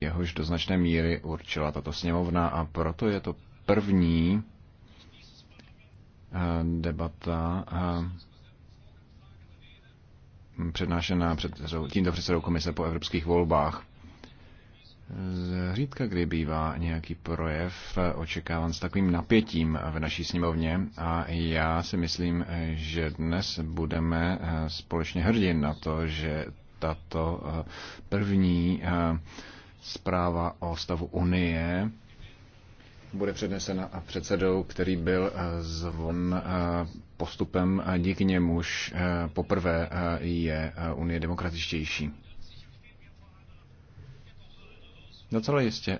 jehož do značné míry určila tato sněmovna a proto je to první eh, debata eh, přednášená před, tímto předsedou komise po evropských volbách. Zřídka kdy bývá nějaký projev očekáván s takovým napětím v naší sněmovně a já si myslím, že dnes budeme eh, společně hrdin na to, že tato první zpráva o stavu Unie bude přednesena předsedou, který byl eh, zvon eh, postupem, eh, díky němuž poprvé je Unie demokratičtější. Docela jistě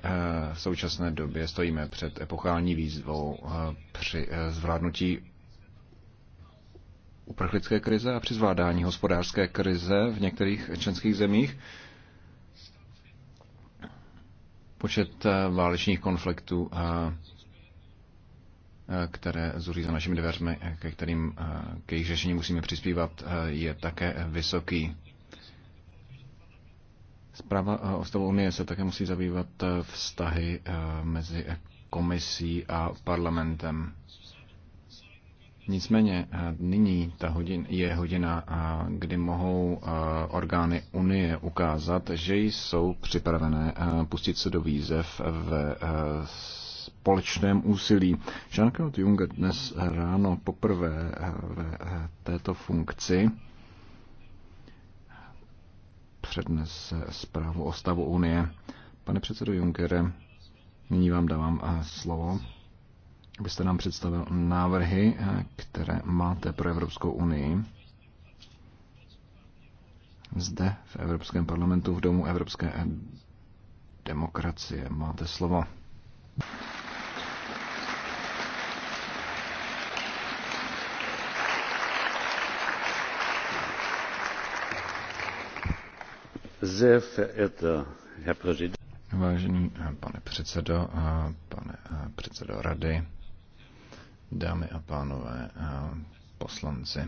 v současné době stojíme před epochální výzvou při zvládnutí uprchlické krize a při zvládání hospodářské krize v některých členských zemích počet eh, válečných konfliktů, eh, eh, které zuří za našimi dveřmi, ke kterým k jejich řešení musíme přispívat, je také vysoký. Zpráva o stavu Unie se také musí zabývat vztahy mezi komisí a parlamentem. Nicméně eh, nyní ta hodin, je hodina, eh, kdy mohou eh, orgány Unie ukázat, že jsou připravené pustit se do výzev ve společném úsilí. Jean-Claude Juncker dnes ráno poprvé v této funkci přednese zprávu o stavu Unie. Pane předsedo Junckere, nyní vám dávám slovo byste nám představil návrhy, eh, které máte pro Evropskou unii zde v Evropském parlamentu v Domu Evropské demokracie. Máte slovo. Vážený eh, pane předsedo, eh, pane předsedo rady, dámy a pánové eh, poslanci.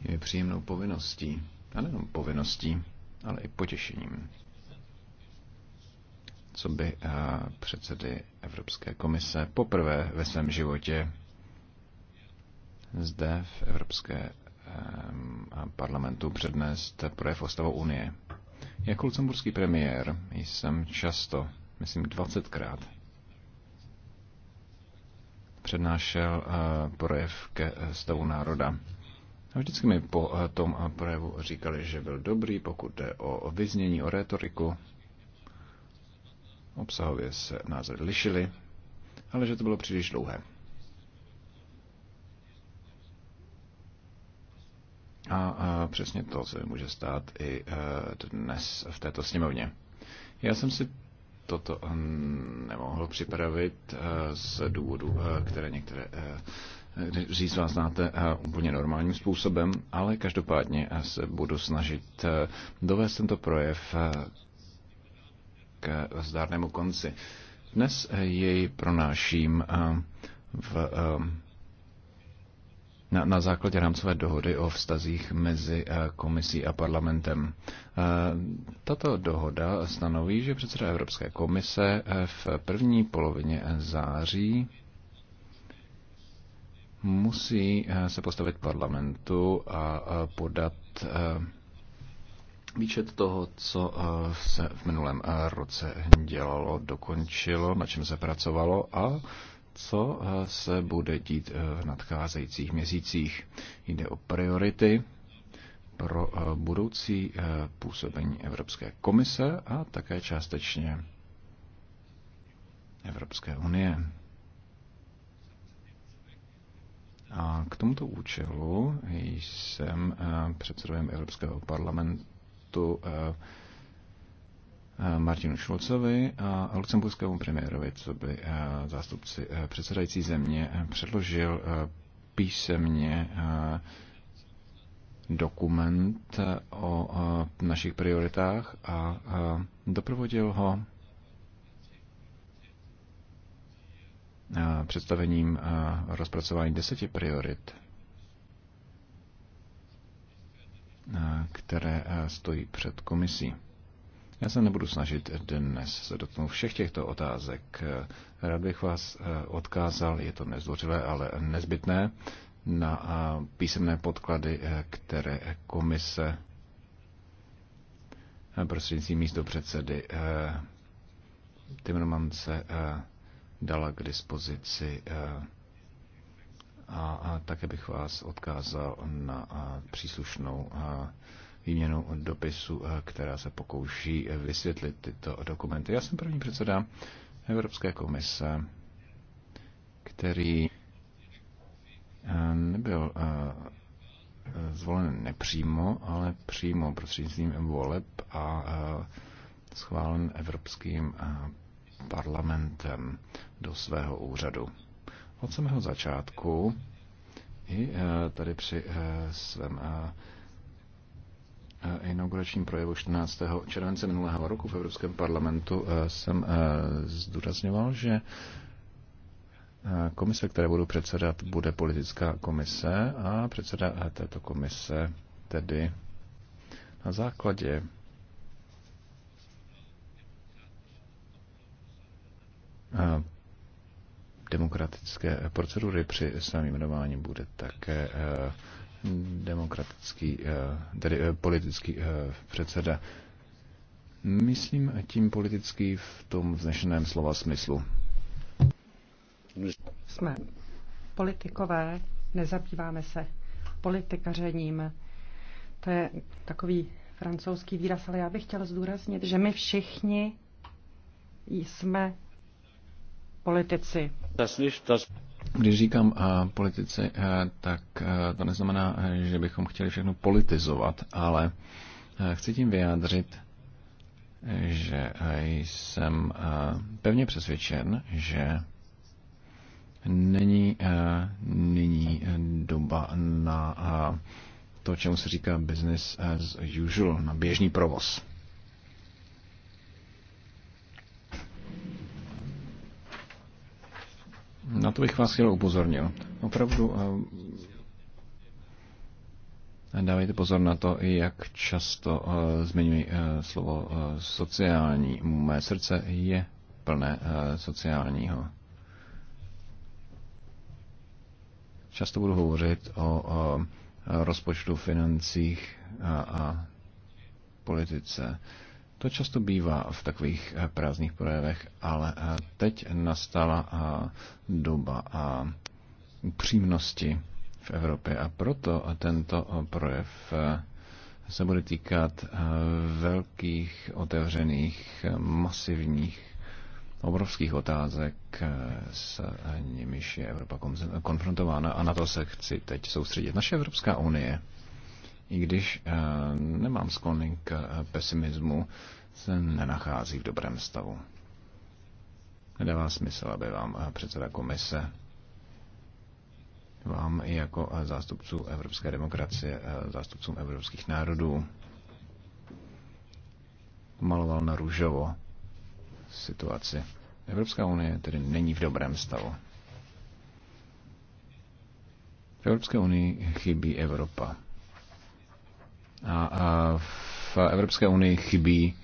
Je příjemnou povinností, a nejenom povinností, ale i potěšením, co by eh, předsedy Evropské komise poprvé ve svém životě zde v Evropské eh, parlamentu přednést projev o stavu Unie. Jako lucemburský premiér jsem často, myslím 20krát, přednášel eh, projev ke eh, stavu národa. A vždycky mi po eh, tom projevu říkali, že byl dobrý, pokud jde o vyznění, o retoriku. Obsahově se názory lišily, ale že to bylo příliš dlouhé. A, a přesně to se může stát i dnes v této sněmovně. Já jsem si toto eh, nemohl připravit eh, z důvodu, eh, které některé říct vás znáte úplně normálním způsobem, ale každopádně se budu snažit dovést tento projev k zdárnému konci. Dnes jej pronáším v na, na základě rámcové dohody o vztazích mezi eh, komisí a parlamentem. Eh, tato dohoda stanoví, že předseda Evropské komise eh, v první polovině září musí se postavit parlamentu a podat výčet toho, co se v minulém roce dělalo, dokončilo, na čem se pracovalo a co eh, se bude dít eh, v nadcházejících měsících. Jde o priority pro eh, budoucí působení Evropské komise a také částečně Evropské unie. A k tomuto účelu jsem předsedovým Evropského parlamentu Martinu Šulcovi a lucemburskému premiérovi, co by eh, zástupci eh, předsedající země eh, předložil písemně dokument o našich prioritách a doprovodil ho představením rozpracování deseti priorit, které stojí před komisí. Já se nebudu snažit dnes se dotknout všech těchto otázek. Rád bych vás eh, odkázal, je to nezdvořilé, ale nezbytné, na eh, písemné podklady, eh, které komise prostřednictvím místo předsedy Timmermanse dala k dispozici a také bych vás odkázal na příslušnou výměnu dopisu, eh, která se pokouší eh, vysvětlit tyto dokumenty. Já jsem první předseda Evropské komise, který eh, nebyl zvolen nepřímo, ale přímo prostřednictvím voleb a schválen Evropským parlamentem do svého úřadu. Od samého začátku i tady při svém Eh, inauguračním projevu 14. července minulého roku v Evropském parlamentu eh, jsem eh, zdůrazňoval, že komise, které budu předsedat, bude politická komise a předseda této komise tedy na základě demokratické procedury při svém jmenování bude také demokratický, eh, tedy eh, politický eh, předseda. Myslím tím politický v tom vznešeném slova smyslu. Jsme politikové, nezabýváme se politikařením. To je takový francouzský výraz, ale já bych chtěl zdůraznit, že my všichni jsme politici. Když říkám a, eh, politici, a, eh, tak a, eh, to neznamená, že bychom chtěli všechno politizovat, ale a, chci tím vyjádřit, že jsem pevně přesvědčen, že není nyní doba na to, čemu se říká business as usual, na běžný provoz. Na to bych vás chtěl upozornil. Opravdu eh, dávejte pozor na to, jak často eh, zmiňuji eh, slovo sociální. Mé srdce je plné sociálního. Často budu hovořit o rozpočtu, financích a, a politice. To často bývá v takových eh, prázdných projevech, ale eh, teď nastala eh, doba upřímnosti v Evropě a proto tento projev se bude týkat velkých, otevřených, masivních, obrovských otázek, s nimiž je Evropa konfrontována a na to se chci teď soustředit. Naše Evropská unie i když eh, nemám sklony k eh, pesimismu, se nenachází v dobrém stavu. Nedává smysl, aby vám eh, předseda komise vám i jako zástupců evropské demokracie, zástupcům evropských národů maloval na růžovo situaci. Evropská unie tedy není v dobrém stavu. V Evropské unii chybí Evropa. A, a v Evropské unii chybí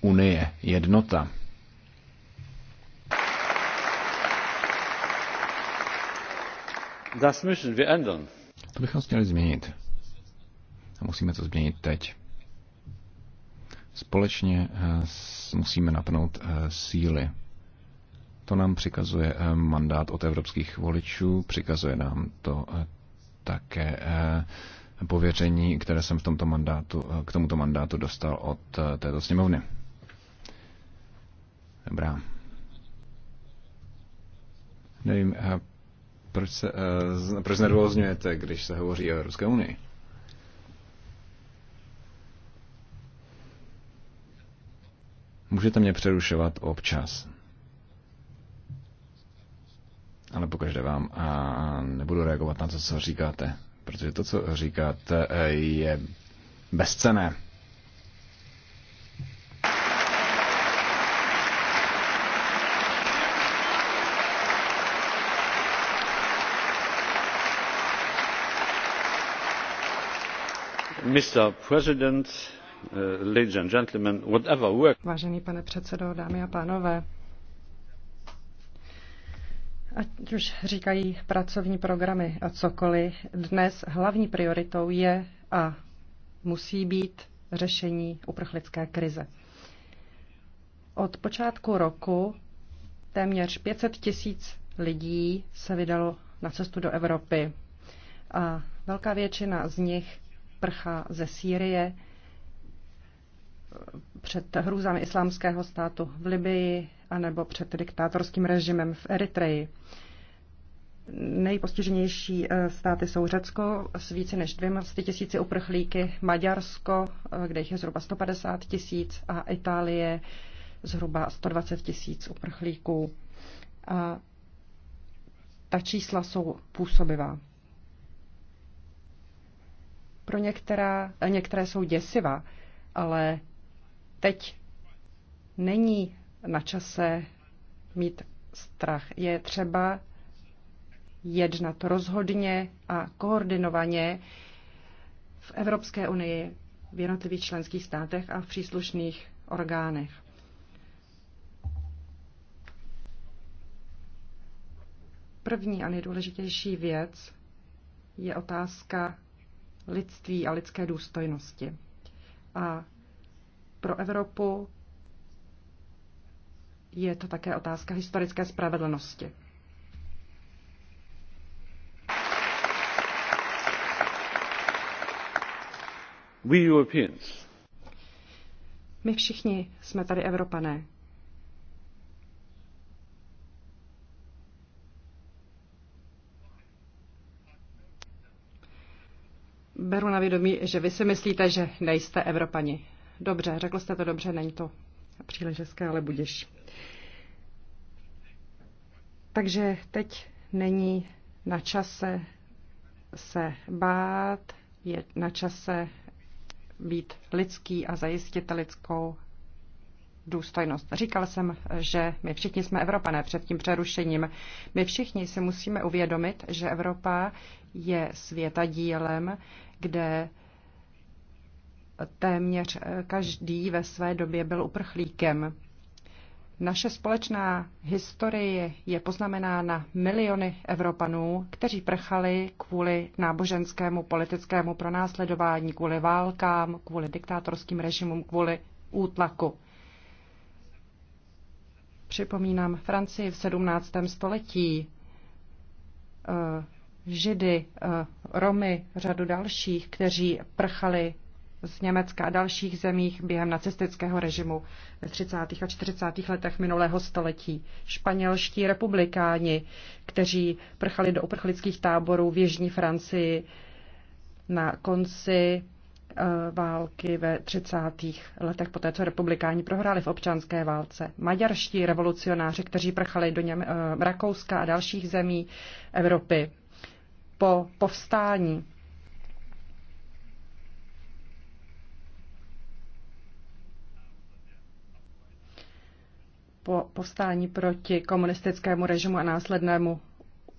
unie, jednota. Das müssen wir ändern. To bychom chtěli změnit. A musíme to změnit teď. Společně eh, musíme napnout eh, síly. To nám přikazuje eh, mandát od evropských voličů, přikazuje nám to také pověření, které jsem v tomto mandátu, k tomuto mandátu dostal od eh, této sněmovny. Dobrá. Nevím, eh, proč se, eh, proč nervózňujete, když se hovoří o Evropské unii? Můžete mě přerušovat občas. Ale pokaždé vám a nebudu reagovat na to, co říkáte protože to, co říkáte, je bezcené. Mr. President, uh, ladies and gentlemen, whatever work... Vážený pane předsedo, dámy a pánové, Ať už říkají pracovní programy a cokoliv, dnes hlavní prioritou je a musí být řešení uprchlické krize. Od počátku roku téměř 500 tisíc lidí se vydalo na cestu do Evropy a velká většina z nich prchá ze Sýrie před hrůzami islámského státu v Libii anebo před diktátorským režimem v Eritreji. Nejpostiženější eh, státy jsou Řecko s více než 200 tisíci uprchlíky, Maďarsko, eh, kde jich je zhruba 150 tisíc a Itálie zhruba 120 tisíc uprchlíků. A ta čísla jsou působivá. Pro některá, eh, některé jsou děsivá, ale teď není na čase mít strach. Je třeba jednat rozhodně a koordinovaně v Evropské unii, v jednotlivých členských státech a v příslušných orgánech. První a nejdůležitější věc je otázka lidství a lidské důstojnosti. A pro Evropu je to také otázka historické spravedlnosti. We Europeans. My všichni jsme tady Evropané. Beru na vědomí, že vy si myslíte, že nejste Evropani. Dobře, řekl jste to dobře, není to Příliš hezké, ale budeš. Takže teď není na čase se bát, je na čase být lidský a zajistit lidskou důstojnost. Říkal jsem, že my všichni jsme Evropané před tím přerušením. My všichni si musíme uvědomit, že Evropa je světa dílem, kde téměř eh, každý ve své době byl uprchlíkem. Naše společná historie je poznamenána miliony Evropanů, kteří prchali kvůli náboženskému politickému pronásledování, kvůli válkám, kvůli diktátorským režimům, kvůli útlaku. Připomínám Francii v 17. století, eh, Židy, eh, Romy, řadu dalších, kteří prchali z Německa a dalších zemích během nacistického režimu ve 30. a 40. letech minulého století. Španělští republikáni, kteří prchali do uprchlických táborů v Jižní Francii na konci eh, války ve 30. letech, poté co republikáni prohráli v občanské válce. Maďarští revolucionáři, kteří prchali do eh, Rakouska a dalších zemí Evropy po povstání po povstání proti komunistickému režimu a následnému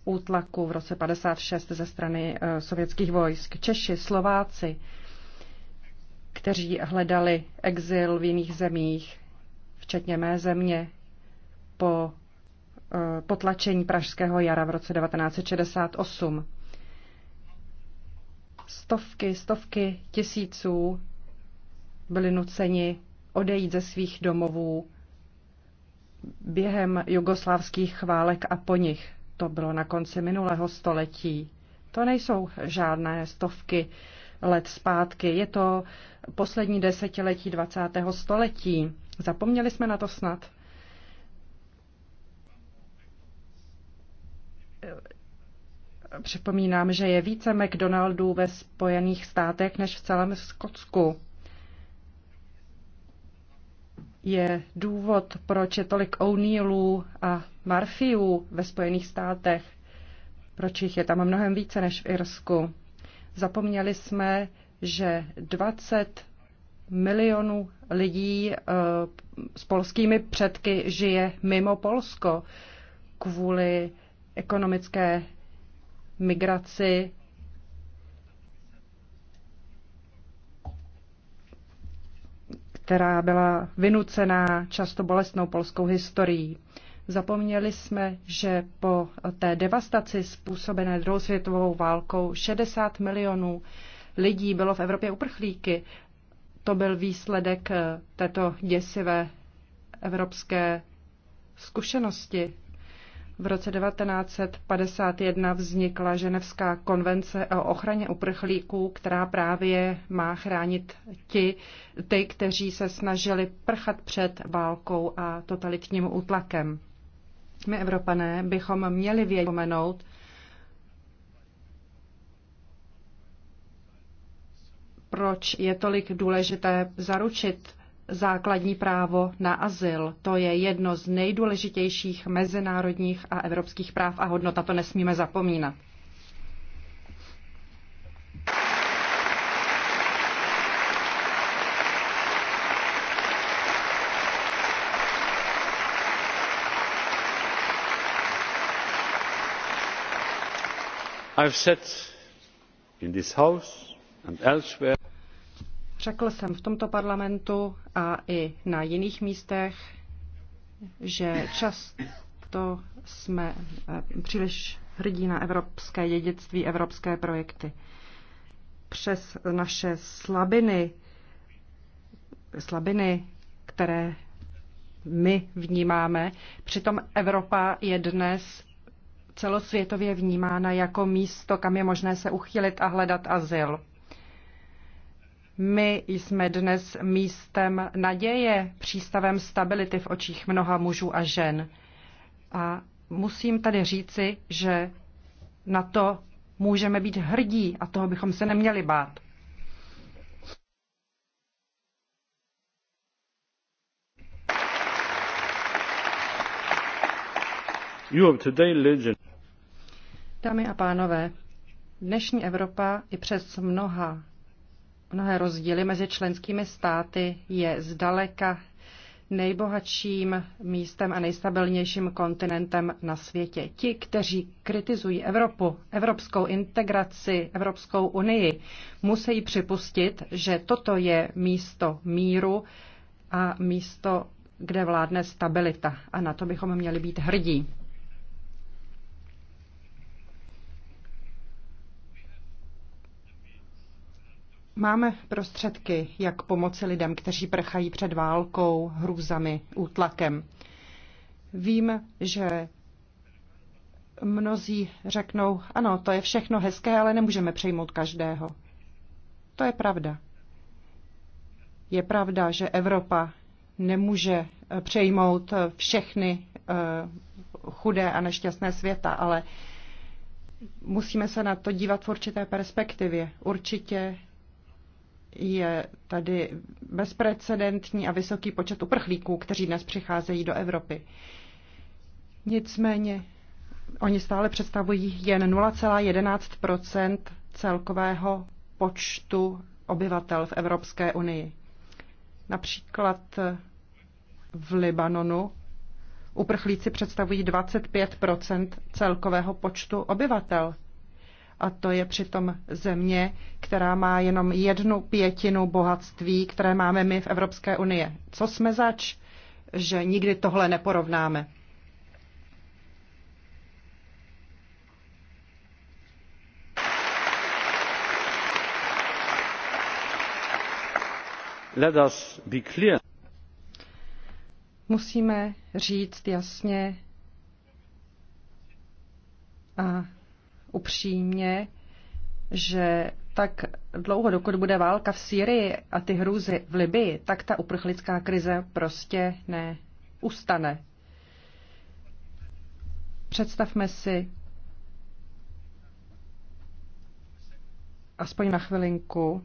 útlaku v roce 56 ze strany eh, sovětských vojsk. Češi, Slováci, kteří hledali exil v jiných zemích, včetně mé země, po eh, potlačení Pražského jara v roce 1968. Stovky, stovky tisíců byli nuceni odejít ze svých domovů během jugoslávských chválek a po nich. To bylo na konci minulého století. To nejsou žádné stovky let zpátky. Je to poslední desetiletí 20. století. Zapomněli jsme na to snad? Připomínám, že je více McDonaldů ve Spojených státech než v celém Skotsku je důvod, proč je tolik O'Neillů a Murphyů ve Spojených státech, proč jich je tam mnohem více než v Irsku. Zapomněli jsme, že 20 milionů lidí eh, s polskými předky žije mimo Polsko kvůli ekonomické migraci která byla vynucená často bolestnou polskou historií. Zapomněli jsme, že po té devastaci způsobené druhou světovou válkou 60 milionů lidí bylo v Evropě uprchlíky. To byl výsledek eh, této děsivé evropské zkušenosti v roce 1951 vznikla Ženevská konvence o ochraně uprchlíků, která právě má chránit ti, ty, kteří se snažili prchat před válkou a totalitním útlakem. My, Evropané, bychom měli vědět, proč je tolik důležité zaručit základní právo na azyl. To je jedno z nejdůležitějších mezinárodních a evropských práv a hodnot a to nesmíme zapomínat. I've said in this house and elsewhere Řekl jsem v tomto parlamentu a i na jiných místech, že často jsme eh, příliš hrdí na evropské dědictví, evropské projekty. Přes naše slabiny, slabiny, které my vnímáme, přitom Evropa je dnes celosvětově vnímána jako místo, kam je možné se uchylit a hledat azyl. My jsme dnes místem naděje, přístavem stability v očích mnoha mužů a žen. A musím tady říci, že na to můžeme být hrdí a toho bychom se neměli bát. Dámy a pánové, dnešní Evropa i přes mnoha mnohé rozdíly mezi členskými státy, je zdaleka nejbohatším místem a nejstabilnějším kontinentem na světě. Ti, kteří kritizují Evropu, evropskou integraci, Evropskou unii, musí připustit, že toto je místo míru a místo, kde vládne stabilita. A na to bychom měli být hrdí. Máme prostředky, jak pomoci lidem, kteří prchají před válkou, hrůzami, útlakem. Vím, že mnozí řeknou, ano, to je všechno hezké, ale nemůžeme přejmout každého. To je pravda. Je pravda, že Evropa nemůže eh, přejmout eh, všechny eh, chudé a nešťastné světa, ale musíme se na to dívat v určité perspektivě. Určitě je tady bezprecedentní a vysoký počet uprchlíků, kteří dnes přicházejí do Evropy. Nicméně oni stále představují jen 0,11 celkového počtu obyvatel v Evropské unii. Například v Libanonu uprchlíci představují 25 celkového počtu obyvatel a to je přitom země, která má jenom jednu pětinu bohatství, které máme my v Evropské unii. Co jsme zač, že nikdy tohle neporovnáme? Let us be clear. Musíme říct jasně a upřímně, že tak dlouho, dokud bude válka v Syrii a ty hrůzy v Libii, tak ta uprchlická krize prostě neustane. Představme si aspoň na chvilinku,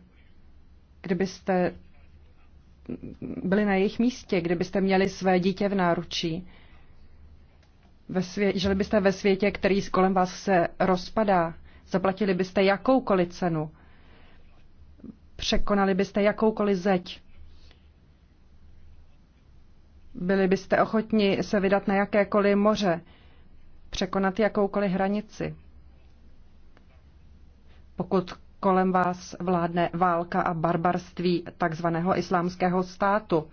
kdybyste byli na jejich místě, kdybyste měli své dítě v náručí, ve svět, žili byste ve světě, který kolem vás se rozpadá. Zaplatili byste jakoukoliv cenu. Překonali byste jakoukoliv zeď. Byli byste ochotni se vydat na jakékoliv moře, překonat jakoukoliv hranici. Pokud kolem vás vládne válka a barbarství takzvaného islámského státu,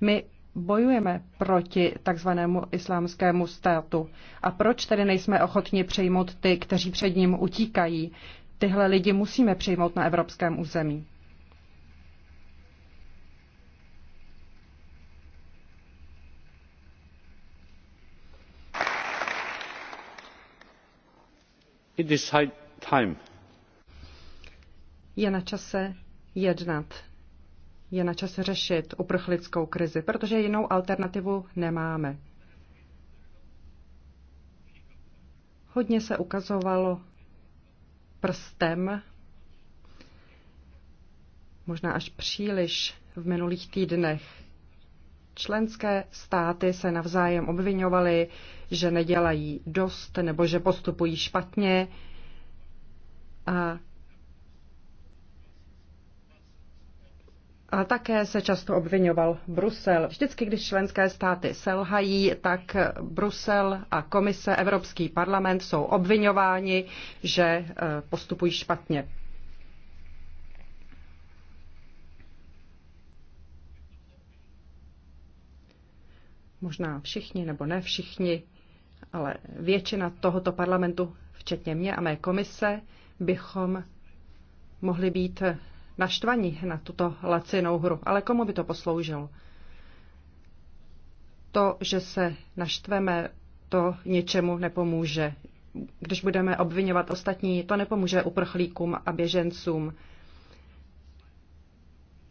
my bojujeme proti takzvanému islámskému státu? A proč tedy nejsme ochotni přejmout ty, kteří před ním utíkají? Tyhle lidi musíme přejmout na evropském území. It is high time. Je na čase jednat je na čase řešit uprchlickou krizi, protože jinou alternativu nemáme. Hodně se ukazovalo prstem, možná až příliš v minulých týdnech. Členské státy se navzájem obvinovaly, že nedělají dost nebo že postupují špatně a A také se často obvinoval Brusel. Vždycky, když členské státy selhají, tak Brusel a komise, Evropský parlament jsou obvinováni, že eh, postupují špatně. Možná všichni nebo ne všichni, ale většina tohoto parlamentu, včetně mě a mé komise, bychom mohli být naštvaní na tuto lacinou hru. Ale komu by to posloužilo? To, že se naštveme, to něčemu nepomůže. Když budeme obvinovat ostatní, to nepomůže uprchlíkům a běžencům.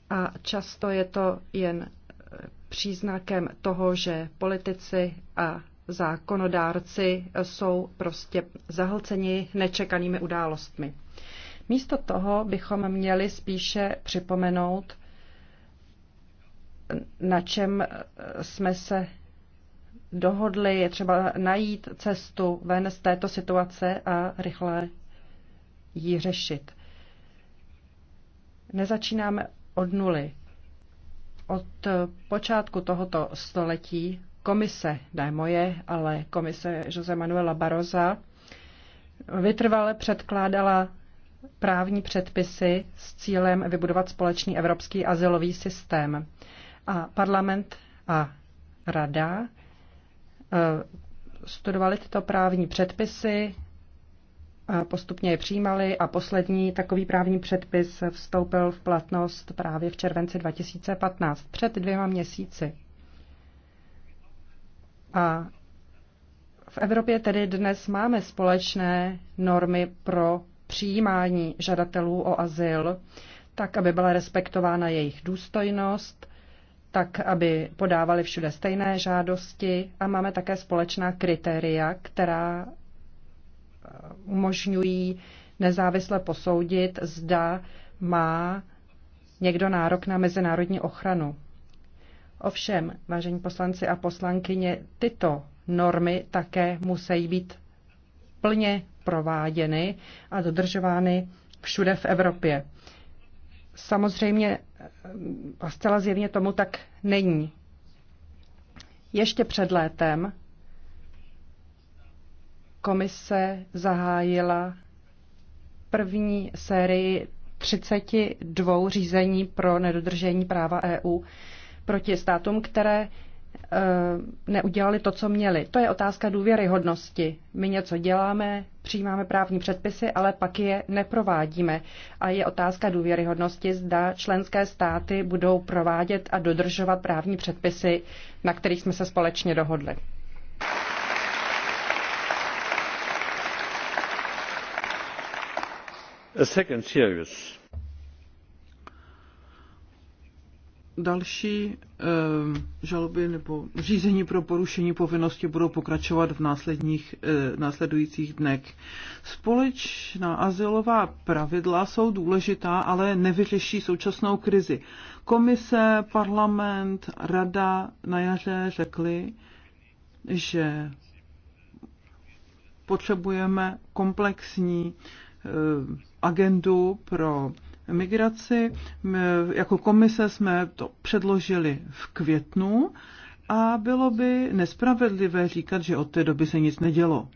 A často je to jen e, příznakem toho, že politici a zákonodárci jsou prostě zahlceni nečekanými událostmi. Místo toho bychom měli spíše připomenout, na čem jsme se dohodli. Je třeba najít cestu ven z této situace a rychle ji řešit. Nezačínáme od nuly. Od počátku tohoto století komise, ne moje, ale komise Jose Manuela Baroza, vytrvale předkládala právní předpisy s cílem vybudovat společný evropský azylový systém. A parlament a rada eh, studovali tyto právní předpisy, postupně je přijímali a poslední takový právní předpis vstoupil v platnost právě v červenci 2015, před dvěma měsíci. A v Evropě tedy dnes máme společné normy pro přijímání žadatelů o azyl, tak aby byla respektována jejich důstojnost, tak aby podávali všude stejné žádosti a máme také společná kritéria, která eh, umožňují nezávisle posoudit, zda má někdo nárok na mezinárodní ochranu. Ovšem, vážení poslanci a poslankyně, tyto normy také musí být plně prováděny a dodržovány všude v Evropě. Samozřejmě a zcela zjevně tomu tak není. Ještě před létem komise zahájila první sérii 32 řízení pro nedodržení práva EU proti státům, které Eh, neudělali to, co měli. To je otázka důvěryhodnosti. My něco děláme, přijímáme právní předpisy, ale pak je neprovádíme. A je otázka důvěryhodnosti, zda členské státy budou provádět a dodržovat právní předpisy, na kterých jsme se společně dohodli. A second serious Další ehm, žaloby nebo řízení pro porušení povinnosti budou pokračovat v následních, eh, následujících dnech. Společná asilová pravidla jsou důležitá, ale nevyřeší současnou krizi. Komise, parlament, rada na jaře řekli, že potřebujeme komplexní ehm, agendu pro migraci. Jako komise jsme to předložili v květnu a bylo by nespravedlivé říkat, že od té doby se nic nedělo.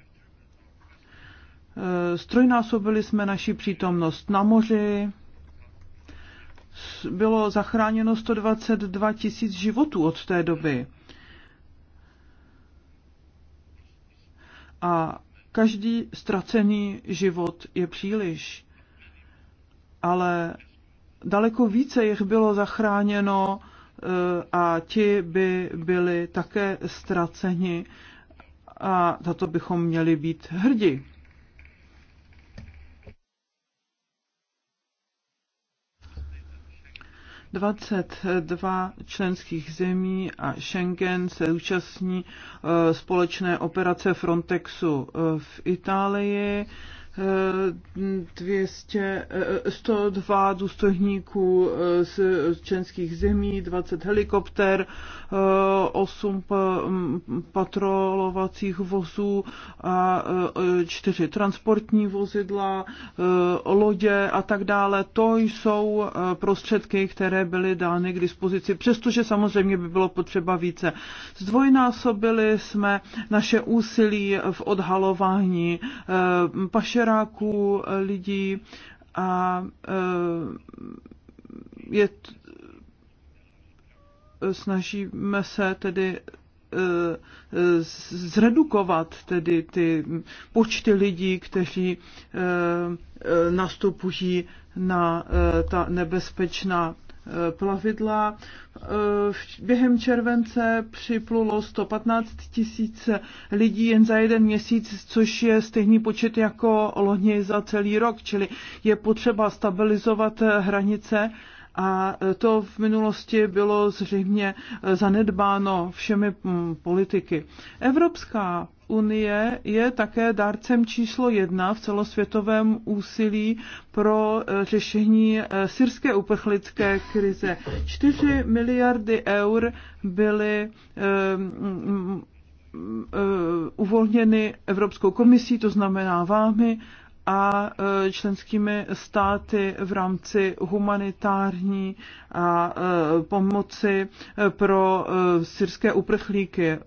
E, strojnásobili jsme naši přítomnost na moři, bylo zachráněno 122 tisíc životů od té doby. A každý ztracený život je příliš ale daleko více jich bylo zachráněno e, a ti by byli také ztraceni a za to bychom měli být hrdí. Dvacet dva členských zemí a Schengen se účastní e, společné operace Frontexu e, v Itálii 200, 102 eh, důstojníků eh, z českých zemí, 20 helikopter, 8 eh, patrolovacích vozů a 4 transportní vozidla, lodě a tak dále. To jsou prostředky, které byly dány k dispozici, přestože samozřejmě by bylo potřeba více. Zdvojnásobili jsme naše úsilí v odhalování paše pašeráků eh, lidí a eh, je, eh, snažíme se tedy zredukovat tedy ty počty lidí, kteří nastupují na ta nebezpečná Eh, plavidla. Eh, během července připlulo 115 tisíc lidí jen za jeden měsíc, což je stejný počet jako loni za celý rok, čili je potřeba stabilizovat eh, hranice a to v minulosti bylo zřejmě zanedbáno všemi mm, politiky. Evropská unie je také dárcem číslo jedna v celosvětovém úsilí pro eh, řešení eh, syrské uprchlické krize. 4 miliardy eur byly eh, uvolněny Evropskou komisí, to znamená vámi, a e, členskými státy v rámci humanitární a e, pomoci e, pro syrské uprchlíky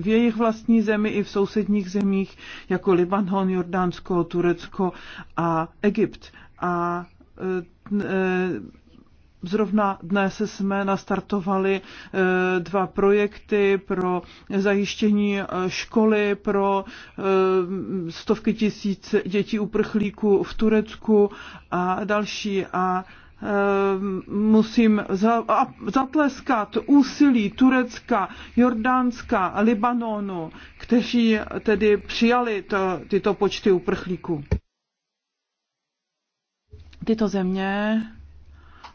v jejich vlastní zemi i v sousedních zemích jako Libanon, Jordánsko, Turecko a Egypt. A Zrovna dnes jsme nastartovali eh, dva projekty pro zajištění eh, školy pro eh, stovky tisíc dětí uprchlíků v Turecku a další. A musím zatleskat úsilí Turecka, Jordánska a Libanonu, kteří tedy přijali to, tyto počty uprchlíků. Tyto země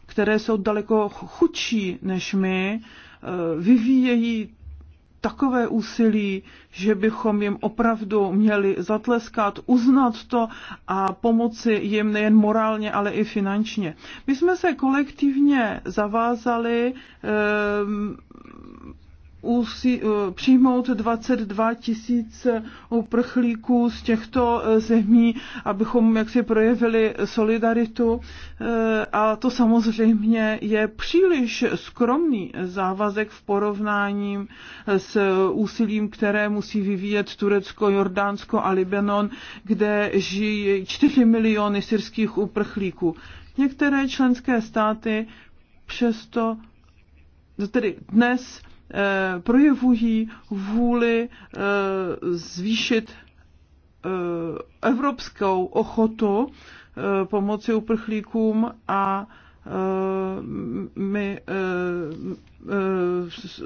které jsou daleko chudší než my, eh, vyvíjejí takové úsilí, že bychom jim opravdu měli zatleskat, uznat to a pomoci jim nejen morálně, ale i finančně. My jsme se kolektivně zavázali eh, usí, eh, přijmout 22 tisíc uprchlíků z těchto eh, zemí, abychom jaksi projevili solidaritu. Eh, a to samozřejmě je příliš skromný závazek v porovnání s úsilím, které musí vyvíjet Turecko, Jordánsko a Libanon, kde žijí 4 miliony syrských uprchlíků. Některé členské státy přesto tedy dnes Eh, projevují vůli eh, zvýšit eh, evropskou ochotu pomoci uprchlíkům a my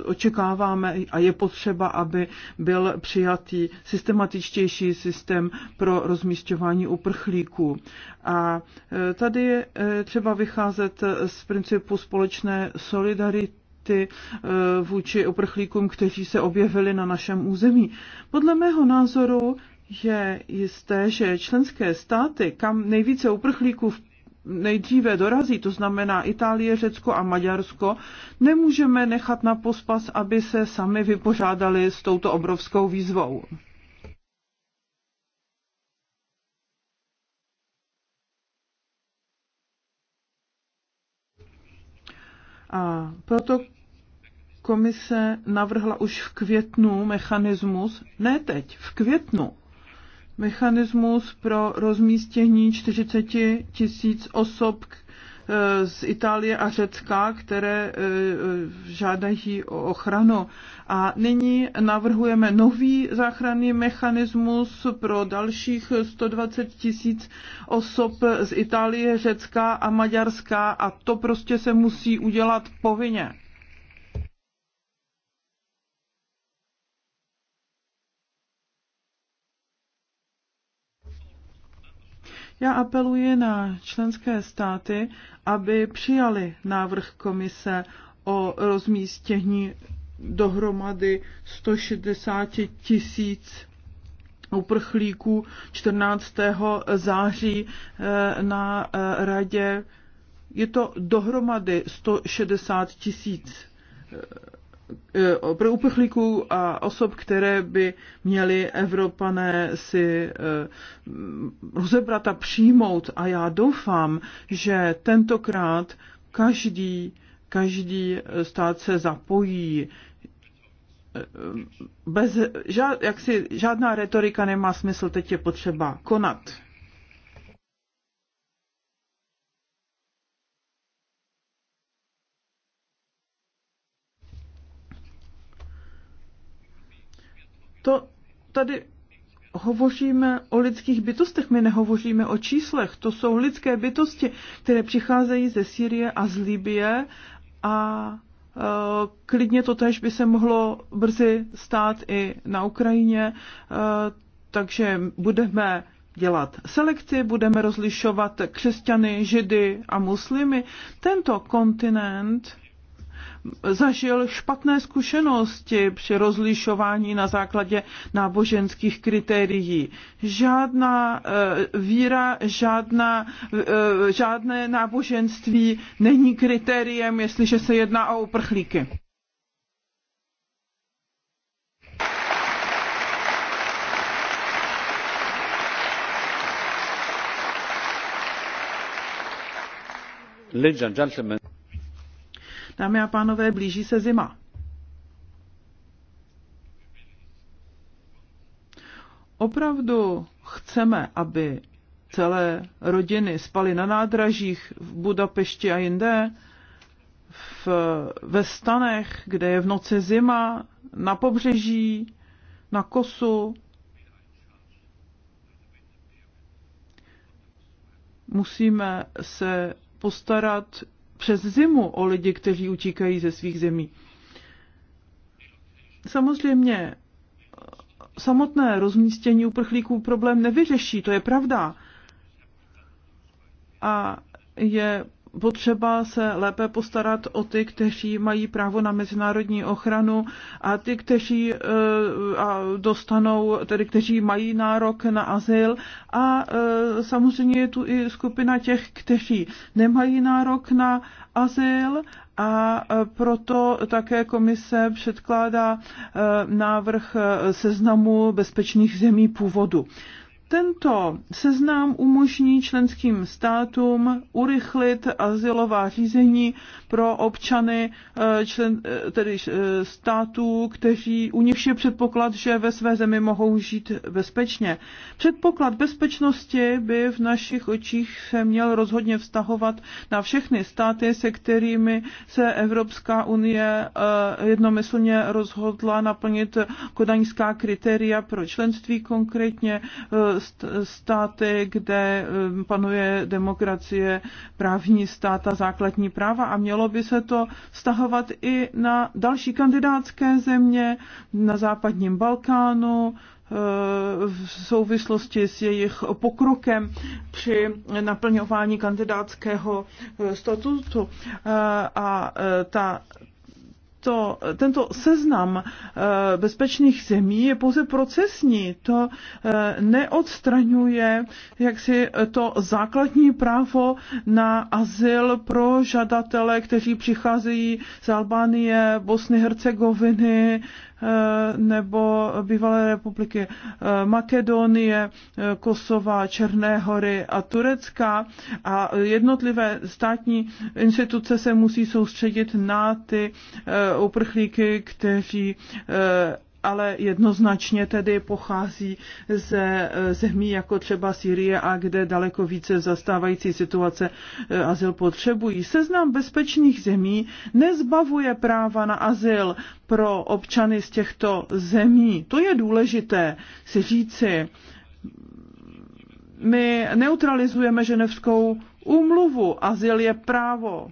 očekáváme a je potřeba, aby byl přijatý systematičtější systém pro rozmístěvání uprchlíků. A tady je třeba vycházet z principu společné solidarity ty eh, vůči uprchlíkům, kteří se objevili na našem území. Podle mého názoru je jisté, že členské státy, kam nejvíce uprchlíků nejdříve dorazí, to znamená Itálie, Řecko a Maďarsko, nemůžeme nechat na pospas, aby se sami vypořádali s touto obrovskou výzvou. A proto komise navrhla už v květnu mechanismus, ne teď, v květnu, mechanismus pro rozmístění 40 tisíc osob, Eh, z Itálie a Řecka, které eh, žádají o ochranu. A nyní navrhujeme nový záchranný mechanismus pro dalších 120 tisíc osob z Itálie, Řecka a Maďarska a to prostě se musí udělat povinně. Já apeluji na členské státy, aby přijali návrh komise o rozmístění dohromady 160 tisíc uprchlíků 14. září eh, na eh, radě. Je to dohromady 160 tisíc eh, Eh, pro uprchlíků a osob, které by měly Evropané si eh, rozebrat a přijmout. A já doufám, že tentokrát každý, každý stát se zapojí. Eh, bez, žád, jaksi, žádná retorika nemá smysl, teď je potřeba konat. To tady hovoříme o lidských bytostech, my nehovoříme o číslech. To jsou lidské bytosti, které přicházejí ze Sýrie a z Libie a e, klidně to tež by se mohlo brzy stát i na Ukrajině, e, takže budeme dělat selekci, budeme rozlišovat křesťany, židy a muslimy. Tento kontinent zažil špatné zkušenosti při rozlišování na základě náboženských kritérií. Žádná eh, víra, žádná, eh, žádné náboženství není kritériem, jestliže se jedná o uprchlíky. Ladies and gentlemen, Dámy a pánové, blíží se zima. Opravdu chceme, aby celé rodiny spaly na nádražích v Budapešti a jinde, v, ve stanech, kde je v noci zima, na pobřeží, na kosu. Musíme se postarat přes zimu o lidi, kteří utíkají ze svých zemí. Samozřejmě samotné rozmístění uprchlíků problém nevyřeší, to je pravda. A je potřeba se lépe postarat o ty, kteří mají právo na mezinárodní ochranu a ty, kteří eh, dostanou, tedy kteří mají nárok na azyl a eh, samozřejmě je tu i skupina těch, kteří nemají nárok na azyl a eh, proto také komise předkládá návrh seznamu bezpečných zemí původu. Tento seznam umožní členským státům urychlit asilová řízení pro občany eh, člen, eh, tedy eh, států, kteří u nich je předpoklad, že ve své zemi mohou žít bezpečně. Předpoklad bezpečnosti by v našich očích se měl rozhodně vztahovat na všechny státy, se kterými se Evropská unie jednomyslně rozhodla naplnit kodaňská kritéria pro členství, konkrétně státy, kde um, panuje demokracie, právní stát a základní práva a mělo by se to stahovat i na další kandidátské země, na západním Balkánu, eh, v souvislosti s jejich pokrokem při naplňování kandidátského eh, statutu. Eh, a ta to, tento seznam eh, bezpečných zemí je pouze procesní. To eh, neodstraňuje jaksi to základní právo na azyl pro žadatele, kteří přicházejí z Albánie, Bosny, Hercegoviny, Eh, nebo bývalé republiky eh, Makedonie, eh, Kosova, Černé hory a Turecka a jednotlivé státní instituce se musí soustředit na ty uprchlíky, kteří ale jednoznačně tedy pochází ze eh, zemí jako třeba Syrie a kde daleko více zastávající situace eh, azyl potřebují. Seznam bezpečných zemí nezbavuje práva na azyl pro občany z těchto zemí. To je důležité si říci. My neutralizujeme ženevskou úmluvu. Azyl je právo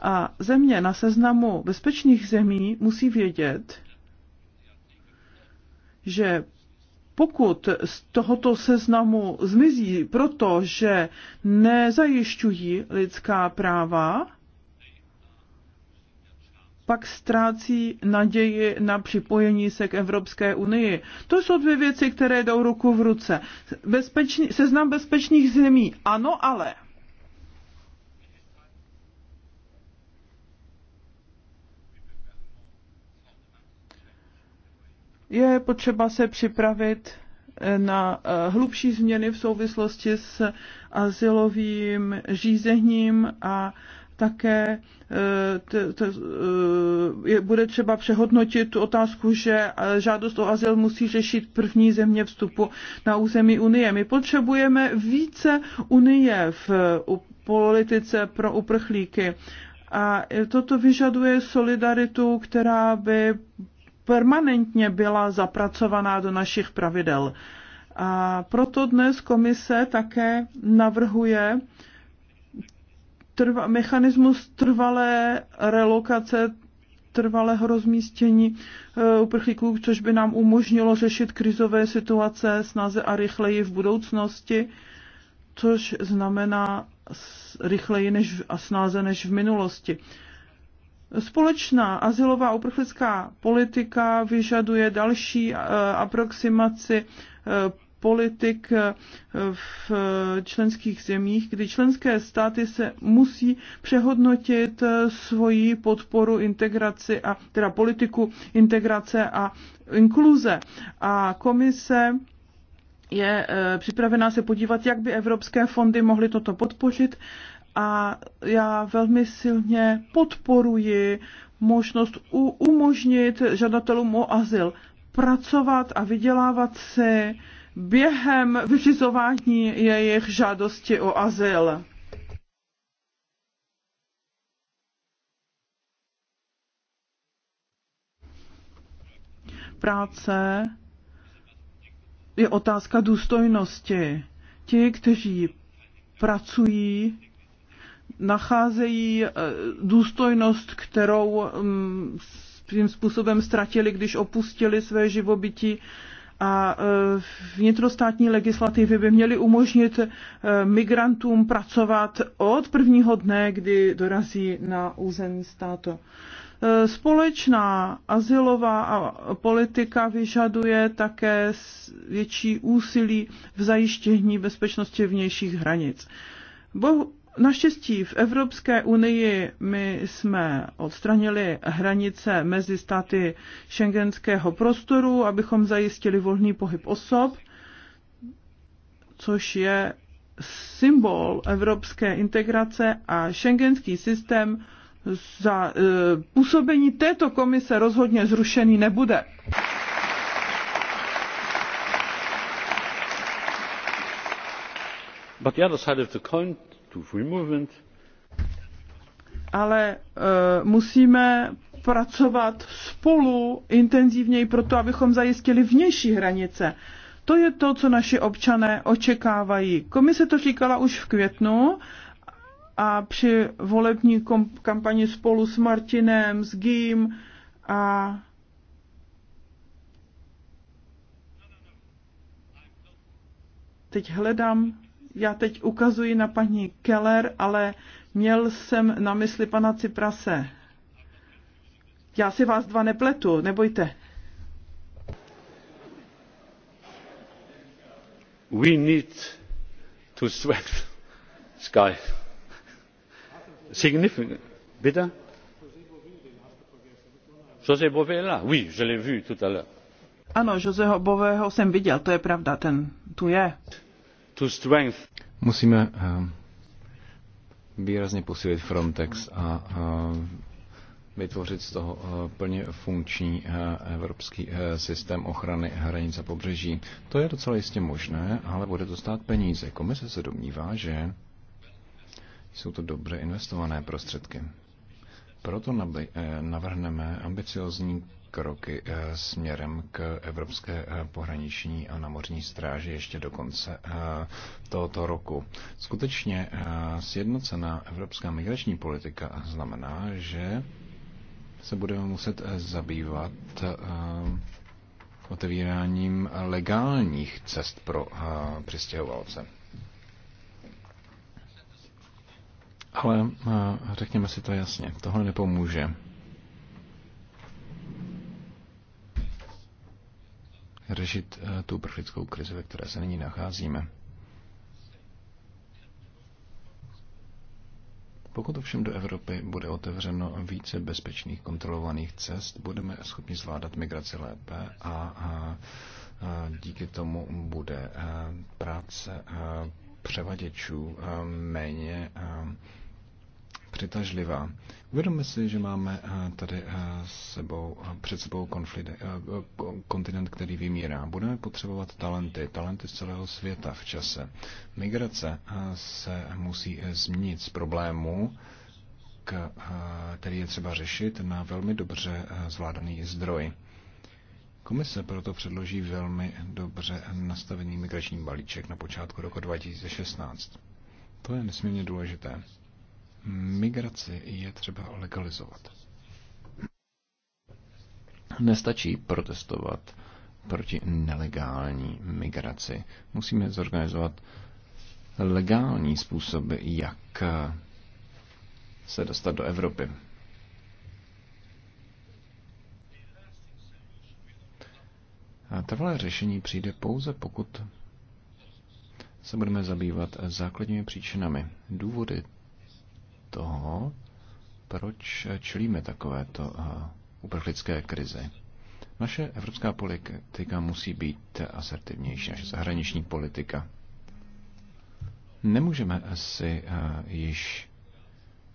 a země na seznamu bezpečných zemí musí vědět, že pokud z tohoto seznamu zmizí, protože nezajišťují lidská práva, pak ztrácí naději na připojení se k Evropské unii. To jsou dvě věci, které jdou ruku v ruce. Bezpečný, seznam bezpečných zemí, ano, ale. je potřeba se připravit eh, na eh, hlubší změny v souvislosti s asilovým řízením a také eh, t, t, je, bude třeba přehodnotit tu otázku, že žádost o azyl musí řešit první země vstupu na území Unie. My potřebujeme více Unie v politice pro uprchlíky. A toto vyžaduje solidaritu, která by permanentně byla zapracovaná do našich pravidel. A proto dnes komise také navrhuje trva, mechanismus trvalé relokace trvalého rozmístění e, uprchlíků, což by nám umožnilo řešit krizové situace snaze a rychleji v budoucnosti, což znamená rychleji než a snáze než v minulosti. Společná asilová uprchlická politika vyžaduje další eh, aproximaci eh, politik eh, v členských zemích, kdy členské státy se musí přehodnotit svoji podporu integraci a teda politiku integrace a inkluze. A komise je připravená se podívat, jak by evropské fondy mohly toto podpořit a já velmi silně podporuji možnost u, umožnit žadatelům o azyl pracovat a vydělávat si během vyřizování jejich žádosti o azyl. Práce je otázka důstojnosti. Ti, kteří pracují, nacházejí eh, důstojnost, kterou tím mm, způsobem ztratili, když opustili své živobytí a eh, vnitrostátní legislativy by měly umožnit eh, migrantům pracovat od prvního dne, kdy dorazí na území státu. Společná asilová politika vyžaduje také větší úsilí v zajištění bezpečnosti vnějších hranic. bo. Naštěstí v Evropské unii my jsme odstranili hranice mezi státy šengenského prostoru, abychom zajistili volný pohyb osob, což je symbol evropské integrace a šengenský systém za e, působení této komise rozhodně zrušený nebude. But the other side of the coin ale uh, musíme pracovat spolu intenzivněji proto, abychom zajistili vnější hranice. To je to, co naši občané očekávají. Komise to říkala už v květnu a při volební kampani spolu s Martinem, s Gým a teď hledám já teď ukazuji na paní Keller, ale měl jsem na mysli pana Ciprase. Já si vás dva nepletu, nebojte. We need to sweat sky. Significant. Bitte? José Bové Oui, je l'ai vu tout à l'heure. Ano, Joseho Bového jsem viděl, to je pravda, ten tu je. Musíme eh, výrazně posílit Frontex a eh, vytvořit z toho eh, plně funkční evropský systém ochrany hranic a pobřeží. To je docela jistě možné, ale bude to stát peníze. Komise se domnívá, že jsou to dobře investované prostředky. Proto eh, navrhneme ambiciozní kroky eh, směrem k Evropské eh, pohraniční a námořní stráži ještě do konce tohoto roku. Skutečně sjednocená evropská migrační politika znamená, že se budeme muset zabývat otevíráním legálních cest pro přistěhovalce. Ale eh, řekněme si to jasně, tohle nepomůže. Řešit eh, tu uprchlickou krizi, ve které se nyní nacházíme. Pokud ovšem do Evropy bude otevřeno více bezpečných kontrolovaných cest, budeme schopni zvládat migraci lépe a, a, a díky tomu bude eh, práce převaděčů méně. A, přitažlivá. Uvědomme si, že máme eh, tady eh, sebou, eh, před sebou konflikt, kontinent, který vymírá. Budeme potřebovat talenty, talenty z celého světa v čase. Migrace se musí změnit z problémů, který je třeba řešit na velmi dobře zvládaný zdroj. Komise proto předloží velmi dobře nastavený migrační balíček na počátku roku 2016. To je nesmírně důležité. Migraci je třeba legalizovat. Nestačí protestovat proti nelegální migraci. Musíme zorganizovat legální způsoby, jak eh, se dostat do Evropy. A trvalé řešení přijde pouze, pokud se budeme zabývat základními příčinami, důvody toho, proč čelíme takovéto eh, uprchlické krizi. Naše evropská politika musí být asertivnější, naše zahraniční politika. Nemůžeme si eh, již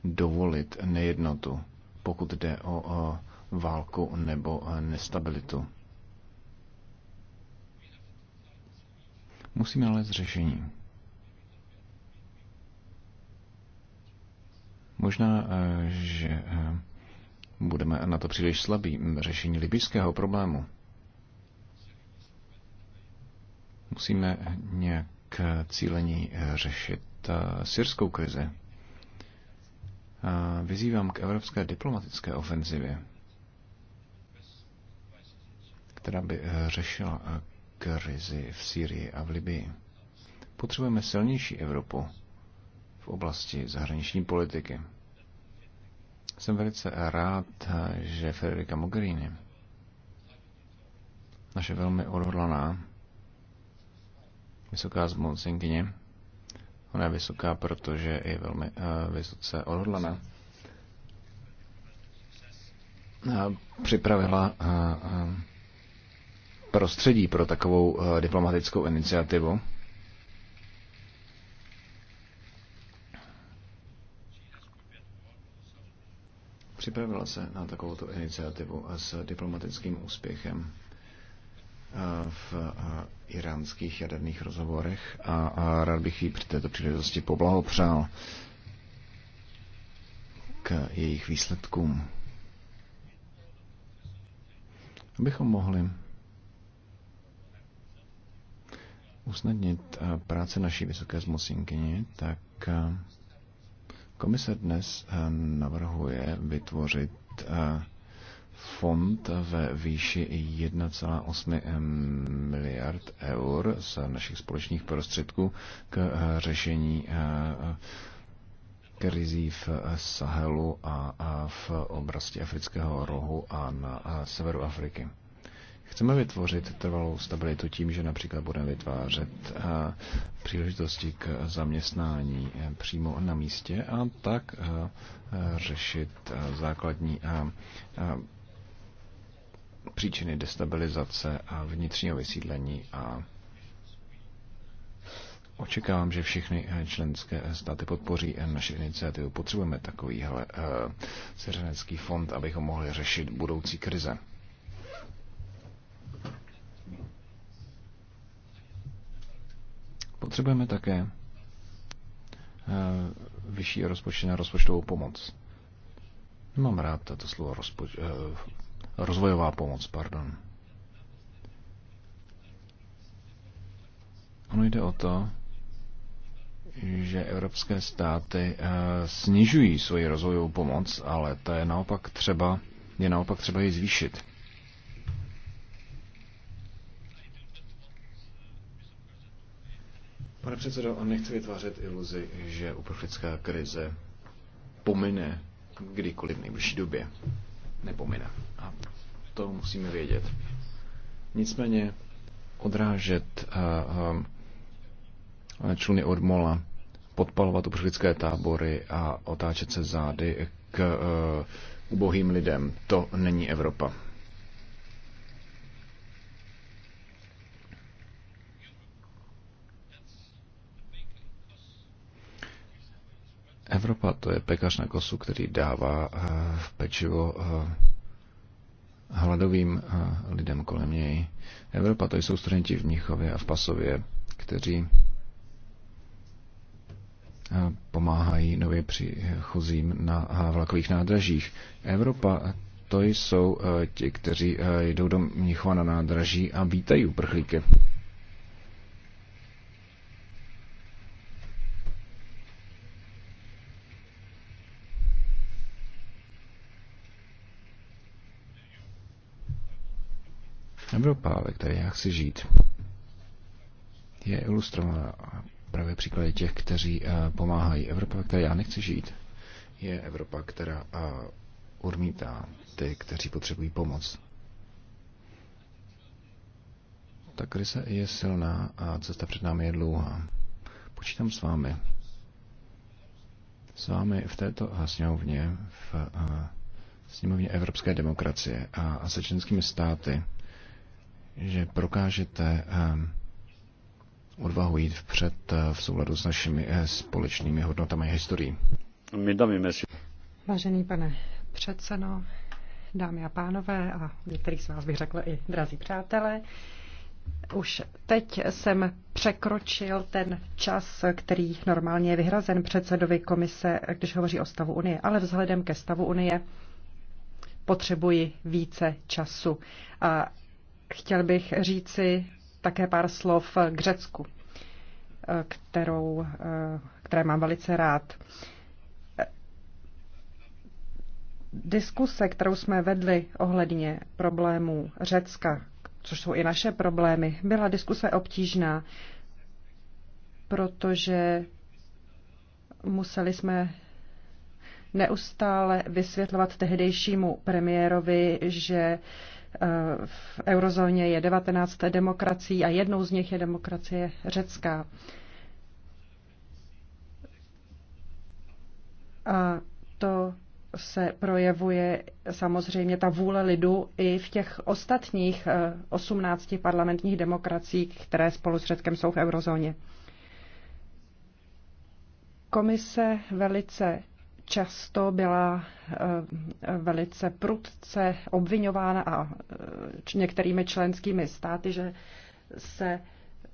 dovolit nejednotu, pokud jde o válku nebo eh, nestabilitu. Musíme nalézt řešení. Možná, eh, že eh, budeme na to příliš slabí řešení libijského problému. Musíme nějak eh, cílení řešit syrskou krizi. Vyzývám k evropské diplomatické ofenzivě, která by řešila krizi v Sýrii a v Libii. Potřebujeme silnější Evropu, v oblasti zahraniční politiky. Jsem velice rád, že Federica Mogherini, naše velmi odhodlaná vysoká zmocenkyně, ona je vysoká, protože je velmi uh, vysoce odhodlaná, eh, připravila uh, uh, prostředí pro takovou uh, diplomatickou iniciativu připravila se na takovouto iniciativu s diplomatickým úspěchem eh, v eh, iránských jaderných rozhovorech a rád bych jí při této příležitosti poblahopřál k jejich výsledkům. Abychom mohli usnadnit eh, práci naší vysoké zmocinkyni, tak Komise dnes eh, navrhuje vytvořit eh, fond ve výši 1,8 eh, miliard eur z našich společných prostředků k řešení krizí v Sahelu a v oblasti Afrického rohu a na severu Afriky. Chceme vytvořit trvalou stabilitu tím, že například budeme vytvářet eh, příležitosti k zaměstnání eh, přímo na místě a tak eh, řešit základní příčiny destabilizace a vnitřního vysídlení a Očekávám, že všechny členské státy podpoří naše iniciativu. Potřebujeme takovýhle seřenecký fond, abychom mohli řešit budoucí krize. Potřebujeme také eh, vyšší rozpočet na rozpočtovou pomoc. Mám rád tato slovo rozpoč- eh, rozvojová pomoc, pardon. Ono jde o to, že evropské státy eh, snižují svoji rozvojovou pomoc, ale ta je naopak třeba, je naopak třeba ji zvýšit. Pane předsedo, nechci vytvářet iluzi, že uprchlická krize pomine kdykoliv v nejbližší době. Nepomine. A to musíme vědět. Nicméně odrážet eh, eh, čluny od mola, podpalovat uprchlické tábory a otáčet se zády k eh, ubohým lidem, to není Evropa. Evropa to je pekař na kosu, který dává eh, pečivo eh, hladovým eh, lidem kolem něj. Evropa to jsou studenti v Mnichově a v Pasově, kteří pomáhají nově příchozím na vlakových nádražích. Evropa to jsou ti, kteří jdou do Mnichova na nádraží a vítají uprchlíky. Evropa, ve které já chci žít, je ilustrována právě příklady těch, kteří eh, pomáhají. Evropa, ve které já nechci žít, je Evropa, která eh, odmítá ty, kteří potřebují pomoc. Ta krize je silná a cesta před námi je dlouhá. Počítám s vámi. S vámi v této eh, sněmovně, v sněmovně Evropské demokracie a se členskými státy, že prokážete ehm, odvahu jít vpřed eh, v souladu s našimi eh, společnými hodnotami a historií. Vážený pane předsedo, dámy a pánové a některých z vás bych řekla i drazí přátelé, už teď jsem překročil ten čas, který normálně je vyhrazen předsedovi komise, když hovoří o stavu Unie, ale vzhledem ke stavu Unie potřebuji více času. A Chtěl bych říci také pár slov k Řecku, eh, kterou, eh, které mám velice rád. Diskuse, kterou jsme vedli ohledně problémů Řecka, což jsou i naše problémy, byla diskuse obtížná, protože museli jsme neustále vysvětlovat tehdejšímu premiérovi, že uh, Eh, v eurozóně je 19 demokracií a jednou z nich je demokracie řecká. A to se projevuje samozřejmě ta vůle lidu i v těch ostatních 18 eh, parlamentních demokracií, které spolu s Řeckem jsou v eurozóně. Komise velice často byla eh, velice prudce obvinována a eh, některými členskými státy, že se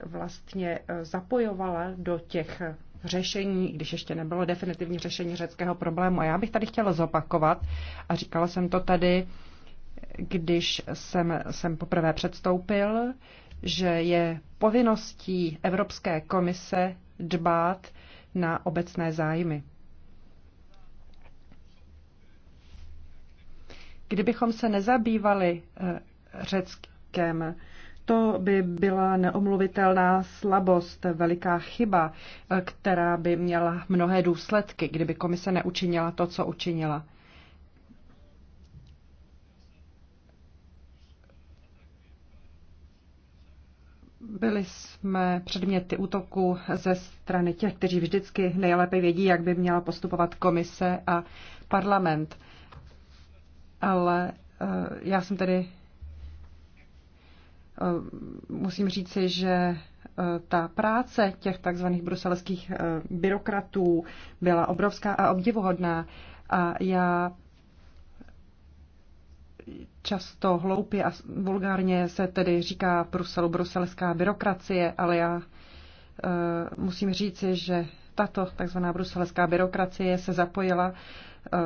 vlastně eh, zapojovala do těch řešení, když ještě nebylo definitivní řešení řeckého problému. A já bych tady chtěla zopakovat, a říkala jsem to tady, když jsem, jsem poprvé předstoupil, že je povinností Evropské komise dbát na obecné zájmy. Kdybychom se nezabývali eh, řeckém, to by byla neomluvitelná slabost, veliká chyba, eh, která by měla mnohé důsledky, kdyby komise neučinila to, co učinila. Byli jsme předměty útoku ze strany těch, kteří vždycky nejlépe vědí, jak by měla postupovat komise a parlament ale eh, já jsem tedy eh, musím říci, že eh, ta práce těch takzvaných bruselských byrokratů byla obrovská a obdivuhodná. A já často hloupě a vulgárně se tedy říká Bruselu bruselská byrokracie, ale já musím říci, že tato takzvaná bruselská byrokracie se zapojila eh,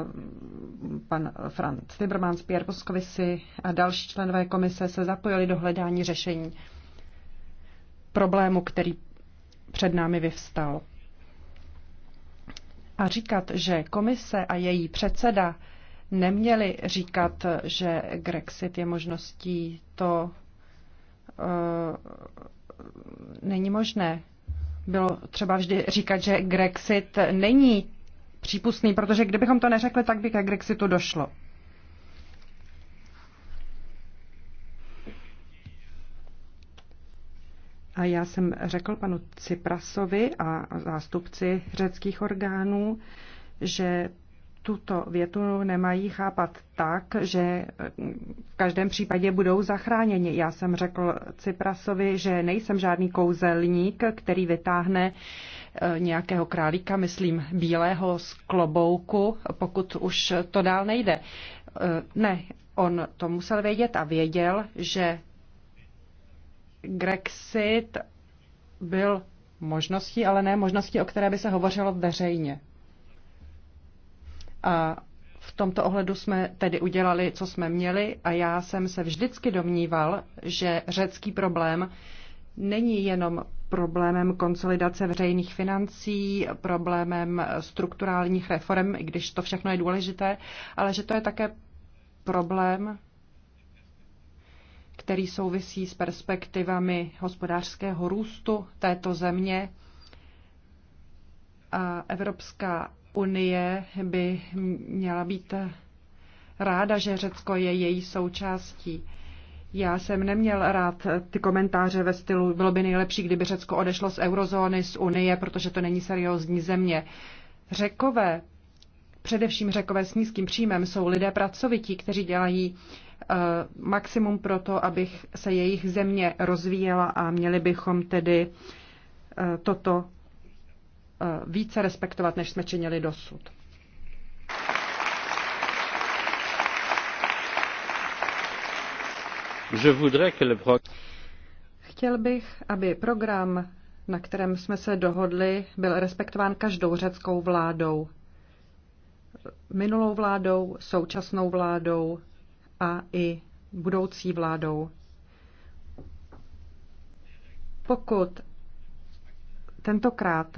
pan Franz Timmermans, Pierre Moscovici a další členové komise se zapojili do hledání řešení problému, který před námi vyvstal. A říkat, že komise a její předseda neměli říkat, že Grexit je možností, to uh, není možné bylo třeba vždy říkat, že Grexit není přípustný, protože kdybychom to neřekli, tak by ke Grexitu došlo. A já jsem řekl panu Ciprasovi a zástupci řeckých orgánů, že tuto větu nemají chápat tak, že eh, v každém případě budou zachráněni. Já jsem řekl Ciprasovi, že nejsem žádný kouzelník, který vytáhne eh, nějakého králíka, myslím bílého z klobouku, pokud už to dál nejde. Eh, ne, on to musel vědět a věděl, že Grexit byl možností, ale ne možností, o které by se hovořilo veřejně. A v tomto ohledu jsme tedy udělali, co jsme měli a já jsem se vždycky domníval, že řecký problém není jenom problémem konsolidace veřejných financí, problémem strukturálních reform, i když to všechno je důležité, ale že to je také problém, který souvisí s perspektivami hospodářského růstu této země. A Evropská unie by měla být ráda, že Řecko je její součástí. Já jsem neměl rád ty komentáře ve stylu, bylo by nejlepší, kdyby Řecko odešlo z eurozóny, z Unie, protože to není seriózní země. Řekové, především řekové s nízkým příjmem, jsou lidé pracovití, kteří dělají uh, maximum pro to, abych se jejich země rozvíjela a měli bychom tedy uh, toto Eh, více respektovat, než jsme činili dosud. Chtěl bych, aby program, na kterém jsme se dohodli, byl respektován každou řeckou vládou. Minulou vládou, současnou vládou a i budoucí vládou. Pokud tentokrát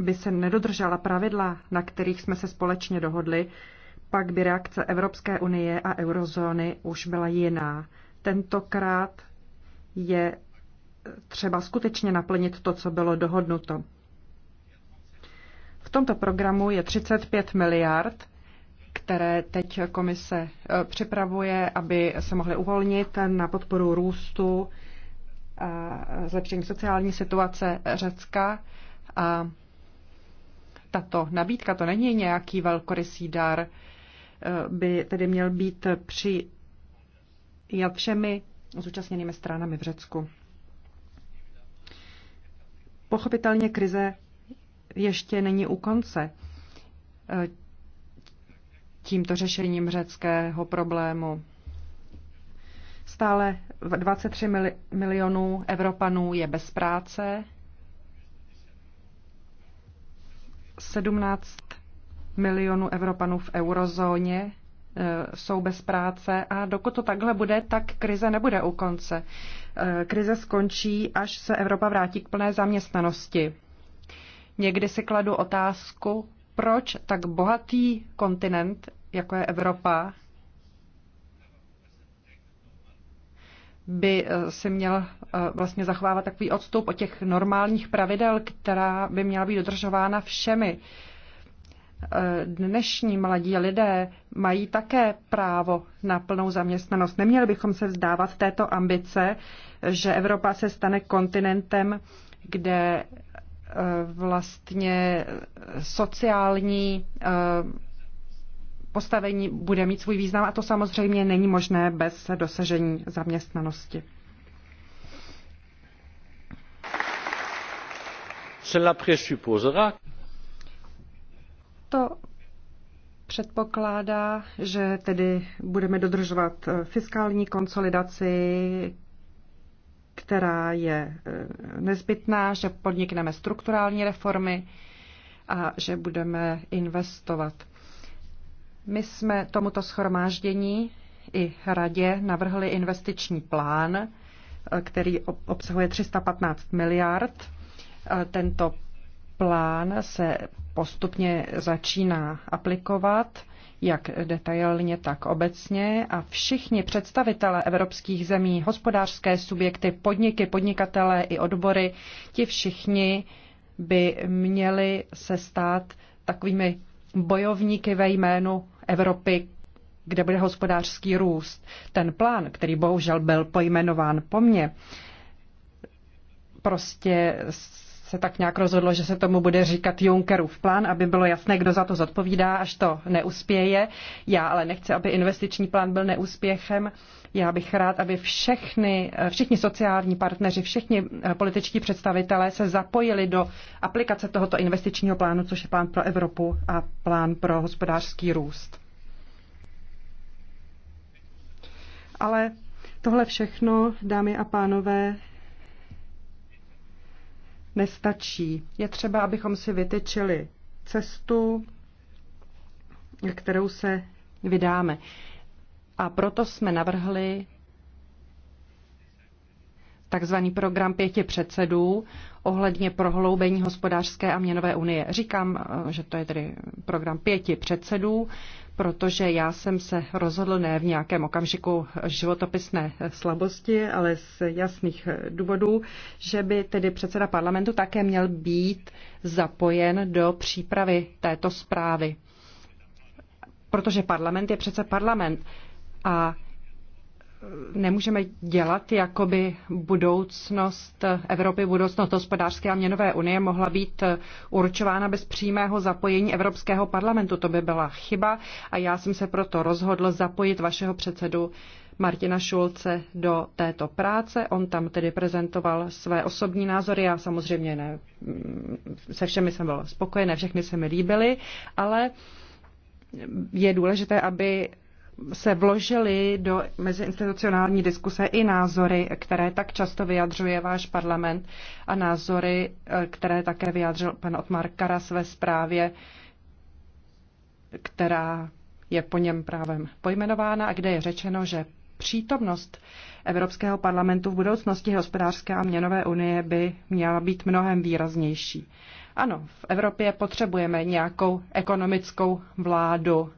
by se nedodržela pravidla, na kterých jsme se společně dohodli, pak by reakce Evropské unie a eurozóny už byla jiná. Tentokrát je třeba skutečně naplnit to, co bylo dohodnuto. V tomto programu je 35 miliard, které teď komise eh, připravuje, aby se mohly uvolnit na podporu růstu a zlepšení sociální situace Řecka. A tato nabídka, to není nějaký velkorysý dar, eh, by tedy měl být při všemi zúčastněnými stranami v Řecku. Pochopitelně krize ještě není u konce eh, tímto řešením řeckého problému. Stále 23 milionů Evropanů je bez práce, 17 milionů Evropanů v eurozóně e, jsou bez práce a dokud to takhle bude, tak krize nebude u konce. E, krize skončí, až se Evropa vrátí k plné zaměstnanosti. Někdy si kladu otázku, proč tak bohatý kontinent, jako je Evropa, by eh, se měl eh, vlastně zachovávat takový odstup od těch normálních pravidel, která by měla být dodržována všemi. Eh, dnešní mladí lidé mají také právo na plnou zaměstnanost. Neměli bychom se vzdávat této ambice, že Evropa se stane kontinentem, kde vlastně sociální postavení bude mít svůj význam a to samozřejmě není možné bez dosažení zaměstnanosti. To předpokládá, že tedy budeme dodržovat fiskální konsolidaci, která je e, nezbytná, že podnikneme strukturální reformy a že budeme investovat. My jsme tomuto schromáždění i radě navrhli investiční plán, který obsahuje 315 miliard. Tento plán se postupně začíná aplikovat, jak detailně, tak obecně. A všichni představitelé evropských zemí, hospodářské subjekty, podniky, podnikatelé i odbory, ti všichni by měli se stát takovými bojovníky ve jménu Evropy, kde bude hospodářský růst. Ten plán, který bohužel byl pojmenován po mně, prostě se tak nějak rozhodlo, že se tomu bude říkat Junckerův plán, aby bylo jasné, kdo za to zodpovídá, až to neuspěje. Já ale nechci, aby investiční plán byl neúspěchem. Já bych rád, aby všechny, všichni sociální partneři, všichni eh, političtí představitelé se zapojili do aplikace tohoto investičního plánu, což je plán pro Evropu a plán pro hospodářský růst. Ale tohle všechno, dámy a pánové, nestačí. Je třeba, abychom si vytyčili cestu, kterou se vydáme. A proto jsme navrhli takzvaný program pěti předsedů ohledně prohloubení hospodářské a měnové unie. Říkám, eh, že to je tedy program pěti předsedů, protože já jsem se rozhodl ne v nějakém okamžiku životopisné eh, slabosti, ale z jasných eh, důvodů, že by tedy předseda parlamentu také měl být zapojen do přípravy této zprávy. Protože parlament je přece parlament a nemůžeme dělat, jako by budoucnost Evropy, budoucnost hospodářské a měnové unie mohla být určována bez přímého zapojení Evropského parlamentu. To by byla chyba a já jsem se proto rozhodl zapojit vašeho předsedu Martina Šulce do této práce. On tam tedy prezentoval své osobní názory. Já samozřejmě ne, se všemi jsem byl spokojen, všechny se mi líbily, ale je důležité, aby se vložily do meziinstitucionální diskuse i názory, které tak často vyjadřuje váš parlament a názory, eh, které také vyjadřil pan Otmar Karas ve zprávě, která je po něm právem pojmenována a kde je řečeno, že přítomnost Evropského parlamentu v budoucnosti hospodářské a měnové unie by měla být mnohem výraznější. Ano, v Evropě potřebujeme nějakou ekonomickou vládu,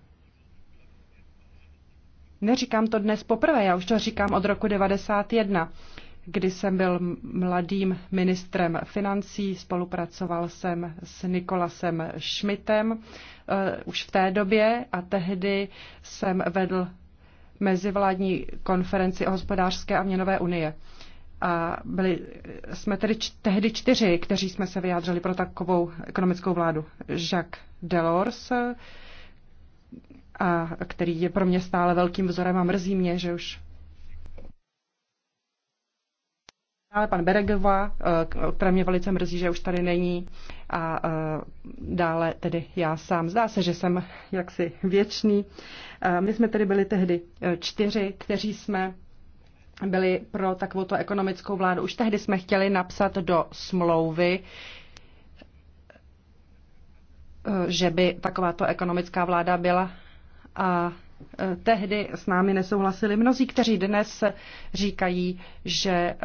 Neříkám to dnes poprvé, já už to říkám od roku 1991, kdy jsem byl mladým ministrem financí, spolupracoval jsem s Nikolasem Schmidtem eh, už v té době a tehdy jsem vedl mezivládní konferenci o hospodářské a měnové unie. A byli jsme tedy č- tehdy čtyři, kteří jsme se vyjádřili pro takovou ekonomickou vládu. Jacques Delors, a který je pro mě stále velkým vzorem a mrzí mě, že už Ale pan Beregova, eh, která mě velice mrzí, že už tady není. A eh, dále tedy já sám. Zdá se, že jsem jaksi věčný. Eh, my jsme tedy byli tehdy čtyři, kteří jsme byli pro takovou ekonomickou vládu. Už tehdy jsme chtěli napsat do smlouvy, že by takováto ekonomická vláda byla a e, tehdy s námi nesouhlasili mnozí, kteří dnes říkají, že e,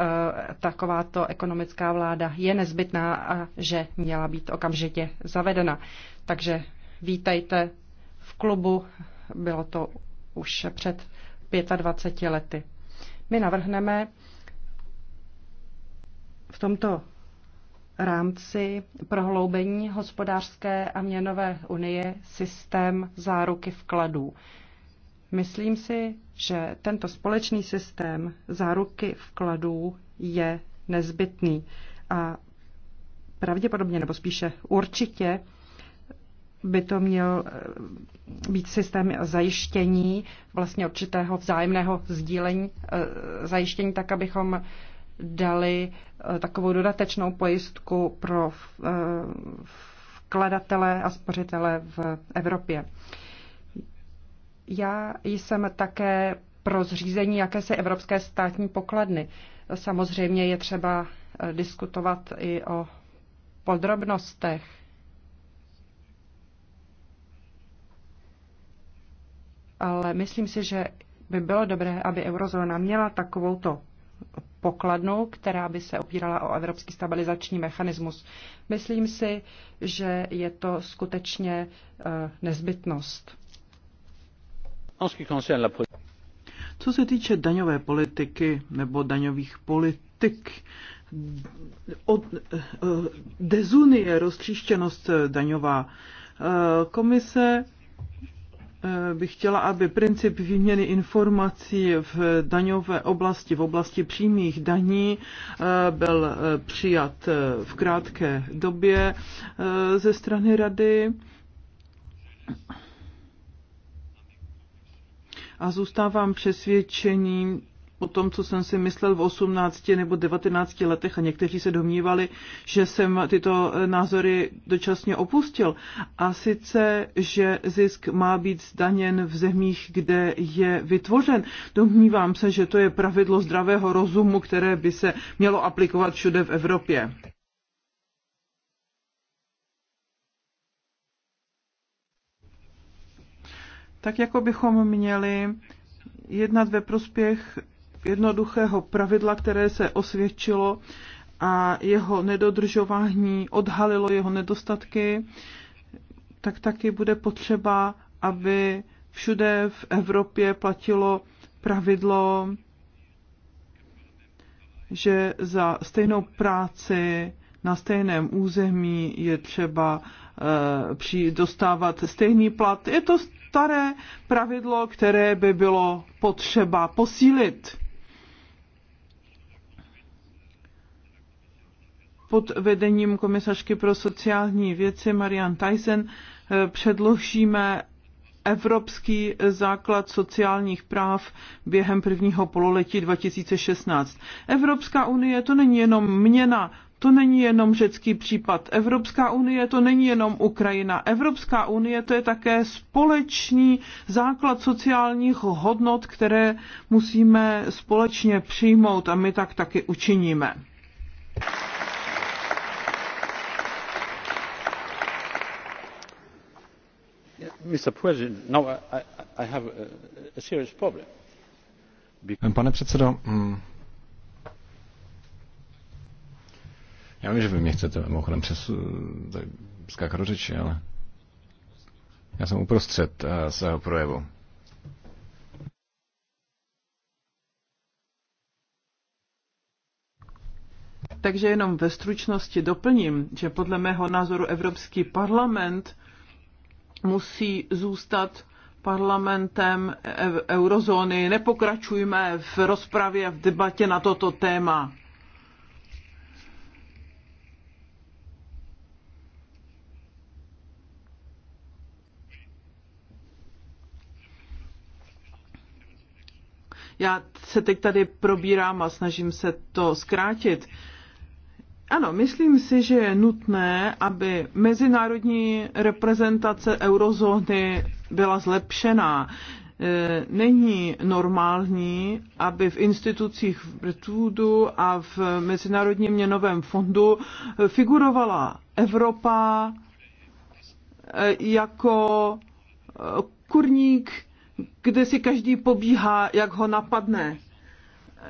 takováto ekonomická vláda je nezbytná a že měla být okamžitě zavedena. Takže vítejte v klubu, bylo to už před 25 lety. My navrhneme v tomto rámci prohloubení hospodářské a měnové unie systém záruky vkladů. Myslím si, že tento společný systém záruky vkladů je nezbytný a pravděpodobně, nebo spíše určitě, by to měl eh, být systém zajištění vlastně určitého vzájemného sdílení, eh, zajištění tak, abychom dali eh, takovou dodatečnou pojistku pro eh, vkladatele a spořitele v Evropě. Já jsem také pro zřízení jakési evropské státní pokladny. Samozřejmě je třeba eh, diskutovat i o podrobnostech. Ale myslím si, že by bylo dobré, aby eurozóna měla takovouto pokladnu, která by se opírala o evropský stabilizační mechanismus. Myslím si, že je to skutečně eh, nezbytnost. Co se týče daňové politiky nebo daňových politik, od, eh, eh, dezunie, roztříštěnost daňová, komise Eh, bych chtěla, aby princip výměny informací v daňové oblasti, v oblasti přímých daní, eh, byl eh, přijat v krátké době ze strany rady a zůstávám přesvědčením, o tom, co jsem si myslel v 18 nebo 19 letech a někteří se domnívali, že jsem tyto názory dočasně opustil. A sice, že zisk má být zdaněn v zemích, kde je vytvořen. Domnívám se, že to je pravidlo zdravého rozumu, které by se mělo aplikovat všude v Evropě. Tak jako bychom měli jednat ve prospěch jednoduchého pravidla, které se osvědčilo a jeho nedodržování odhalilo jeho nedostatky, tak taky bude potřeba, aby všude v Evropě platilo pravidlo, že za stejnou práci na stejném území je třeba e, dostávat stejný plat. Je to staré pravidlo, které by bylo potřeba posílit. pod vedením komisařky pro sociální věci Marian Tyson eh, předložíme Evropský základ sociálních práv během prvního pololetí 2016. Evropská unie to není jenom měna, to není jenom řecký případ. Evropská unie to není jenom Ukrajina. Evropská unie to je také společný základ sociálních hodnot, které musíme společně přijmout a my tak taky učiníme. Hm, pane předsedo, hm. já vím, že vy mě chcete mimochodem přes eh, skákat do řeči, ale já jsem uprostřed eh, svého projevu. Takže jenom ve stručnosti doplním, že podle mého názoru Evropský parlament musí zůstat parlamentem eurozóny. Nepokračujme v rozpravě, v debatě na toto téma. Já se teď tady probírám a snažím se to zkrátit. Ano, myslím si, že je nutné, aby mezinárodní reprezentace eurozóny byla zlepšená. E, není normální, aby v institucích v Bretudu a v Mezinárodním měnovém fondu figurovala Evropa e, jako e, kurník, kde si každý pobíhá, jak ho napadne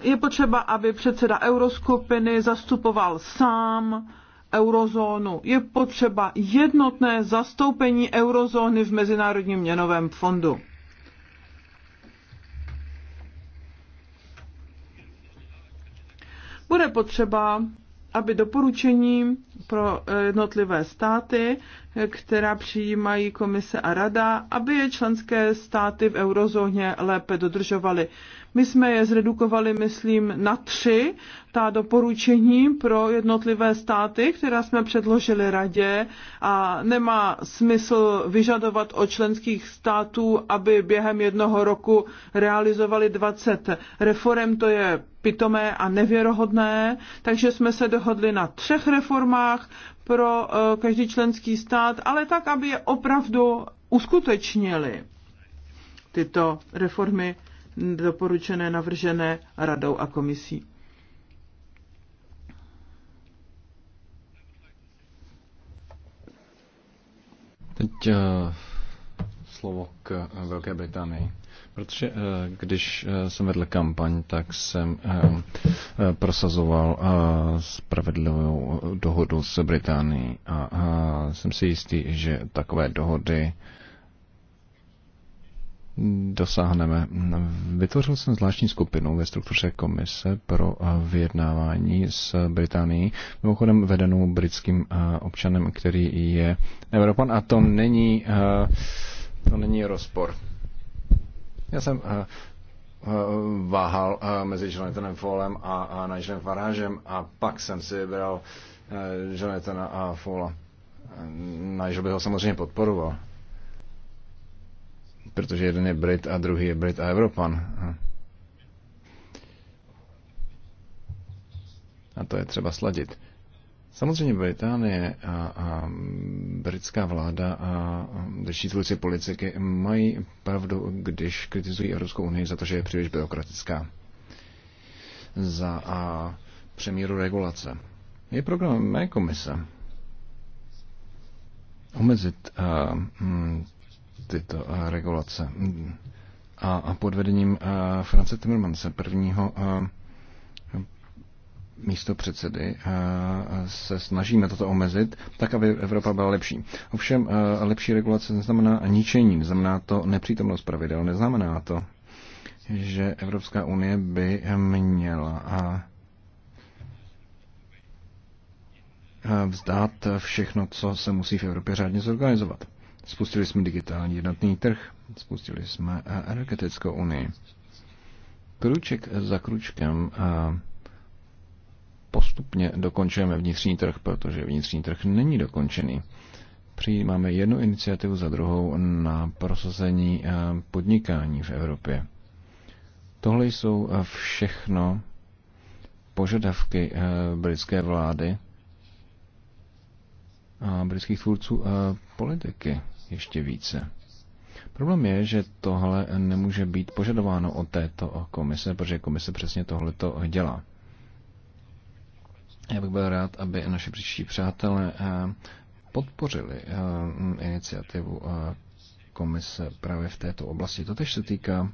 je potřeba, aby předseda euroskupiny zastupoval sám eurozónu. Je potřeba jednotné zastoupení eurozóny v Mezinárodním měnovém fondu. Bude potřeba, aby doporučení pro jednotlivé státy která přijímají komise a rada, aby je členské státy v eurozóně lépe dodržovaly. My jsme je zredukovali, myslím, na tři, ta doporučení pro jednotlivé státy, která jsme předložili radě a nemá smysl vyžadovat od členských států, aby během jednoho roku realizovali 20 reform, to je pitomé a nevěrohodné, takže jsme se dohodli na třech reformách, pro eh, každý členský stát, ale tak, aby je opravdu uskutečnili tyto reformy doporučené, navržené radou a komisí. Teď uh, slovo k Velké Británii. Protože eh, když eh, jsem vedl kampaň, tak jsem eh, prosazoval spravedlivou dohodu s Británií a jsem si jistý, že takové dohody dosáhneme. Vytvořil jsem zvláštní skupinu ve struktuře komise pro vyjednávání s Británií, mimochodem vedenou britským občanem, který je Evropan a to není, to není rozpor. Já jsem eh, eh, váhal eh, mezi Jonathanem Fallem a Nigelem Farážem a pak jsem si vybral Jonathana a Falla. Nigel by ho samozřejmě podporoval. Protože jeden je Brit a druhý je Brit a Evropan. A to je třeba sladit. Samozřejmě Británie a, a britská vláda a další tvůrci politiky mají pravdu, když kritizují Evropskou unii za to, že je příliš byrokratická, za a, přemíru regulace. Je program mé komise omezit a, m, mm, tyto a, regulace. A, a pod vedením a, France Timmermanse prvního A, místo předsedy eh, se snažíme toto omezit, tak aby Evropa byla lepší. Ovšem eh, lepší regulace neznamená ničení, neznamená to nepřítomnost pravidel, neznamená to, že Evropská unie by měla eh, vzdát všechno, co se musí v Evropě řádně zorganizovat. Spustili jsme digitální jednotný trh, spustili jsme energetickou unii. Kruček za kručkem postupně dokončujeme vnitřní trh, protože vnitřní trh není dokončený. Přijímáme jednu iniciativu za druhou na prosazení eh, podnikání v Evropě. Tohle jsou eh, všechno požadavky eh, britské vlády a britských tvůrců politiky ještě více. Problém je, že tohle nemůže být požadováno od této komise, protože komise přesně tohle to dělá. Já bych byl rád, aby naši příští přátelé eh, podpořili eh, iniciativu eh, komise právě v této oblasti. To tež se týká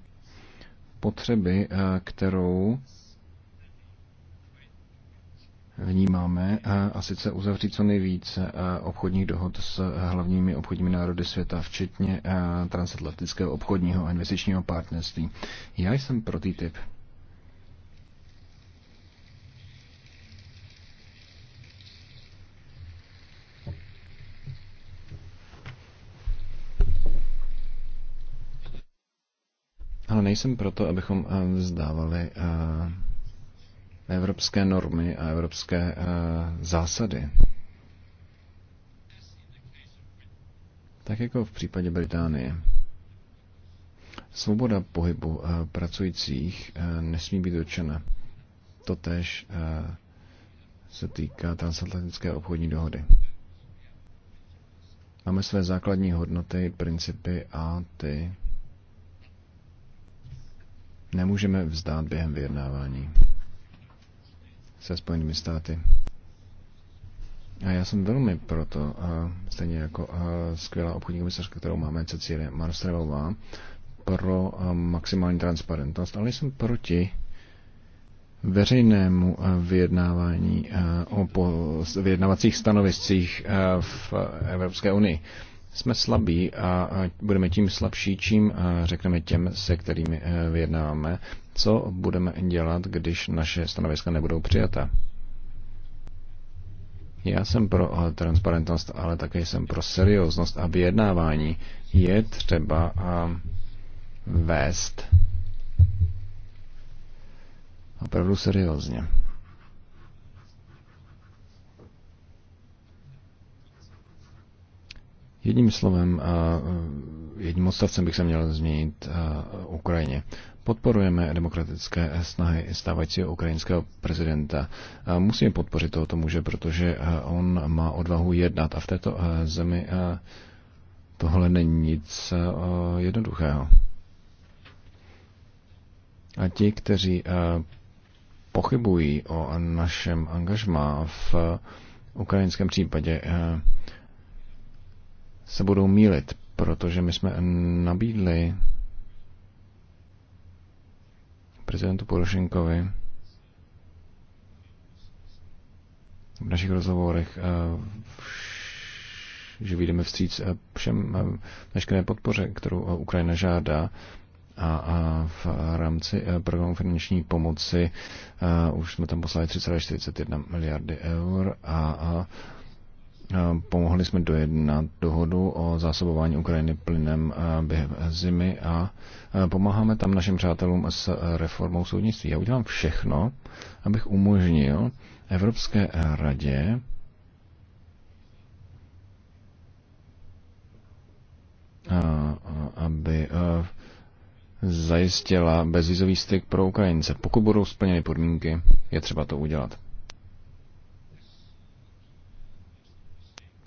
potřeby, kterou vnímáme, a sice uzavřít co nejvíce obchodních dohod s hlavními obchodními národy světa, včetně transatlantického obchodního a investičního partnerství. Já jsem pro TTIP. typ nejsem proto, abychom eh, vzdávali eh, evropské normy a evropské eh, zásady. Tak jako v případě Británie. Svoboda pohybu pracujících nesmí být dotčena. Totež se týká transatlantické obchodní dohody. Máme své základní hodnoty, principy a ty nemůžeme vzdát během vyjednávání se Spojenými státy. A já jsem velmi proto, stejně jako skvělá obchodní komisařka, kterou máme, Cecílie Marstrelová, pro maximální transparentnost, ale jsem proti veřejnému vyjednávání o vyjednavacích stanoviscích v Evropské unii jsme slabí a budeme tím slabší, čím řekneme těm, se kterými e, vyjednáváme, co budeme dělat, když naše stanoviska nebudou přijata. Já jsem pro e, transparentnost, ale také jsem pro serióznost a vyjednávání. Je třeba vést opravdu seriózně. Jedním slovem, e, jedním odstavcem bych se měl změnit Ukrajině. Podporujeme demokratické snahy stávajícího ukrajinského prezidenta. Musíme podpořit tohoto muže, protože on má odvahu jednat a v této zemi tohle není nic jednoduchého. A ti, kteří pochybují o našem angažmá v ukrajinském případě, se budou mílit, protože my jsme nabídli prezidentu Porošenkovi v našich rozhovorech, eh, že vyjdeme vstříc eh, všem eh, veškeré podpoře, kterou Ukrajina žádá a, v rámci programu finanční pomoci už jsme tam poslali 3,41 miliardy eur a Eh, pomohli jsme dojednat dohodu o zásobování Ukrajiny plynem eh, během zimy a eh, pomáháme tam našim přátelům s reformou soudnictví. Já udělám všechno, abych umožnil Evropské radě aby zajistila bezvizový styk pro Ukrajince. Pokud budou splněny podmínky, je třeba to udělat.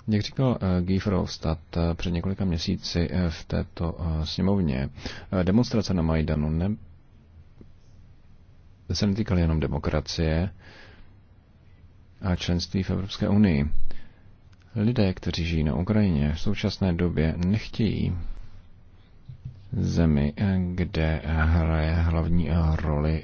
Jak říkal eh, Guy Verhofstadt eh, před několika měsíci eh, v této sněmovně, demonstrace na Majdanu ne, se netýkaly jenom demokracie a členství v Evropské unii. Lidé, kteří žijí na Ukrajině, v současné době nechtějí zemi, kde hraje hlavní roli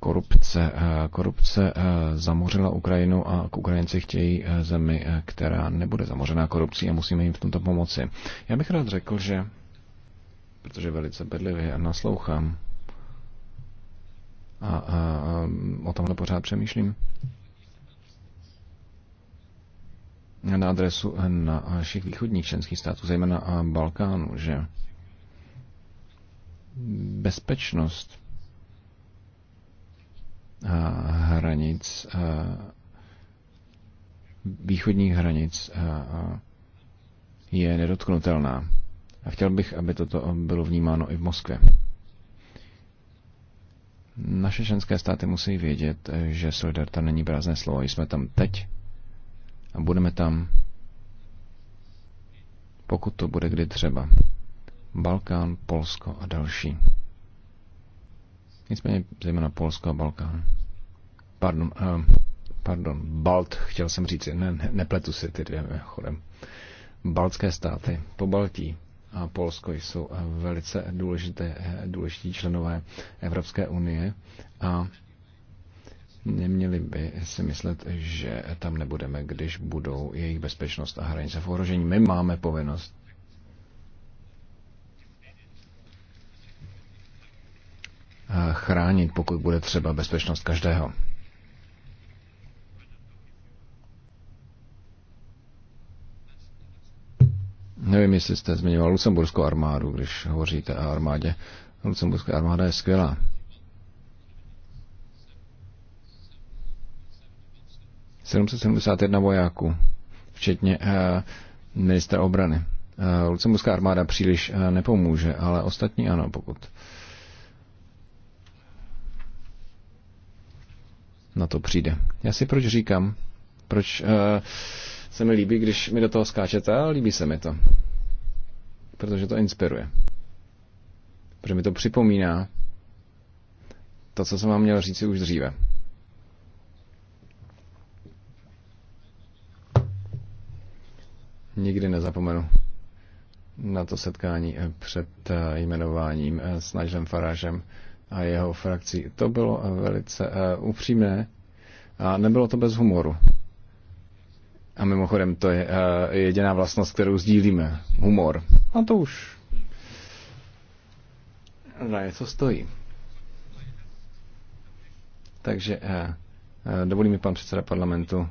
korupce. Eh, korupce eh, zamořila Ukrajinu a Ukrajinci chtějí eh, zemi, která nebude zamořená korupcí a musíme jim v tomto pomoci. Já bych rád řekl, že protože velice bedlivě naslouchám a, a, a o tomhle pořád přemýšlím, na adresu na našich východních členských států, zejména Balkánu, že bezpečnost hranic, východních hranic je nedotknutelná. A chtěl bych, aby toto bylo vnímáno i v Moskvě. Naše ženské státy musí vědět, že solidarita není prázdné slovo. Jsme tam teď a budeme tam, pokud to bude kdy třeba. Balkán, Polsko a další. Nicméně zejména Polsko a Balkán. Pardon, uh, pardon, Balt, chtěl jsem říct, ne, ne, nepletu si ty dvě chodem. Baltské státy, po Baltí a Polsko jsou eh, velice důležité, eh, důležití členové Evropské unie a neměli by si myslet, že tam nebudeme, když budou jejich bezpečnost a hranice v ohrožení. My máme povinnost Eh, chránit, pokud bude třeba bezpečnost každého. Nevím, jestli jste zmiňoval Lucemburskou armádu, když hovoříte o armádě. Lucemburská armáda je skvělá. ...771 vojáků, včetně eh, ministra obrany. Eh, Lucemburská armáda příliš eh, nepomůže, ale ostatní ano, pokud eh, na to přijde. Já si proč říkám, proč uh, se mi líbí, když mi do toho skáčete, ale líbí se mi to. Protože to inspiruje. Protože mi to připomíná to, co jsem vám měl říct už dříve. Nikdy nezapomenu na to setkání eh, před eh, jmenováním s Nigelem Farážem a jeho frakcí. To bylo eh, velice uh, upřímné a nebylo to bez humoru. A mimochodem, to je uh, jediná vlastnost, kterou sdílíme. Humor. A to už za něco stojí. Takže uh, dovolí mi pan předseda parlamentu,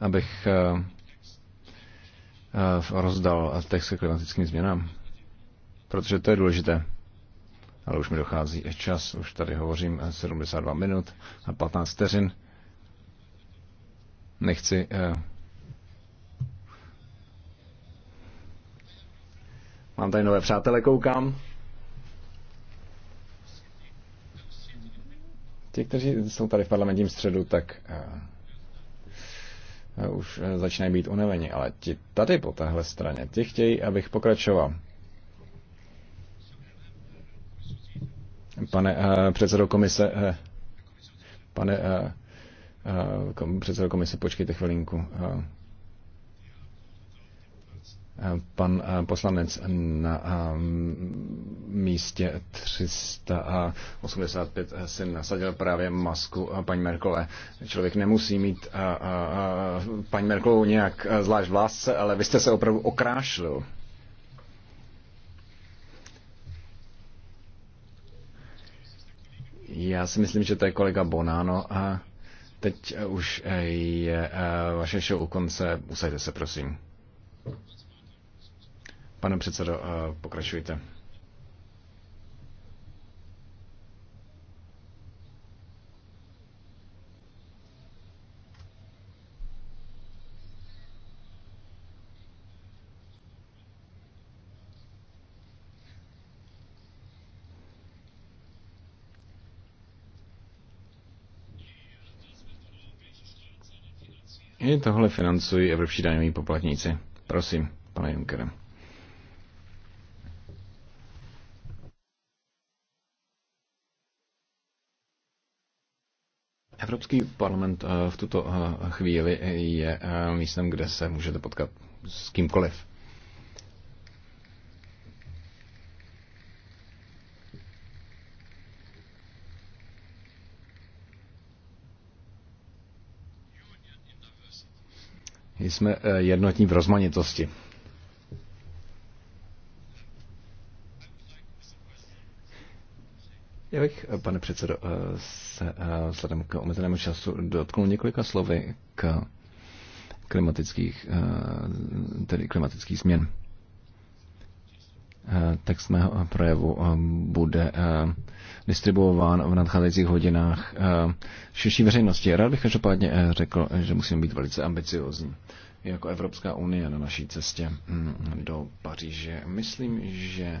abych uh, uh, rozdal text k klimatickým změnám, protože to je důležité ale už mi dochází čas, už tady hovořím 72 eh, minut a 15 vteřin. Nechci eh, Mám tady nové přátele, koukám. Ti, kteří jsou tady v parlamentním středu, tak uh, už začínají být unaveni, ale ti tady po téhle straně, ti chtějí, abych pokračoval. Pane eh, předsedo komise, eh, pane eh, předsedo komise, počkejte chvilinku. Pan poslanec na místě 385 si nasadil právě masku paní Merkové. Člověk nemusí mít paní Merkelovou nějak zvlášť v lásce, ale vy jste se opravdu okrášlil. Já si myslím, že to je kolega Bonano a teď už eh, je eh, vaše show u konce. Usaďte se, prosím. Pane předsedo, eh, pokračujte. I tohle financují evropští daňoví poplatníci. Prosím, pane Junckere. Evropský parlament eh, v tuto eh, chvíli je eh, místem, kde se můžete potkat s kýmkoliv. jsme eh, jednotní v rozmanitosti. Já bych, eh, pane předsedo, eh, se vzhledem k omezenému času dotknul několika slovy k klimatických, tedy klimatických změn. Eh, text mého eh, projevu eh, bude distribuován v nadcházejících hodinách širší veřejnosti. Rád bych každopádně řekl, že musíme být velice ambiciozní jako Evropská unie na naší cestě mm, do Paříže. Myslím, že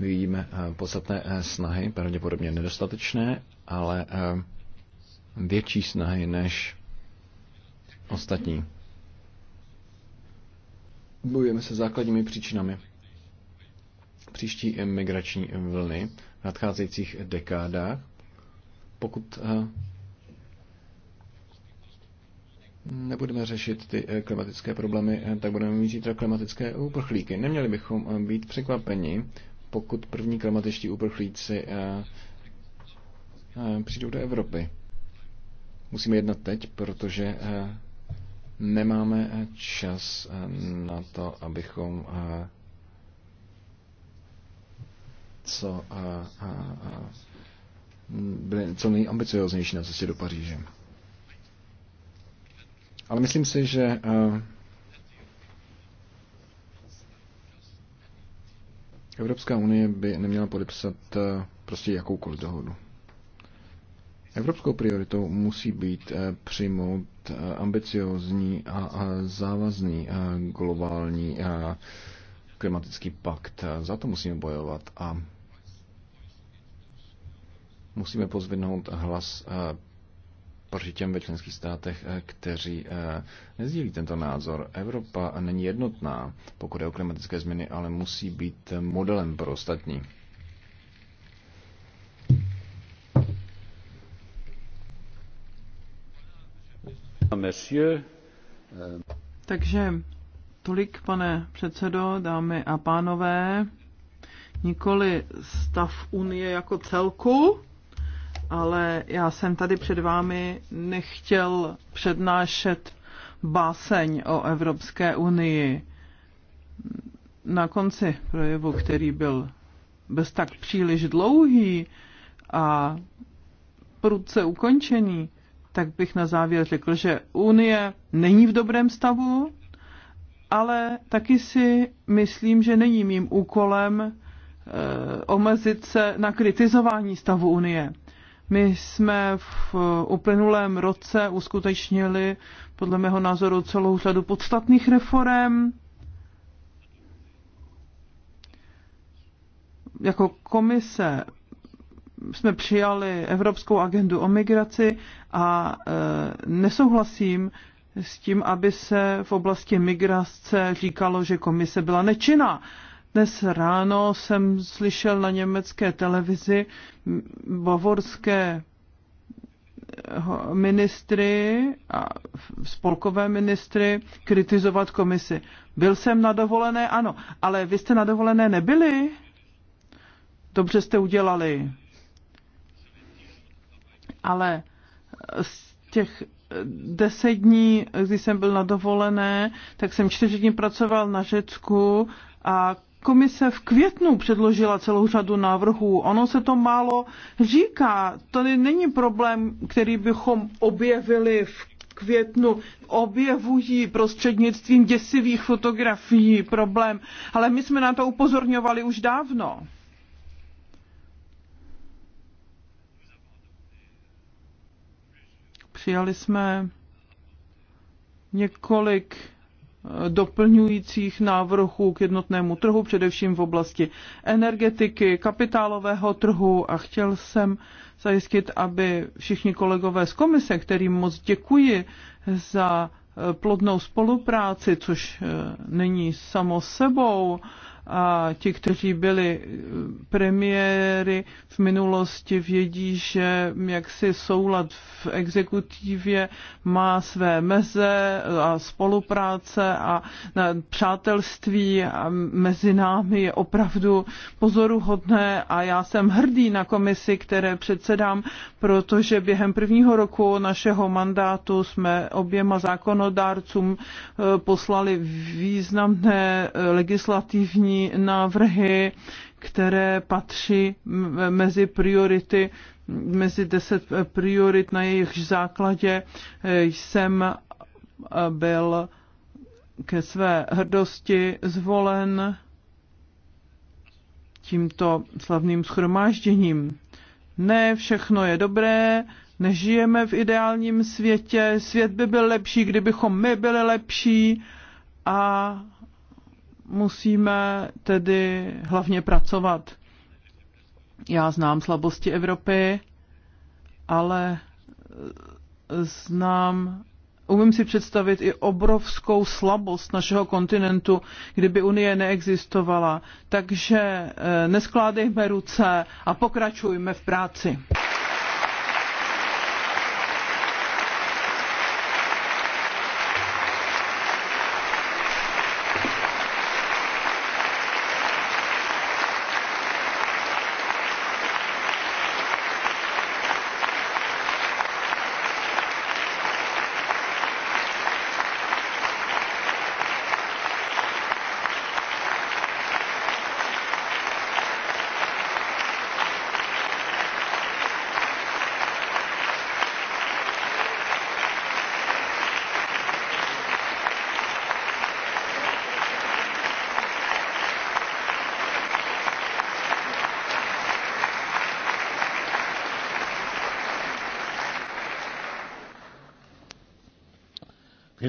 vidíme podstatné snahy, pravděpodobně nedostatečné, ale větší snahy než ostatní bojujeme se základními příčinami příští emigrační vlny v nadcházejících dekádách. Pokud eh, nebudeme řešit ty eh, klimatické problémy, eh, tak budeme mít zítra klimatické uprchlíky. Neměli bychom být překvapeni, pokud první klimatičtí uprchlíci přijdou do Evropy. Musíme jednat teď, protože nemáme eh, čas eh, na to, abychom eh, co, byli co nejambicioznější na cestě do Paříže. Ale myslím si, že Evropská unie by neměla podepsat prostě jakoukoliv dohodu. Evropskou prioritou musí být eh, přijmout eh, ambiciozní a závazný eh, globální klimatický pakt. Za to musíme bojovat a musíme pozvednout hlas proti těm ve členských státech, kteří nezdílí tento názor. Evropa není jednotná, pokud je o klimatické změny, ale musí být modelem pro ostatní. Takže tolik, pane předsedo, dámy a pánové. Nikoli stav Unie jako celku, ale já jsem tady před vámi nechtěl přednášet báseň o Evropské unii. Na konci projevu, který byl bez tak příliš dlouhý a prudce ukončený, tak bych na závěr řekl, že Unie není v dobrém stavu, ale taky si myslím, že není mým úkolem eh, omezit se na kritizování stavu Unie. My jsme v eh, uplynulém roce uskutečnili podle mého názoru celou řadu podstatných reform. Jako komise jsme přijali Evropskou agendu o migraci a e, nesouhlasím s tím, aby se v oblasti migrace říkalo, že komise byla nečinná. Dnes ráno jsem slyšel na německé televizi bavorské ministry a spolkové ministry kritizovat komisi. Byl jsem na dovolené, ano, ale vy jste na dovolené nebyli? Dobře jste udělali ale z těch deset dní, kdy jsem byl na dovolené, tak jsem čtyři dní pracoval na Řecku a komise v květnu předložila celou řadu návrhů. Ono se to málo říká. To není problém, který bychom objevili v květnu objevují prostřednictvím děsivých fotografií problém, ale my jsme na to upozorňovali už dávno. Přijali jsme několik eh, doplňujících návrhů k jednotnému trhu, především v oblasti energetiky, kapitálového trhu a chtěl jsem zajistit, aby všichni kolegové z komise, kterým moc děkuji za eh, plodnou spolupráci, což eh, není samo sebou, a ti, kteří byli eh, premiéry v minulosti, vědí, že jaksi soulad v exekutivě má své meze a spolupráce a přátelství a mezi námi je opravdu pozoruhodné a já jsem hrdý na komisi, které předsedám, protože během prvního roku našeho mandátu jsme oběma zákonodárcům eh, poslali významné eh, legislativní návrhy, které patří mezi priority, mezi deset priorit, na jejich základě eh, jsem eh, byl ke své hrdosti zvolen tímto slavným schromážděním. Ne, všechno je dobré, nežijeme v ideálním světě, svět by byl lepší, kdybychom my byli lepší a musíme tedy hlavně pracovat. Já znám slabosti Evropy, ale eh, znám, umím si představit i obrovskou slabost našeho kontinentu, kdyby Unie neexistovala. Takže eh, neskládejme ruce a pokračujme v práci.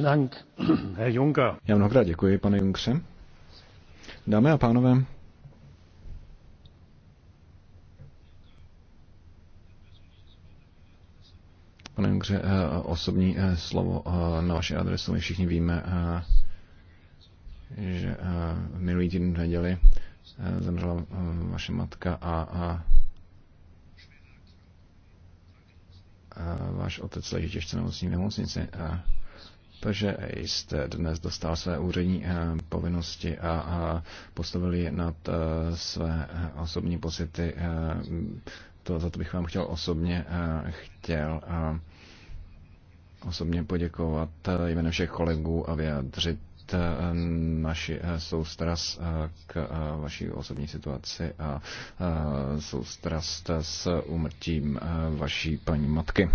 Dank, Herr Juncker. Já mnohokrát děkuji, pane Junkře. Dámy a pánové, Pane Junkře, eh, osobní eh, slovo eh, na vaši adresu. My všichni víme, že minulý týden v neděli zemřela vaše matka a, váš otec leží těžce nemocný v nemocnici. To, že jste dnes dostal své úřední eh, povinnosti a postavili nad eh, své eh, osobní pocity, to, za to bych vám chtěl osobně chtěl osobně poděkovat jménem všech kolegů a vyjádřit naši soustras k vaší osobní situaci a soustrast s umrtím vaší paní matky.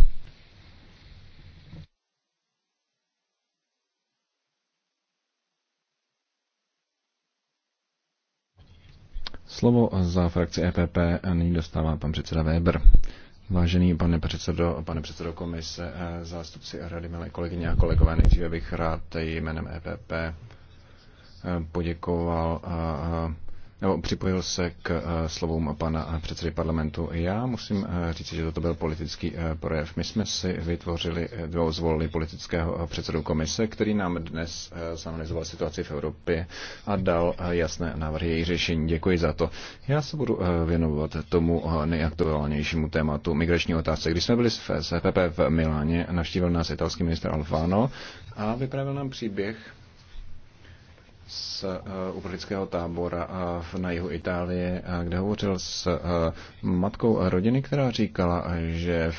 Slovo za frakci EPP nyní dostává pan předseda Weber. Vážený pane předsedo, pane předsedo komise, eh, zástupci rady, milé kolegyně a kolegové, nejdříve bych rád jménem EPP eh, poděkoval eh, nebo připojil se k eh, slovům pana eh, předsedy parlamentu. Já musím eh, říct, že toto byl politický projev. My jsme si vytvořili, nebo zvolili politického předsedu komise, který nám dnes zanalizoval situaci v Evropě a dal jasné návrhy její řešení. Děkuji za to. Já se budu věnovat tomu nejaktuálnějšímu tématu migrační otázce. Když jsme byli v SPP v Miláně, navštívil nás italský minister Alfano a vypravil nám příběh z eh, uprchlického tábora eh, na jihu Itálie, eh, kde hovořil s matkou rodiny, která říkala, že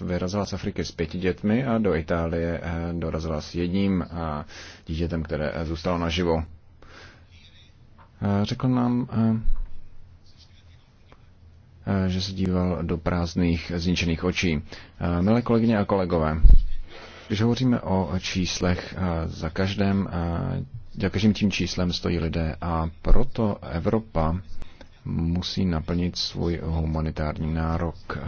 vyrazila z Afriky s pěti dětmi a do Itálie dorazila s jedním dítětem, které zůstalo naživo. Řekl nám, že se díval do prázdných, zničených očí. Milé kolegyně a kolegové, když hovoříme o číslech, za každém za každým tím číslem stojí lidé a proto Evropa musí naplnit svůj humanitární nárok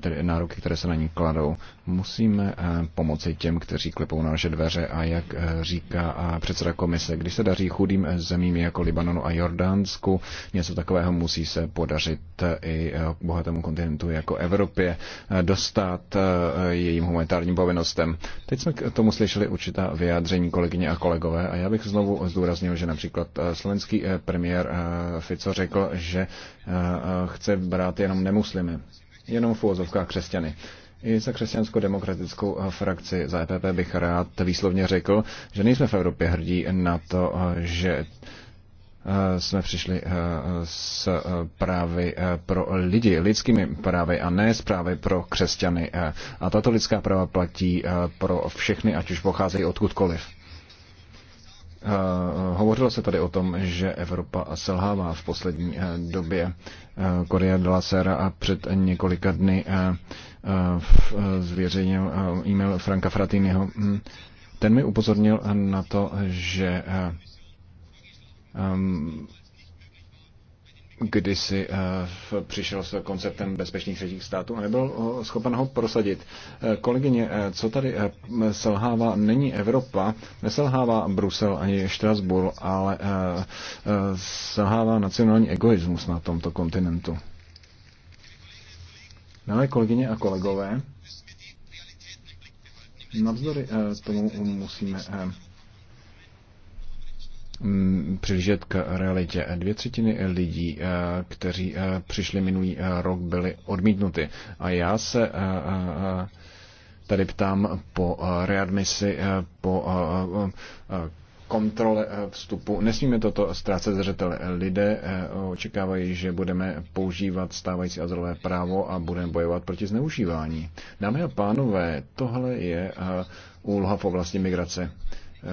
tedy nároky, které se na ní kladou. Musíme eh, pomoci těm, kteří klepou na naše dveře a jak eh, říká eh, předseda komise, když se daří chudým zemím jako Libanonu a Jordánsku, něco takového musí se podařit i bohatému kontinentu jako Evropě dostat jejím humanitárním povinnostem. Teď jsme k tomu slyšeli určitá vyjádření kolegyně a kolegové a já bych znovu zdůraznil, že například slovenský premiér Fico řekl, že chce brát jenom nemuslimy jenom v úvozovkách křesťany. I za křesťanskou demokratickou eh, frakci za EPP bych rád výslovně řekl, že nejsme v Evropě hrdí na to, eh, že eh, jsme přišli s právy pro lidi, lidskými právy a ne s právy pro křesťany. A tato lidská práva platí pro všechny, ať už pocházejí odkudkoliv. Eh, hovořilo se tady o tom, že Evropa selhává v poslední eh, době. Eh, Korea de la Sera před několika dny zvěřejnil e-mail Franka Fratiniho. Mm, ten mi upozornil na to, že ehm, kdysi eh, přišel s konceptem bezpečných třetích států a nebyl eh, schopen ho prosadit. Eh, kolegyně, co tady selhává, není Evropa, neselhává Brusel ani Štrasburg, ale selhává nacionální egoismus na tomto kontinentu. Milé kolegyně a kolegové, navzdory tomu musíme Mm, přilížet k realitě. Dvě třetiny lidí, eh, kteří eh, přišli minulý eh, rok, byly odmítnuty. A já se tady ptám po readmisi, po kontrole vstupu. Nesmíme toto ztrácet zřetele. Lidé očekávají, že budeme používat stávající azylové právo a budeme bojovat proti zneužívání. Dámy a pánové, tohle je úloha v oblasti migrace.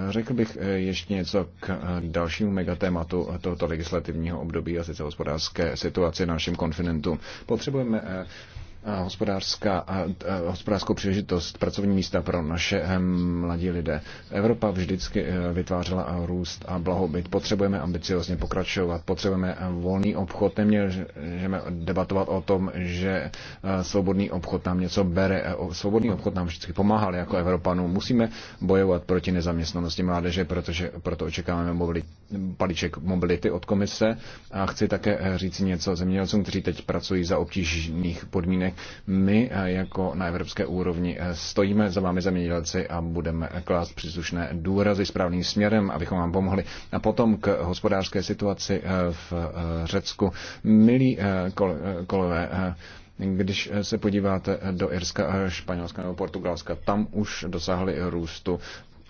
Řekl bych eh, ještě něco k eh, dalšímu megatématu eh, tohoto legislativního období a sice hospodářské situaci na našem kontinentu. Potřebujeme hospodářská, hospodářskou příležitost, pracovní místa pro naše eh, mladí lidé. Evropa vždycky eh, vytvářela růst a blahobyt. Potřebujeme ambiciozně pokračovat, potřebujeme eh, volný obchod. že debatovat o tom, že svobodný obchod nám něco bere. Svobodný obchod nám vždycky pomáhal jako Evropanům. Musíme bojovat proti nezaměstnanosti mládeže, protože proto očekáváme mobilit, balíček mobility od komise. A chci také říct něco zemědělcům, kteří teď pracují za obtížných podmínek my eh, jako na evropské úrovni eh, stojíme za vámi zemědělci a budeme klást příslušné důrazy správným směrem, abychom vám pomohli. A potom k hospodářské situaci eh, v Řecku. Milí kolové, když se podíváte do Irska, Španělska nebo Portugalska, tam už dosáhly růstu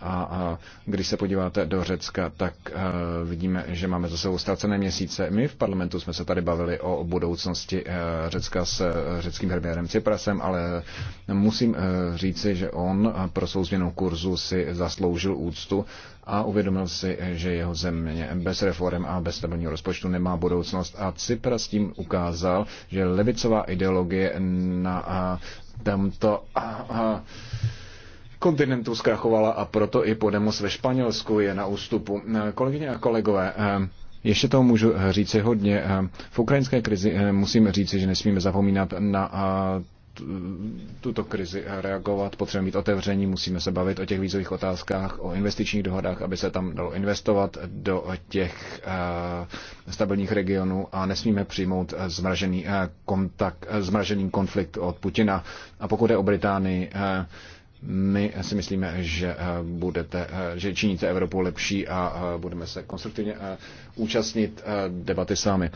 a, a když se podíváte do Řecka, tak uh, vidíme, že máme za sebou ztracené měsíce. My v parlamentu jsme se tady bavili o budoucnosti uh, Řecka s uh, řeckým premiérem Ciprasem, ale musím uh, říci, že on uh, pro svou změnu kurzu si zasloužil úctu a uvědomil si, že jeho země bez reform a bez stabilního rozpočtu nemá budoucnost. A Cypras tím ukázal, že levicová ideologie na uh, tomto. Uh, uh, kontinentu zkrachovala a proto i Podemos ve Španělsku je na ústupu. Kolegyně a kolegové, eh, ještě toho můžu eh, říci hodně. Eh, v ukrajinské krizi musíme říci, že nesmíme zapomínat na tuto krizi reagovat, potřebujeme mít otevření, musíme se bavit o těch vízových otázkách, o investičních dohodách, aby se tam dalo investovat do těch stabilních regionů a nesmíme přijmout zmražený, kontakt, zmražený konflikt od Putina. A pokud je o Británii, my si myslíme, že, eh, budete, eh, že činíte Evropu lepší a eh, budeme se konstruktivně účastnit debaty s vámi.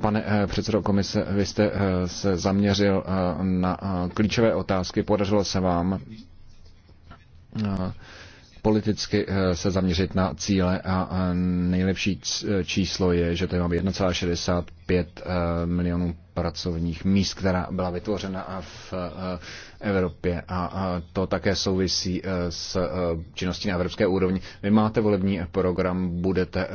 Pane předsedo komise, vy jste se zaměřil na klíčové otázky. Podařilo se vám politicky se zaměřit na cíle a nejlepší číslo je, že to je 1,65 milionů pracovních míst, která byla vytvořena a v Evropě a to také souvisí e, s e, činností na evropské úrovni. Vy máte volební program, budete e,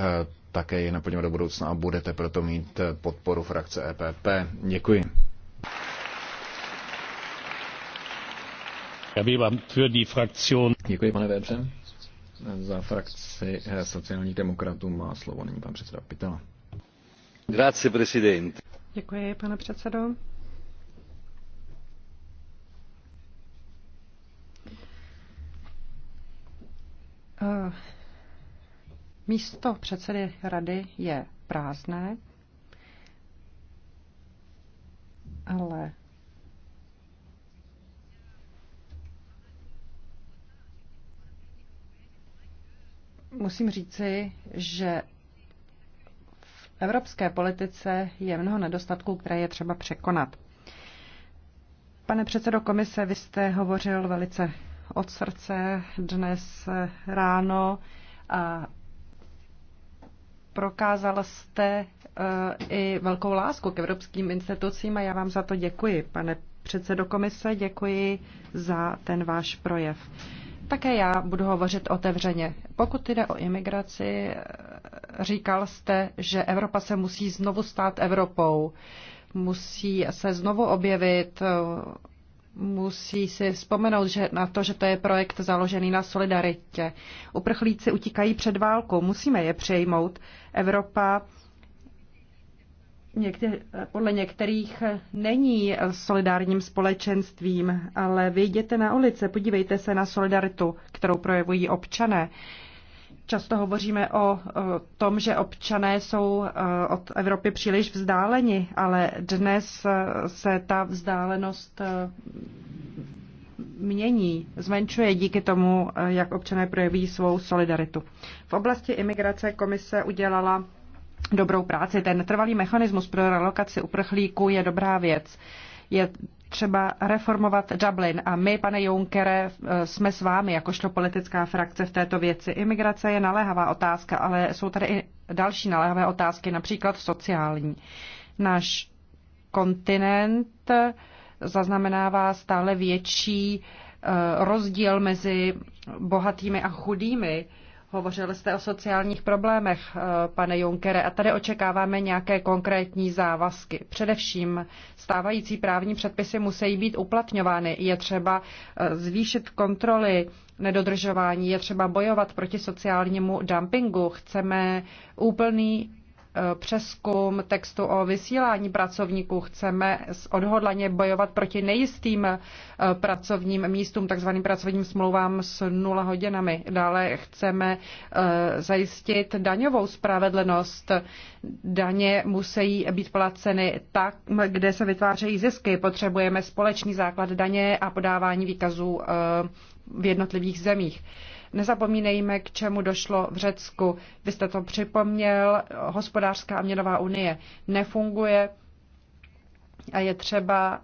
také je naplňovat do budoucna a budete proto mít podporu frakce EPP. Děkuji. Děkuji, pane Vébře. Za frakci sociálních demokratů má slovo nyní pan předseda Pitela. Grazie, Děkuji, pane předsedo. Eh, místo předsedy rady je prázdné, ale musím říci, že v evropské politice je mnoho nedostatků, které je třeba překonat. Pane předsedo komise, vy jste hovořil velice od srdce dnes ráno a prokázal jste eh, i velkou lásku k evropským institucím a já vám za to děkuji, pane předsedo komise, děkuji za ten váš projev. Také já budu hovořit otevřeně. Pokud jde o imigraci, eh, říkal jste, že Evropa se musí znovu stát Evropou, musí se znovu objevit eh, musí si vzpomenout že na to, že to je projekt založený na solidaritě. Uprchlíci utíkají před válkou, musíme je přejmout. Evropa někde, podle některých není solidárním společenstvím, ale vyjděte na ulice, podívejte se na solidaritu, kterou projevují občané. Často hovoříme o tom, že občané jsou e, od Evropy příliš vzdáleni, ale dnes e, se ta vzdálenost e, mění, zmenšuje díky tomu, jak občané projeví svou solidaritu. V oblasti imigrace komise udělala dobrou práci. Ten trvalý mechanismus pro relokaci uprchlíků je dobrá věc. Je třeba reformovat Dublin. A my, pane Junkere, eh, jsme s vámi, jakožto politická frakce v této věci. Imigrace je naléhavá otázka, ale jsou tady i další naléhavé otázky, například sociální. Náš kontinent eh, zaznamenává stále větší eh, rozdíl mezi bohatými a chudými Hovořil jste o sociálních problémech, eh, pane Junkere, a tady očekáváme nějaké konkrétní závazky. Především stávající právní předpisy musí být uplatňovány. Je třeba eh, zvýšit kontroly nedodržování, je třeba bojovat proti sociálnímu dumpingu. Chceme úplný přeskum textu o vysílání pracovníků. Chceme odhodlaně bojovat proti nejistým eh, pracovním místům, takzvaným pracovním smlouvám s nula hodinami. Dále chceme eh, zajistit daňovou spravedlnost. Daně musí být placeny tak, kde se vytvářejí zisky. Potřebujeme společný základ daně a podávání výkazů eh, v jednotlivých zemích. Nezapomínejme, k čemu došlo v Řecku. Vy jste to připomněl, hospodářská a měnová unie nefunguje a je třeba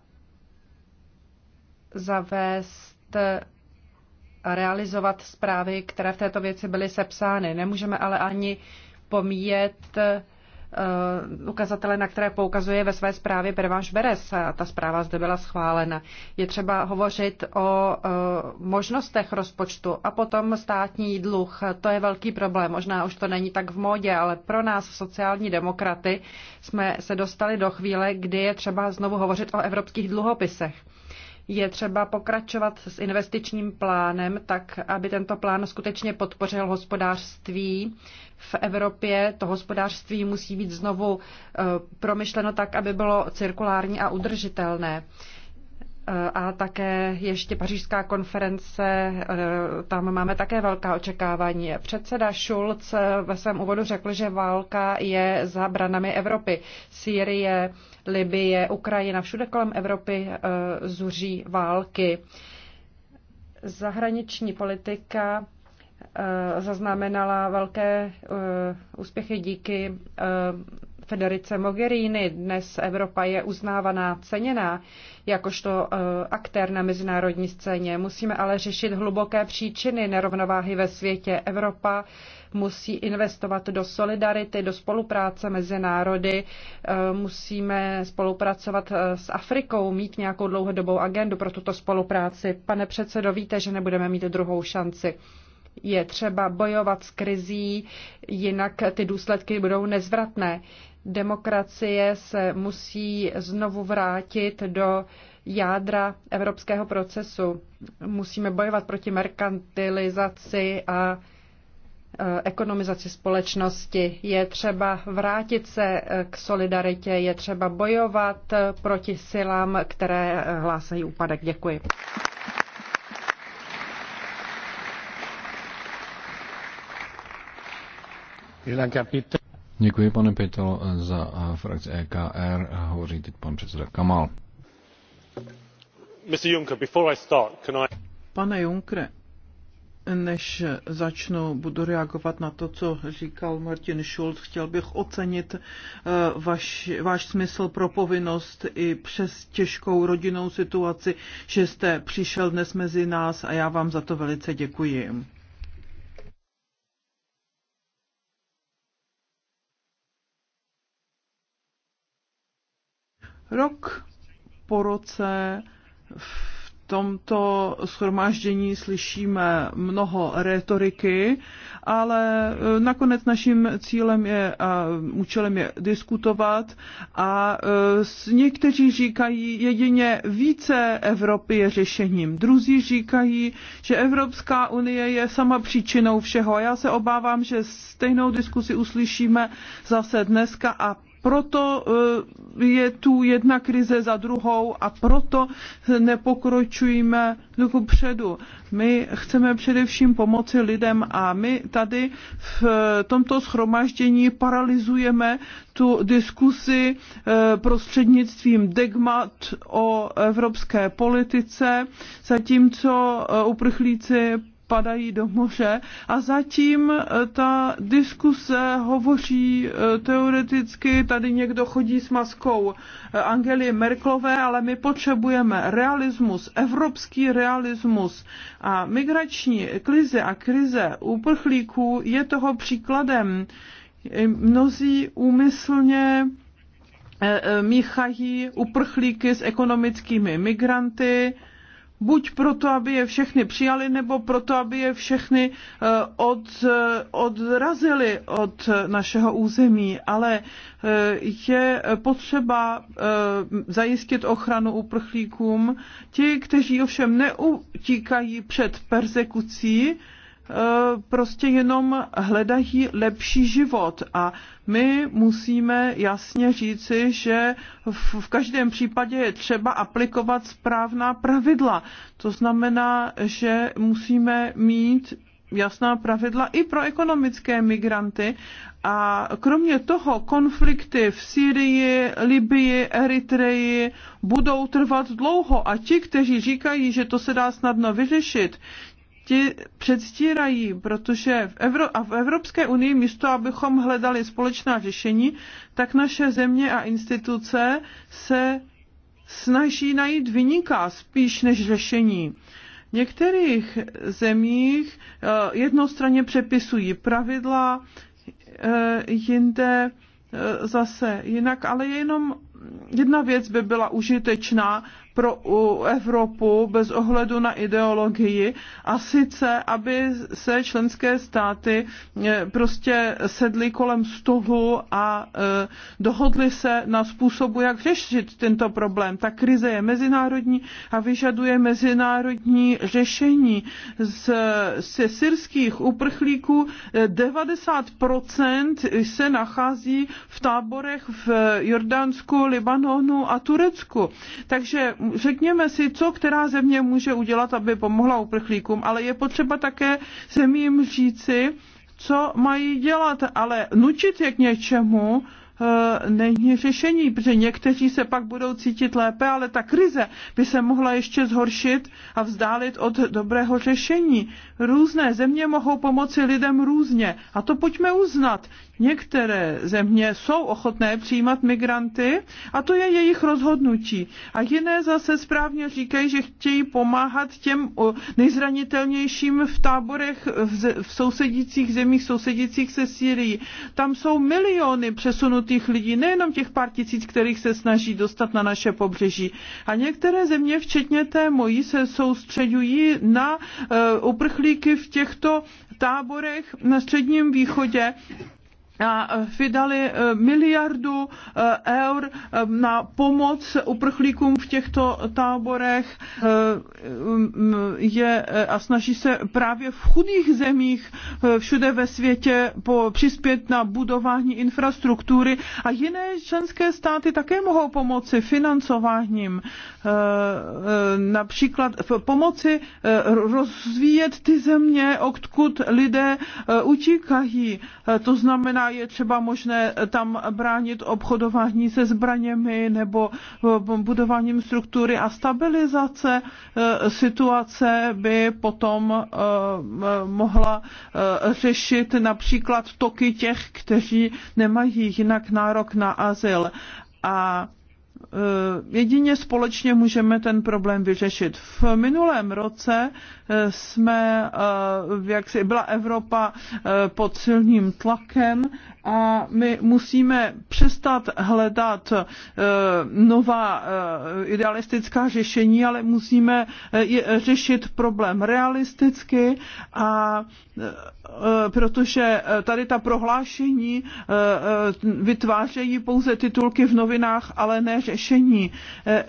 zavést a realizovat zprávy, které v této věci byly sepsány. Nemůžeme ale ani pomíjet Eh, ukazatele, na které poukazuje ve své zprávě Pervanš Beres. A ta zpráva zde byla schválena. Je třeba hovořit o eh, možnostech rozpočtu a potom státní dluh. To je velký problém. Možná už to není tak v módě, ale pro nás sociální demokraty jsme se dostali do chvíle, kdy je třeba znovu hovořit o evropských dluhopisech je třeba pokračovat s investičním plánem, tak aby tento plán skutečně podpořil hospodářství v Evropě. To hospodářství musí být znovu eh, promyšleno tak, aby bylo cirkulární a udržitelné. Eh, a také ještě pařížská konference, eh, tam máme také velká očekávání. Předseda Schulz ve svém úvodu řekl, že válka je za branami Evropy. Sýrie, Libie, Ukrajina, všude kolem Evropy eh, zuří války. Zahraniční politika eh, zaznamenala velké eh, úspěchy díky Federice Mogherini. Dnes Evropa je uznávaná, ceněná jakožto eh, aktér na mezinárodní scéně. Musíme ale řešit hluboké příčiny nerovnováhy ve světě. Evropa musí investovat do solidarity, do spolupráce mezi národy, eh, musíme spolupracovat eh, s Afrikou, mít nějakou dlouhodobou agendu pro tuto spolupráci. Pane předsedo, víte, že nebudeme mít druhou šanci. Je třeba bojovat s krizí, jinak ty důsledky budou nezvratné. Demokracie se musí znovu vrátit do jádra evropského procesu. Musíme bojovat proti merkantilizaci a e, ekonomizaci společnosti. Je třeba vrátit se e, k solidaritě, je třeba bojovat e, proti silám, které hlásají úpadek. Děkuji. Děkuji. Děkuji, pane Pytel, za eh, frakci EKR. Hovoří teď pan předseda Kamal. Pane Juncker, než začnu, budu reagovat na to, co říkal Martin Schulz. Chtěl bych ocenit eh, vaš, váš smysl pro povinnost i přes těžkou rodinnou situaci, že jste přišel dnes mezi nás a já vám za to velice děkuji. Rok po roce v tomto schromáždění slyšíme mnoho retoriky, ale e, nakonec naším cílem je a účelem je diskutovat a e, někteří říkají jedině více Evropy je řešením. Druzí říkají, že Evropská unie je sama příčinou všeho. Já se obávám, že stejnou diskusi uslyšíme zase dneska a proto eh, je tu jedna krize za druhou a proto nepokročujeme ku předu. My chceme především pomoci lidem a my tady v eh, tomto schromaždění paralizujeme tu diskusi eh, prostřednictvím degmat o evropské politice, zatímco uprchlíci padají do moře a zatím eh, ta diskuse hovoří eh, teoreticky, tady někdo chodí s maskou eh, Angely Merklové, ale my potřebujeme realismus, evropský realismus a migrační krize a krize uprchlíků je toho příkladem. Mnozí úmyslně míchají uprchlíky s ekonomickými migranty, buď proto, aby je všechny přijali, nebo proto, aby je všechny eh, od, eh, odrazili od eh, našeho území. Ale je potřeba zajistit ochranu uprchlíkům. Ti, kteří ovšem neutíkají před persekucí, Eh, prostě jenom hledají lepší život a my musíme jasně říci, že v, v každém případě je třeba aplikovat správná pravidla. To znamená, že musíme mít jasná pravidla i pro ekonomické migranty. A kromě toho konflikty v Syrii, Libii, Eritreji budou trvat dlouho a ti, kteří říkají, že to se dá snadno vyřešit, ti předstírají, protože v, Evro- a v Evropské unii místo, abychom hledali společná řešení, tak naše země a instituce se snaží najít vyniká spíš než řešení. V některých zemích eh, jednostranně přepisují pravidla, eh, jinde eh, zase jinak, ale jenom jedna věc by byla užitečná pro Evropu bez ohledu na ideologii a sice, aby se členské státy eh, prostě sedly kolem stolu a eh, dohodly se na způsobu, jak řešit tento problém. Ta krize je mezinárodní a vyžaduje mezinárodní řešení. Z, ze syrských uprchlíků 90% eh, se nachází v táborech v Jordánsku, Libanonu a Turecku. Takže řekněme si, co která země může udělat, aby pomohla uprchlíkům, ale je potřeba také zemím říci, co mají dělat, ale nučit je k něčemu, e, není řešení, protože někteří se pak budou cítit lépe, ale ta krize by se mohla ještě zhoršit a vzdálit od dobrého řešení. Různé země mohou pomoci lidem různě a to pojďme uznat. Některé země jsou ochotné přijímat migranty a to je jejich rozhodnutí. A jiné zase správně říkají, že chtějí pomáhat těm nejzranitelnějším v táborech v sousedících zemích, sousedících se Syrií. Tam jsou miliony přesunutých lidí, nejenom těch pár tisíc, kterých se snaží dostat na naše pobřeží. A některé země, včetně té mojí, se soustředují na e, uprchlíky v těchto táborech na Středním východě E, vydali e, miliardu e, eur na pomoc uprchlíkům v těchto táborech je, a snaží se právě v chudých zemích všude ve světě po, přispět na budování infrastruktury a jiné členské státy také mohou pomoci financováním, například pomoci rozvíjet ty země, odkud lidé utíkají. To znamená je třeba možné tam bránit obchodování se zbraněmi nebo budováním struktury a stabilizace eh, situace by potom eh, mohla eh, řešit například toky těch, kteří nemají jinak nárok na azyl. A jedině společně můžeme ten problém vyřešit. V minulém roce jsme, eh, jak si byla Evropa eh, pod silným tlakem a my musíme přestat hledat eh, nová idealistická řešení, ale musíme řešit problém realisticky a protože tady ta prohlášení vytvářejí pouze titulky v novinách, ale ne řešení.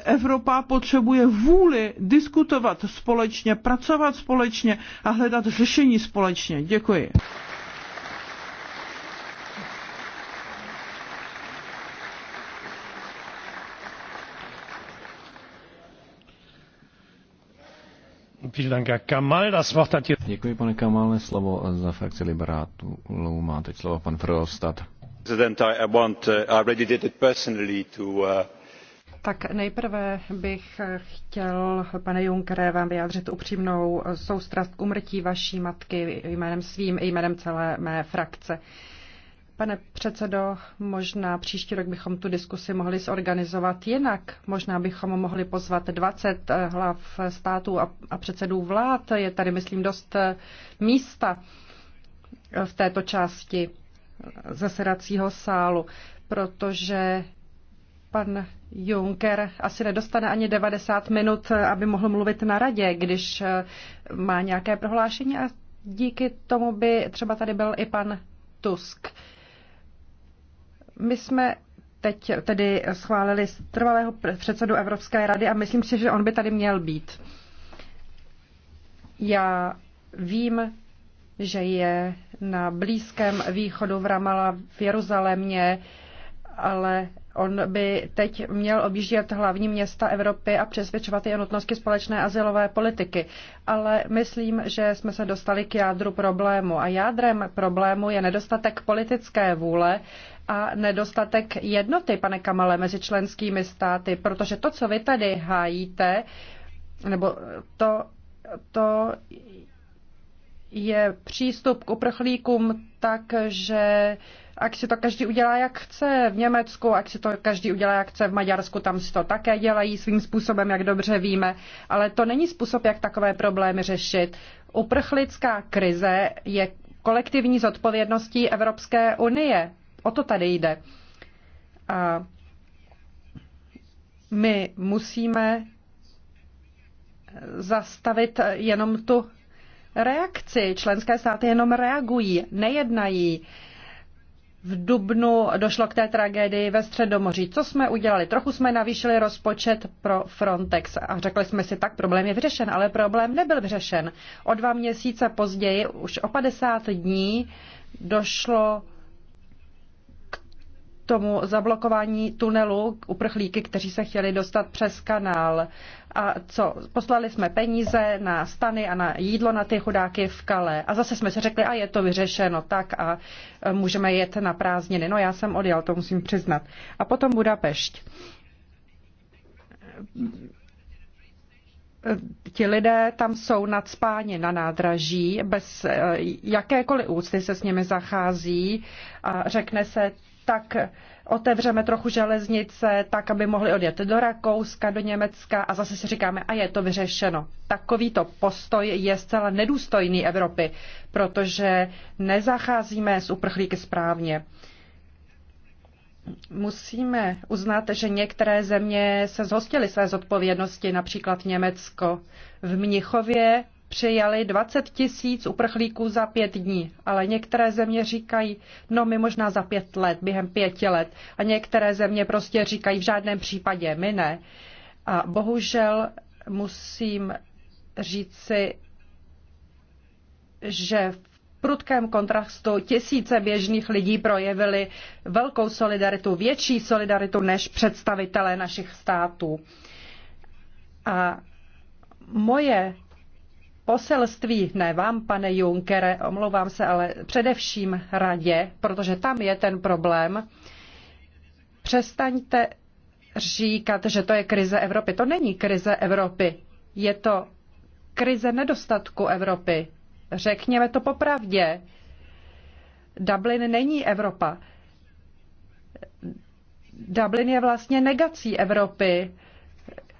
Evropa potřebuje vůli diskutovat společně, pracovat pracovat společně a hledat řešení společně. Děkuji. Děkuji, pane Kamale. Slovo za frakci liberátů má teď slovo pan Frostad. President, I want, uh, I already did it personally to uh, tak nejprve bych chtěl, pane Junkere, vám vyjádřit upřímnou soustrast k umrtí vaší matky jménem svým i jménem celé mé frakce. Pane předsedo, možná příští rok bychom tu diskusi mohli zorganizovat jinak. Možná bychom mohli pozvat 20 hlav států a předsedů vlád. Je tady, myslím, dost eh, místa eh, v této části zasedacího sálu, protože pan Juncker asi nedostane ani 90 minut, aby mohl mluvit na radě, když eh, má nějaké prohlášení a díky tomu by třeba tady byl i pan Tusk. My jsme teď tedy schválili trvalého předsedu Evropské rady a myslím si, že on by tady měl být. Já vím, že je na Blízkém východu v Ramala v Jeruzalémě, ale On by teď měl objíždět hlavní města Evropy a přesvědčovat je o nutnosti společné asilové politiky. Ale myslím, že jsme se dostali k jádru problému. A jádrem problému je nedostatek politické vůle a nedostatek jednoty, pane Kamale, mezi členskými státy. Protože to, co vy tady hájíte, nebo to, to je přístup k uprchlíkům tak, že ať si to každý udělá, jak chce v Německu, ať si to každý udělá, jak chce v Maďarsku, tam si to také dělají svým způsobem, jak dobře víme. Ale to není způsob, jak takové problémy řešit. Uprchlická krize je kolektivní zodpovědností Evropské unie. O to tady jde. A my musíme zastavit jenom tu reakci. Členské státy jenom reagují, nejednají. V Dubnu došlo k té tragédii ve Středomoří. Co jsme udělali? Trochu jsme navýšili rozpočet pro Frontex a řekli jsme si, tak problém je vyřešen, ale problém nebyl vyřešen. O dva měsíce později, už o 50 dní, došlo tomu zablokování tunelu uprchlíky, kteří se chtěli dostat přes kanál. A co? Poslali jsme peníze na stany a na jídlo na ty chudáky v Kale. A zase jsme si řekli, a je to vyřešeno tak a e, můžeme jet na prázdniny. No já jsem odjel, to musím přiznat. A potom Budapešť ti lidé tam jsou nadspáni na nádraží, bez e, jakékoliv úcty se s nimi zachází a řekne se, tak otevřeme trochu železnice, tak aby mohli odjet do Rakouska, do Německa a zase si říkáme, a je to vyřešeno. Takovýto postoj je zcela nedůstojný Evropy, protože nezacházíme s uprchlíky správně. Musíme uznat, že některé země se zhostily své zodpovědnosti, například Německo. V Mnichově přijali 20 tisíc uprchlíků za pět dní, ale některé země říkají, no my možná za pět let, během pěti let, a některé země prostě říkají v žádném případě, my ne. A bohužel musím říci, že v prudkém kontrastu tisíce běžných lidí projevili velkou solidaritu, větší solidaritu než představitelé našich států. A moje poselství, ne vám, pane Junkere, omlouvám se, ale především radě, protože tam je ten problém, přestaňte říkat, že to je krize Evropy. To není krize Evropy. Je to krize nedostatku Evropy. Řekněme to popravdě. Dublin není Evropa. Dublin je vlastně negací Evropy.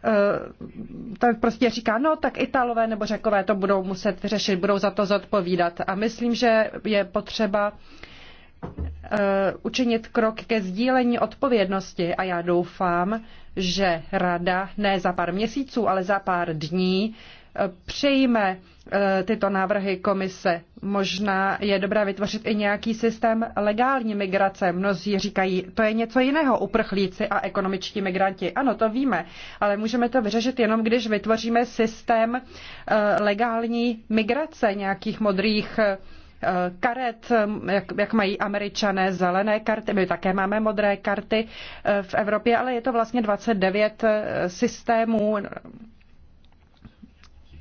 Eh, tak prostě říká, no tak Italové nebo Řekové to budou muset vyřešit, budou za to zodpovídat. A myslím, že je potřeba eh, učinit krok ke sdílení odpovědnosti a já doufám, že rada ne za pár měsíců, ale za pár dní přejme eh, tyto návrhy komise. Možná je dobré vytvořit i nějaký systém legální migrace. Mnozí říkají, to je něco jiného, uprchlíci a ekonomičtí migranti. Ano, to víme, ale můžeme to vyřešit jenom, když vytvoříme systém eh, legální migrace nějakých modrých eh, karet, jak, jak mají američané zelené karty, my také máme modré karty v Evropě, ale je to vlastně 29 systémů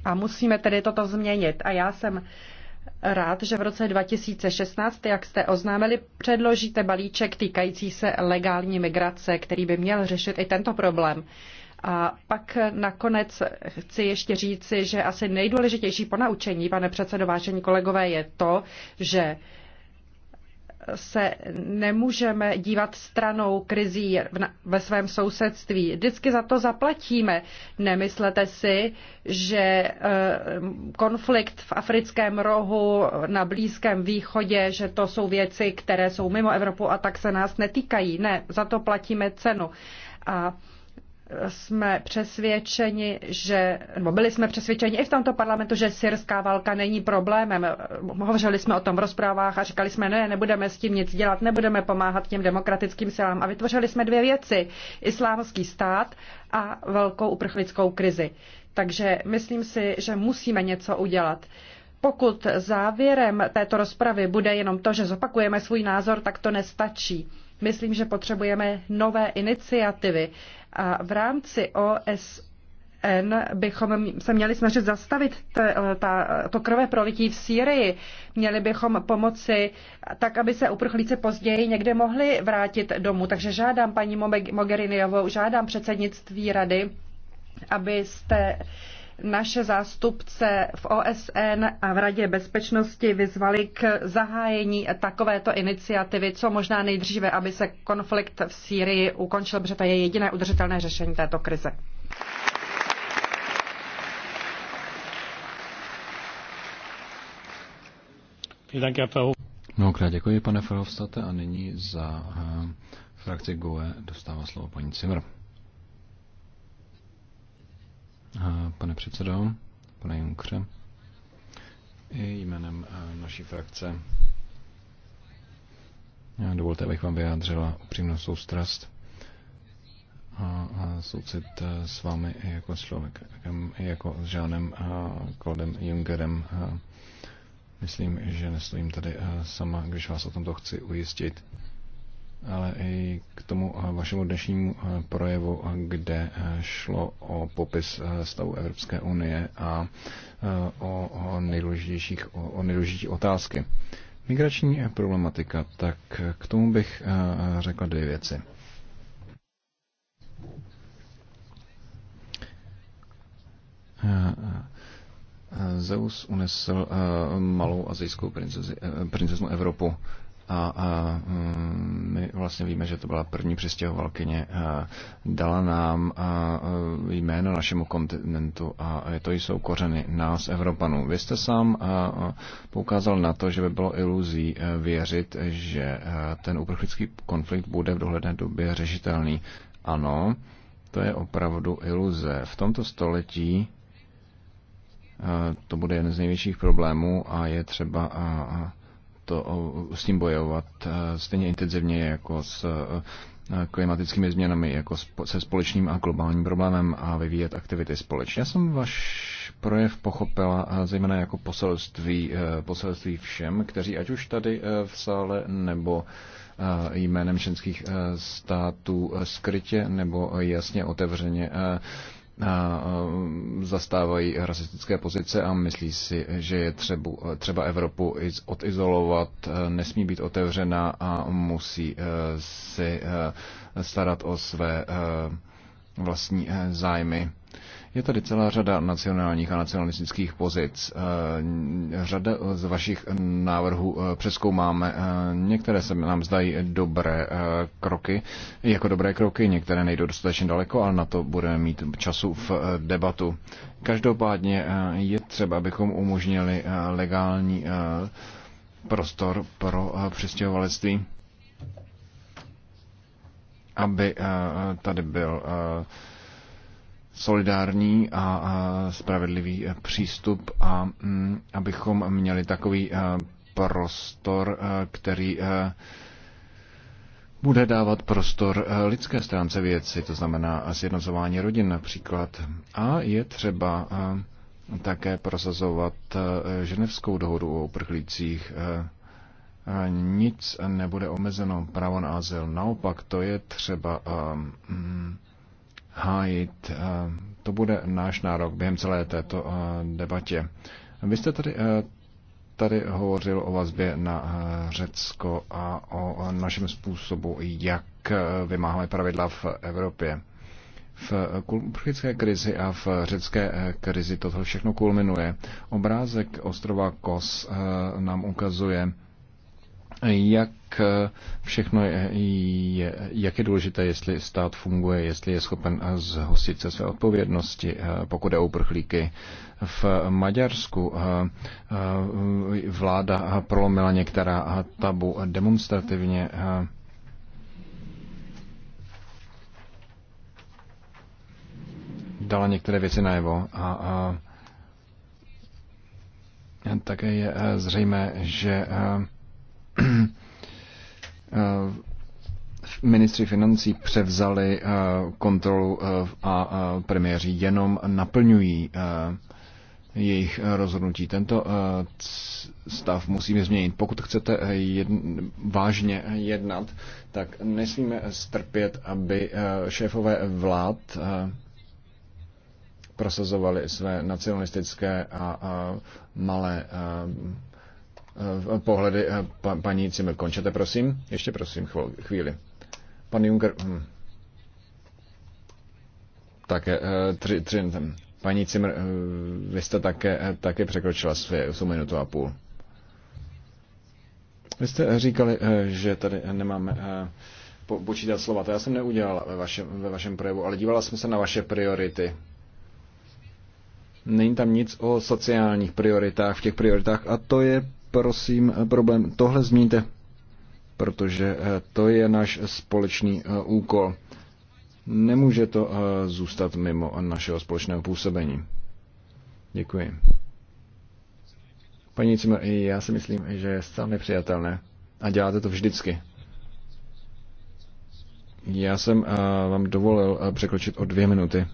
a musíme tedy toto změnit. A já jsem rád, že v roce 2016, jak jste oznámili, předložíte balíček týkající se legální migrace, který by měl řešit i tento problém. A pak nakonec chci ještě říci, že asi nejdůležitější ponaučení, pane předsedo, vážení kolegové, je to, že se nemůžeme dívat stranou krizí ve svém sousedství. Vždycky za to zaplatíme. Nemyslete si, že eh, konflikt v africkém rohu, na Blízkém východě, že to jsou věci, které jsou mimo Evropu a tak se nás netýkají. Ne, za to platíme cenu. A jsme přesvědčeni, že, nebo byli jsme přesvědčeni i v tomto parlamentu, že syrská válka není problémem. Hovořili jsme o tom v rozprávách a říkali jsme, ne, nebudeme s tím nic dělat, nebudeme pomáhat těm demokratickým silám. A vytvořili jsme dvě věci. Islámský stát a velkou uprchlickou krizi. Takže myslím si, že musíme něco udělat. Pokud závěrem této rozpravy bude jenom to, že zopakujeme svůj názor, tak to nestačí. Myslím, že potřebujeme nové iniciativy. A v rámci OSN bychom se měli snažit zastavit t, eh, ta, to krve prolití v Sýrii. Měli bychom pomoci tak, aby se uprchlíci později někde mohli vrátit domů. Takže žádám paní Mogheriniovou, žádám předsednictví rady, abyste naše zástupce v OSN a v Radě bezpečnosti vyzvali k zahájení takovéto iniciativy, co možná nejdříve, aby se konflikt v Sýrii ukončil, protože to je jediné udržitelné řešení této krize. Mnohokrát děkuji, pane Verhofstadte, a nyní za eh, frakci GUE dostává slovo paní Cimr. Pane předsedo, pane Junkře, jménem naší frakce dovolte, abych vám vyjádřila upřímnou soustrast a, soucit s vámi jako člověkem, jako s Žánem Klodem Jungerem. Myslím, že nestojím tady sama, když vás o tomto chci ujistit ale i k tomu eh, vašemu dnešnímu eh, projevu, eh, kde šlo o popis stavu Evropské unie a o, nejdůležitějších, o, nejdůležitější otázky. Migrační problematika, tak k tomu bych řekl dvě věci. Zeus unesl malou azijskou princeznu Evropu a, a mm, my vlastně víme, že to byla první přistěhovalkyně. Dala nám e, jméno našemu kontinentu a to jsou kořeny nás, Evropanů. Vy jste sám poukázal na to, že by bylo iluzí e, věřit, že e, ten uprchlický konflikt bude v dohledné době řešitelný. Ano, to je opravdu iluze. V tomto století to bude jeden z největších problémů a je třeba to, s tím bojovat e, stejně intenzivně jako s e, klimatickými změnami, jako se společným a globálním problémem a vyvíjet aktivity společně. Já jsem vaš projev pochopila e, zejména jako poselství, poselství všem, kteří ať už tady v sále nebo jménem členských států skrytě nebo jasně otevřeně zastávají rasistické pozice a myslí si, že je třeba, třeba Evropu odizolovat, nesmí být otevřena a musí si starat o své vlastní zájmy. Je tady celá řada nacionálních a nacionalistických pozic. Eh, řada z vašich návrhů eh, přeskoumáme. Eh, některé se nám zdají dobré kroky, jako dobré kroky, některé nejdou dostatečně daleko, ale na to budeme mít času v debatu. Každopádně je třeba, abychom umožnili legální prostor pro přistěhovalectví, aby tady byl solidární a spravedlivý eh, přístup a mm, abychom měli takový eh, prostor, eh, který bude dávat prostor lidské stránce věci, to znamená sjednocování rodin například. A je třeba také prosazovat ženevskou dohodu o uprchlících. Nic nebude omezeno právo na azyl. Naopak, to je třeba mm, hájit. Eh, to bude náš nárok během celé této eh, debatě. Vy jste tady, eh, tady hovořil o vazbě na Řecko a o našem způsobu, jak vymáháme pravidla v Evropě. V kurdické krizi a v řecké krizi toto všechno kulminuje. Obrázek ostrova Kos nám ukazuje, jak eh, všechno je, je, jak je důležité, jestli stát funguje, jestli je schopen eh, zhostit se své odpovědnosti, eh, pokud je o uprchlíky. V Maďarsku vláda prolomila některá tabu demonstrativně dala některé věci najevo a, a také je zřejmé, že a, Eh, ministři financí převzali eh, kontrolu eh, a premiéři jenom naplňují jejich rozhodnutí. Tento stav musíme změnit. Pokud chcete jedn, vážně jednat, tak nesmíme strpět, aby šéfové vlád prosazovali své nacionalistické a malé Eh, pohledy. Eh, pa, paní Cimr, končete, prosím? Ještě prosím chvíli. Pan Juncker, hm. také eh, tři, tři, hm, paní Cimr, vy jste také, také překročila své minutu a půl. Vy jste říkali, že tady nemáme počítat slova. To já jsem neudělala ve vašem, ve vašem projevu, ale dívala jsem se na vaše priority. Není tam nic o sociálních prioritách v těch prioritách a to je prosím eh, problém. Tohle zmíte, protože eh, to je náš společný eh, úkol. Nemůže to zůstat mimo našeho společného působení. Děkuji. Paní Cimer, já si myslím, že je zcela nepřijatelné. A děláte to vždycky. Já jsem vám dovolil překročit o dvě minuty.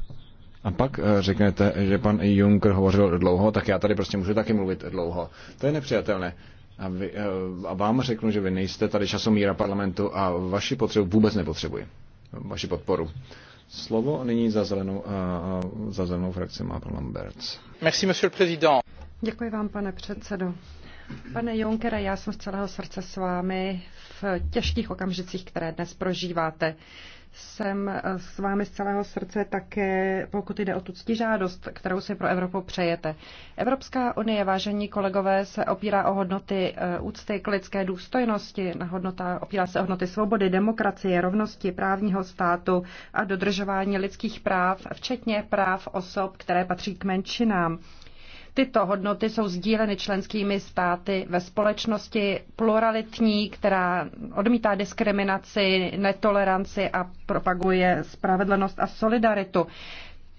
A pak eh, řeknete, že pan Juncker hovořil dlouho, tak já tady prostě můžu taky mluvit dlouho. To je nepřijatelné. A, vy, eh, a vám řeknu, že vy nejste tady časomíra parlamentu a vaši potřebu vůbec nepotřebuji. Vaši podporu. Slovo nyní za zelenou, eh, za zelenou frakci má pan Lambert. Merci, monsieur le président. Děkuji vám, pane předsedo. Pane Junkere, já jsem z celého srdce s vámi v těžkých okamžicích, které dnes prožíváte jsem eh, s vámi z celého srdce také, pokud jde o tu ctižádost, kterou si pro Evropu přejete. Evropská unie, vážení kolegové, se opírá o hodnoty eh, úcty k lidské důstojnosti, na hodnota, opírá se o hodnoty svobody, demokracie, rovnosti, právního státu a dodržování lidských práv, včetně práv osob, které patří k menšinám. Tyto hodnoty jsou sdíleny členskými státy ve společnosti pluralitní, která odmítá diskriminaci, netoleranci a propaguje spravedlnost a solidaritu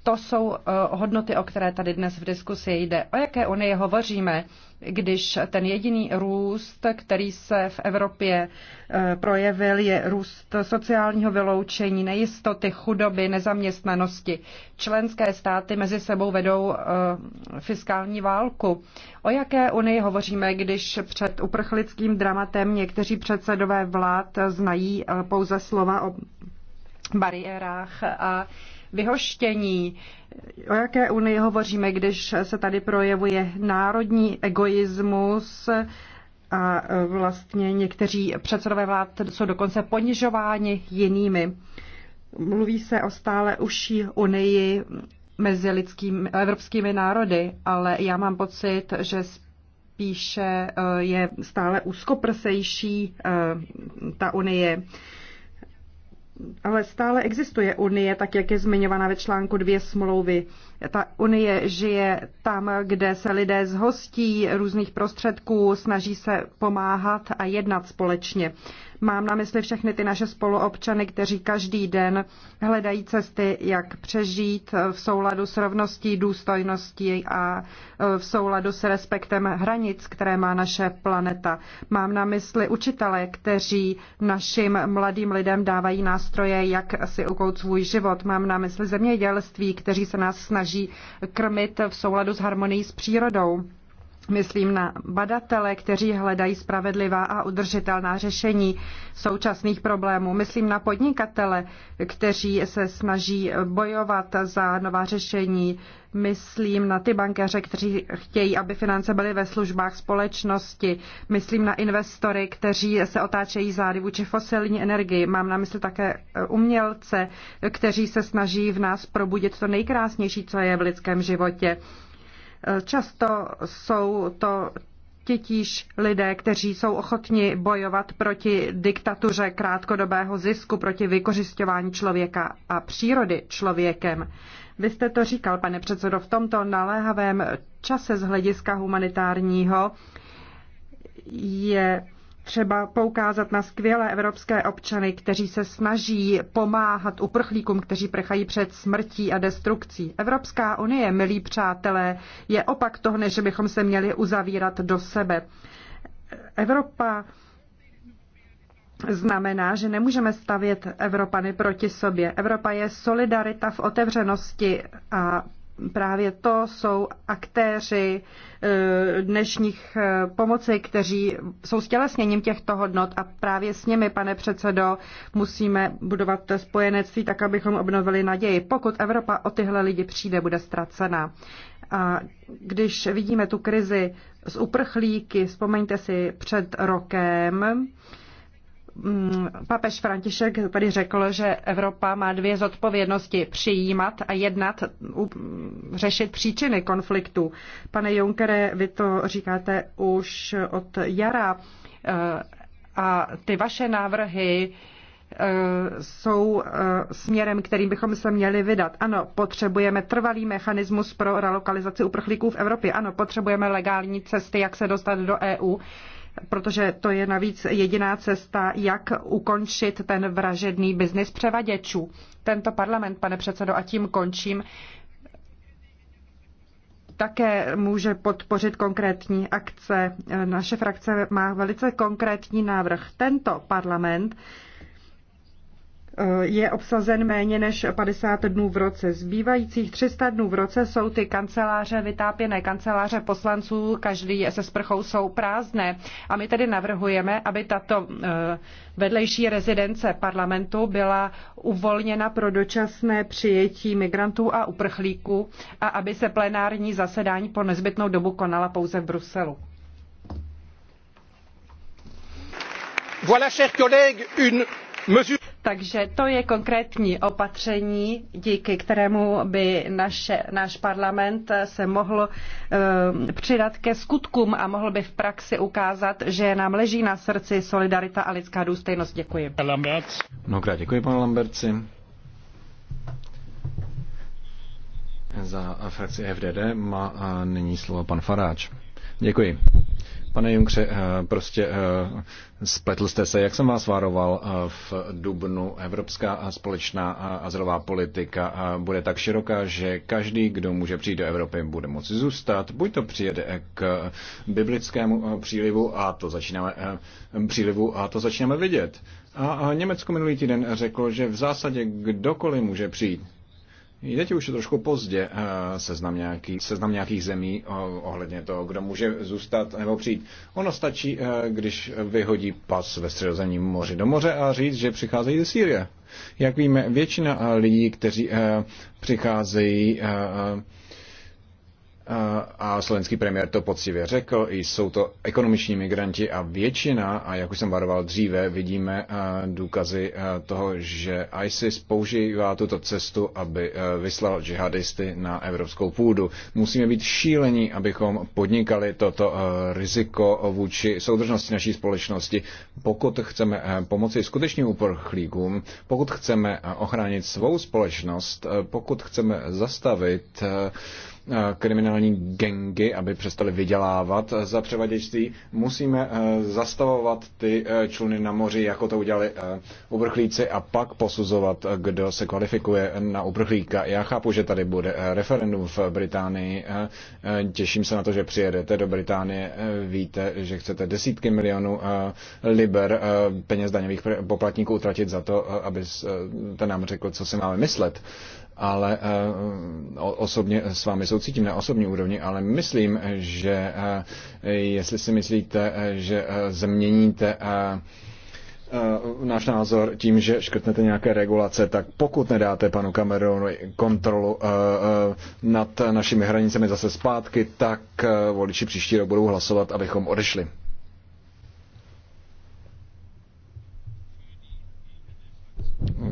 to jsou eh, hodnoty, o které tady dnes v diskusi jde. O jaké unii hovoříme, když ten jediný růst, který se v Evropě eh, projevil, je růst sociálního vyloučení, nejistoty, chudoby, nezaměstnanosti. Členské státy mezi sebou vedou eh, fiskální válku. O jaké unii hovoříme, když před uprchlickým dramatem někteří předsedové vlád znají pouze slova o bariérách a vyhoštění. O jaké unii hovoříme, když se tady projevuje národní egoismus a vlastně někteří předsedové vlád jsou dokonce ponižováni jinými. Mluví se o stále užší unii mezi lidskými, evropskými národy, ale já mám pocit, že spíše eh, je stále úzkoprsejší eh, ta unie ale stále existuje Unie, tak jak je zmiňovaná ve článku dvě smlouvy. Ta Unie žije tam, kde se lidé zhostí různých prostředků, snaží se pomáhat a jednat společně. Mám na mysli všechny ty naše spoluobčany, kteří každý den hledají cesty, jak přežít v souladu s rovností, důstojností a e, v souladu s respektem hranic, které má naše planeta. Mám na mysli učitele, kteří našim mladým lidem dávají nástroje, jak si ukout svůj život. Mám na mysli zemědělství, kteří se nás snaží krmit v souladu s harmonií s přírodou. Myslím na badatele, kteří hledají spravedlivá a udržitelná řešení současných problémů. Myslím na podnikatele, kteří se snaží bojovat za nová řešení. Myslím na ty bankéře, kteří chtějí, aby finance byly ve službách společnosti. Myslím na investory, kteří se otáčejí zády vůči fosilní energii. Mám na mysli také eh, umělce, kteří se snaží v nás probudit to nejkrásnější, co je v lidském životě. Často jsou to tětíž lidé, kteří jsou ochotni bojovat proti diktatuře krátkodobého zisku, proti vykořišťování člověka a přírody člověkem. Vy jste to říkal, pane předsedo, v tomto naléhavém čase z hlediska humanitárního je třeba poukázat na skvělé evropské občany, kteří se snaží pomáhat uprchlíkům, kteří prchají před smrtí a destrukcí. Evropská unie, milí přátelé, je opak toho, než bychom se měli uzavírat do sebe. Evropa znamená, že nemůžeme stavět Evropany proti sobě. Evropa je solidarita v otevřenosti a právě to jsou aktéři eh, dnešních eh, pomoci, kteří jsou stělesněním těchto hodnot a právě s nimi, pane předsedo, musíme budovat spojenectví tak, abychom obnovili naději. Pokud Evropa o tyhle lidi přijde, bude ztracena. A když vidíme tu krizi z uprchlíky, vzpomeňte si před rokem, Mm, papež František tady řekl, že Evropa má dvě zodpovědnosti přijímat a jednat, řešit příčiny konfliktu. Pane Junkere, vy to říkáte už od jara eh, a ty vaše návrhy eh, jsou eh, směrem, kterým bychom se měli vydat. Ano, potřebujeme trvalý mechanismus pro relokalizaci uprchlíků v Evropě. Ano, potřebujeme legální cesty, jak se dostat do EU protože to je navíc jediná cesta, jak ukončit ten vražedný biznis převaděčů. Tento parlament, pane předsedo, a tím končím, také může podpořit konkrétní akce. Naše frakce má velice konkrétní návrh. Tento parlament Eh, je obsazen méně než 50 dnů v roce. Zbývajících 300 dnů v roce jsou ty kanceláře, vytápěné kanceláře poslanců, každý se sprchou jsou prázdné. A my tedy navrhujeme, aby tato eh, vedlejší rezidence parlamentu byla uvolněna pro dočasné přijetí migrantů a uprchlíků a aby se plenární zasedání po nezbytnou dobu konala pouze v Bruselu. Voilà, chers collègues, une mesure takže to je konkrétní opatření, díky kterému by naše, náš parlament se mohl uh, přidat ke skutkům a mohl by v praxi ukázat, že nám leží na srdci solidarita a lidská důstojnost. Děkuji. Lambert. Mnohokrát děkuji, pane Lamberci. Za frakci FDD má eh, nyní slovo pan Faráč. Děkuji. Pane Junkře, eh, prostě eh, spletl jste se, jak jsem vás varoval eh, v Dubnu. Evropská společná azylová politika bude tak široká, že každý, kdo může přijít do Evropy, bude moci zůstat. Buď to přijede k biblickému přílivu a to začínáme, přílivu a to začínáme vidět. A Německo minulý týden řeklo, že v zásadě kdokoliv může přijít. Jdete už je trošku pozdě eh, seznam, nějaký, seznam nějakých zemí ohledně toho, kdo může zůstat nebo přijít. Ono stačí, eh, když vyhodí pas ve středozemním moři do moře a říct, že přicházejí ze Sýrie. Jak víme, většina eh, lidí, kteří přicházejí a slovenský premiér to poctivě řekl, jsou to ekonomiční migranti a většina, a jak už jsem varoval dříve, vidíme důkazy toho, že ISIS používá tuto cestu, aby vyslal džihadisty na evropskou půdu. Musíme být šílení, abychom podnikali toto riziko vůči soudržnosti naší společnosti, pokud chceme pomoci skutečným uprchlíkům, pokud chceme ochránit svou společnost, pokud chceme zastavit Eh, kriminální gengy, aby přestali vydělávat eh, za převaděčství. Musíme eh, zastavovat ty čluny na moři, jako to udělali uprchlíci a pak posuzovat, kdo se kvalifikuje na uprchlíka. Já chápu, že tady bude referendum v Británii. Těším se na to, že přijedete do Británie. Víte, že chcete desítky milionů liber peněz daňových poplatníků utratit za to, aby ten nám řekl, co si máme myslet ale eh, osobně s vámi soucítím na osobní úrovni, ale myslím, že eh, jestli si myslíte, eh, že změníte náš názor tím, že škrtnete nějaké regulace, tak pokud nedáte panu Cameronu kontrolu nad našimi hranicemi zase zpátky, tak voliči příští rok budou hlasovat, abychom odešli.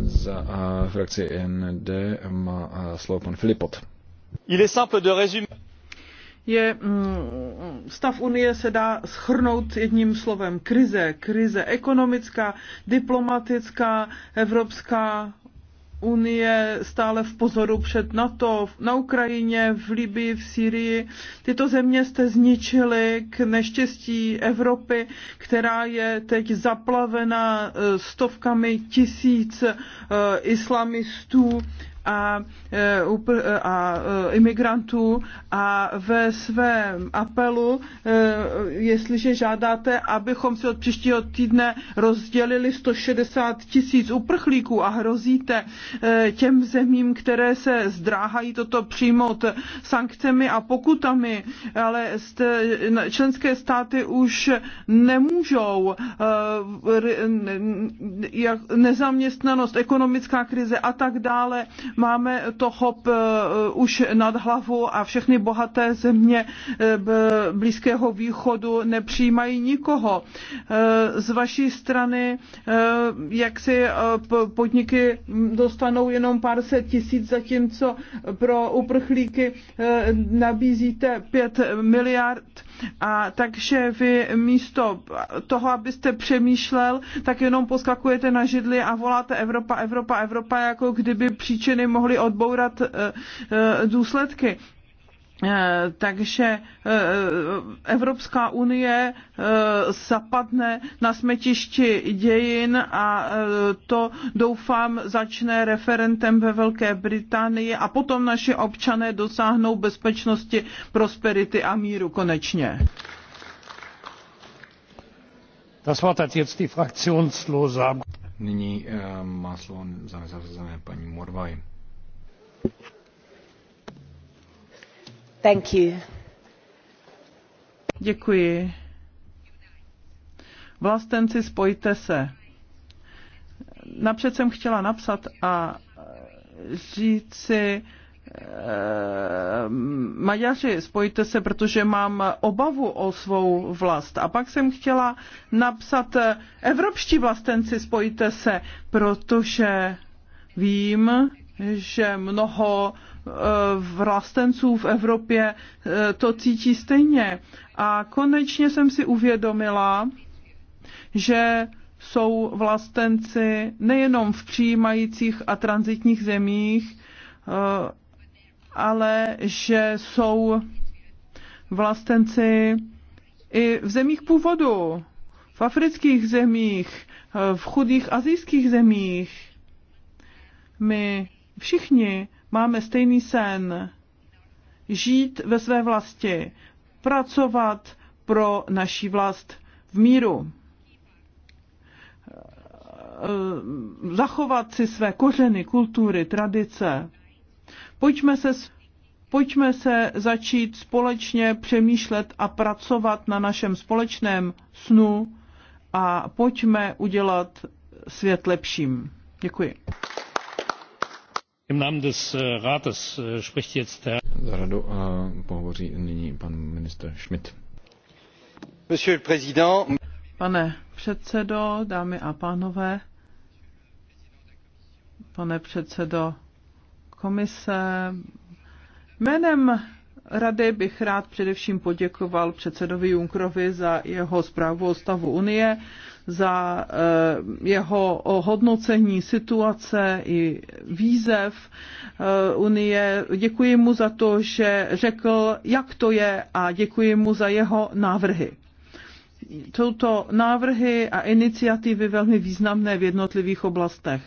Za frakci ND má slovo pan Filipot. je mm, stav Unie se dá schrnout jedním slovem krize. Krize ekonomická, diplomatická, Evropská Unie stále v pozoru před NATO, na Ukrajině, v Libii, v Syrii. Tyto země jste zničili k neštěstí Evropy, která je teď zaplavena eh, stovkami tisíc eh, islamistů a, e, e, a e, imigrantů a ve svém apelu, jestliže žádáte, abychom si od příštího týdne rozdělili 160 tisíc uprchlíků a hrozíte těm zemím, které se zdráhají toto přijmout sankcemi a pokutami, ale členské státy už nemůžou nezaměstnanost, ekonomická krize a tak dále máme to chop eh, eh, už nad hlavu a všechny bohaté země eh, Blízkého východu nepřijímají nikoho. Z vaší strany, jak si podniky dostanou jenom pár set tisíc, zatímco pro uprchlíky nabízíte pět miliard a takže vy místo toho, abyste přemýšlel, tak jenom poskakujete na židli a voláte Evropa, Evropa, Evropa, jako kdyby příčiny mohly odbourat eh, eh, důsledky takže Evropská unie zapadne na smetišti dějin a to doufám začne referentem ve Velké Británii a potom naši občané dosáhnou bezpečnosti, prosperity a míru konečně. Das war hat jetzt die Fraktionslose. Nyní má slovo zařazené paní Morvaj. Děkuji. Vlastenci, spojte se. Napřed jsem chtěla napsat a e, říci, e, Maďaři, spojte se, protože mám obavu o svou vlast. A pak jsem chtěla napsat, e, evropští vlastenci, spojte se, protože vím, že mnoho eh, vlastenců v Evropě eh, to cítí stejně. A konečně jsem si uvědomila, že jsou vlastenci nejenom v přijímajících a transitních zemích, eh, ale že jsou vlastenci i v zemích původu, v afrických zemích, v chudých azijských zemích. My Všichni máme stejný sen. Žít ve své vlasti, pracovat pro naší vlast v míru, zachovat si své kořeny, kultury, tradice. Pojďme se, pojďme se začít společně přemýšlet a pracovat na našem společném snu a pojďme udělat svět lepším. Děkuji. Äh, äh, za radu nyní pan minister Schmidt. Pane předsedo, dámy a pánové, pane předsedo komise, jménem Rady bych rád především poděkoval předsedovi junckerovi za jeho zprávu o stavu Unie, za eh, jeho hodnocení situace i výzev eh, Unie. Děkuji mu za to, že řekl, jak to je a děkuji mu za jeho návrhy. Jsou to návrhy a iniciativy velmi významné v jednotlivých oblastech.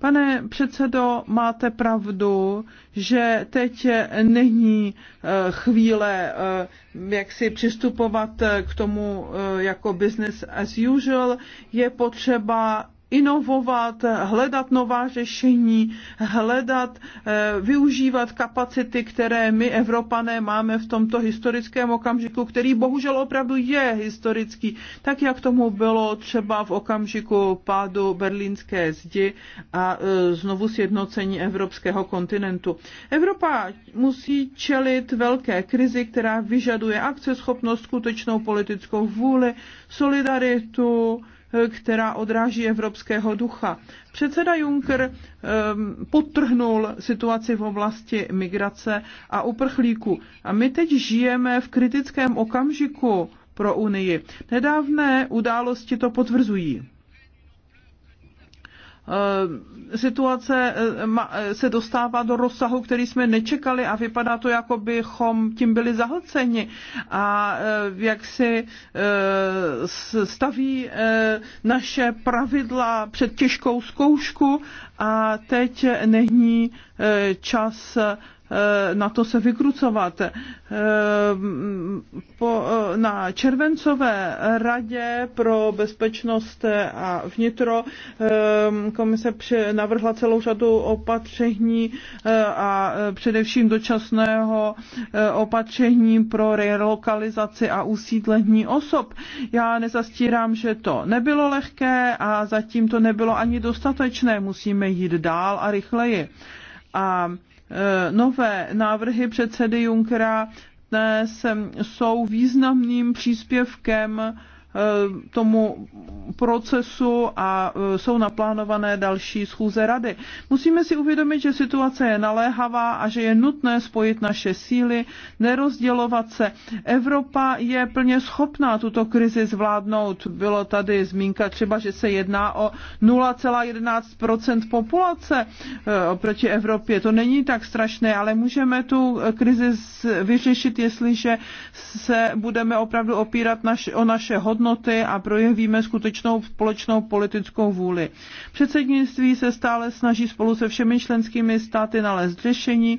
Pane předsedo, máte pravdu, že teď není eh, chvíle, eh, jak si přistupovat eh, k tomu jako business as usual. Je potřeba inovovat, hledat nová řešení, hledat, eh, využívat kapacity, které my, Evropané, máme v tomto historickém okamžiku, který bohužel opravdu je historický, tak jak tomu bylo třeba v okamžiku pádu berlínské zdi a eh, znovu sjednocení evropského kontinentu. Evropa musí čelit velké krizi, která vyžaduje akceschopnost, skutečnou politickou vůli, solidaritu, která odráží evropského ducha. Předseda Juncker ehm, potrhnul situaci v oblasti migrace a uprchlíků. A my teď žijeme v kritickém okamžiku pro Unii. Nedávné události to potvrzují. Eh, situace eh, eh, se dostává do rozsahu, který jsme nečekali a vypadá to, jako bychom tím byli zahlceni. A jak si staví naše pravidla před těžkou zkoušku a teď není čas na to se vykrucovat. Eh, po, eh, na červencové radě pro bezpečnost a vnitro eh, komise navrhla celou řadu opatření a především dočasného opatření pro relokalizaci a usídlení osob. Já nezastírám, že to nebylo lehké a zatím to nebylo ani dostatečné. Musíme jít dál a rychleji. A Eh, nové návrhy předsedy Junckera dnes eh, jsou významným příspěvkem Eh, tomu procesu a eh, jsou naplánované další schůze rady. Musíme si uvědomit, že situace je naléhavá a že je nutné spojit naše síly, nerozdělovat se. Evropa je plně schopná tuto krizi zvládnout. Bylo tady zmínka třeba, že se jedná o 0,11 populace eh, proti Evropě. To není tak strašné, ale můžeme tu krizi vyřešit, jestliže se budeme opravdu opírat naš, o naše hodnoty hodnoty a projevíme skutečnou společnou politickou vůli. Předsednictví se stále snaží spolu se všemi členskými státy nalézt řešení,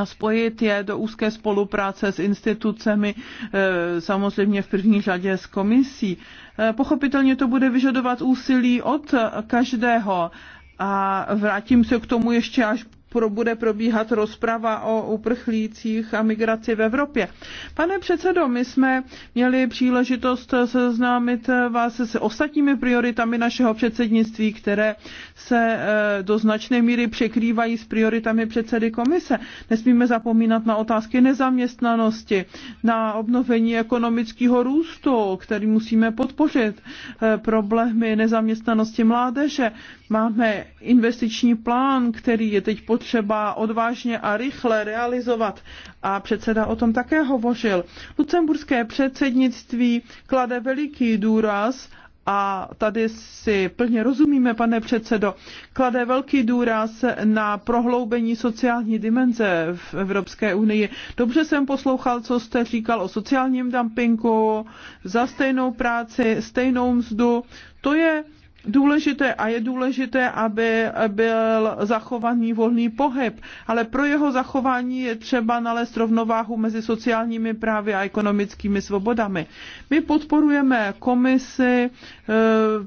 a spojit je do úzké spolupráce s institucemi, e, samozřejmě v první řadě s komisí. E, pochopitelně to bude vyžadovat úsilí od každého a vrátím se k tomu ještě, až pro, bude probíhat rozprava o uprchlících a migraci v Evropě. Pane předsedo, my jsme měli příležitost seznámit vás s ostatními prioritami našeho předsednictví, které se eh, do značné míry překrývají s prioritami předsedy komise. Nesmíme zapomínat na otázky nezaměstnanosti, na obnovení ekonomického růstu, který musíme podpořit, eh, problémy nezaměstnanosti mládeže. Máme investiční plán, který je teď pod potřeba odvážně a rychle realizovat. A předseda o tom také hovořil. Lucemburské předsednictví klade veliký důraz a tady si plně rozumíme, pane předsedo, klade velký důraz na prohloubení sociální dimenze v Evropské unii. Dobře jsem poslouchal, co jste říkal o sociálním dumpingu, za stejnou práci, stejnou mzdu. To je důležité a je důležité, aby byl zachovaný volný pohyb, ale pro jeho zachování je třeba nalézt rovnováhu mezi sociálními právy a ekonomickými svobodami. My podporujeme komisi eh,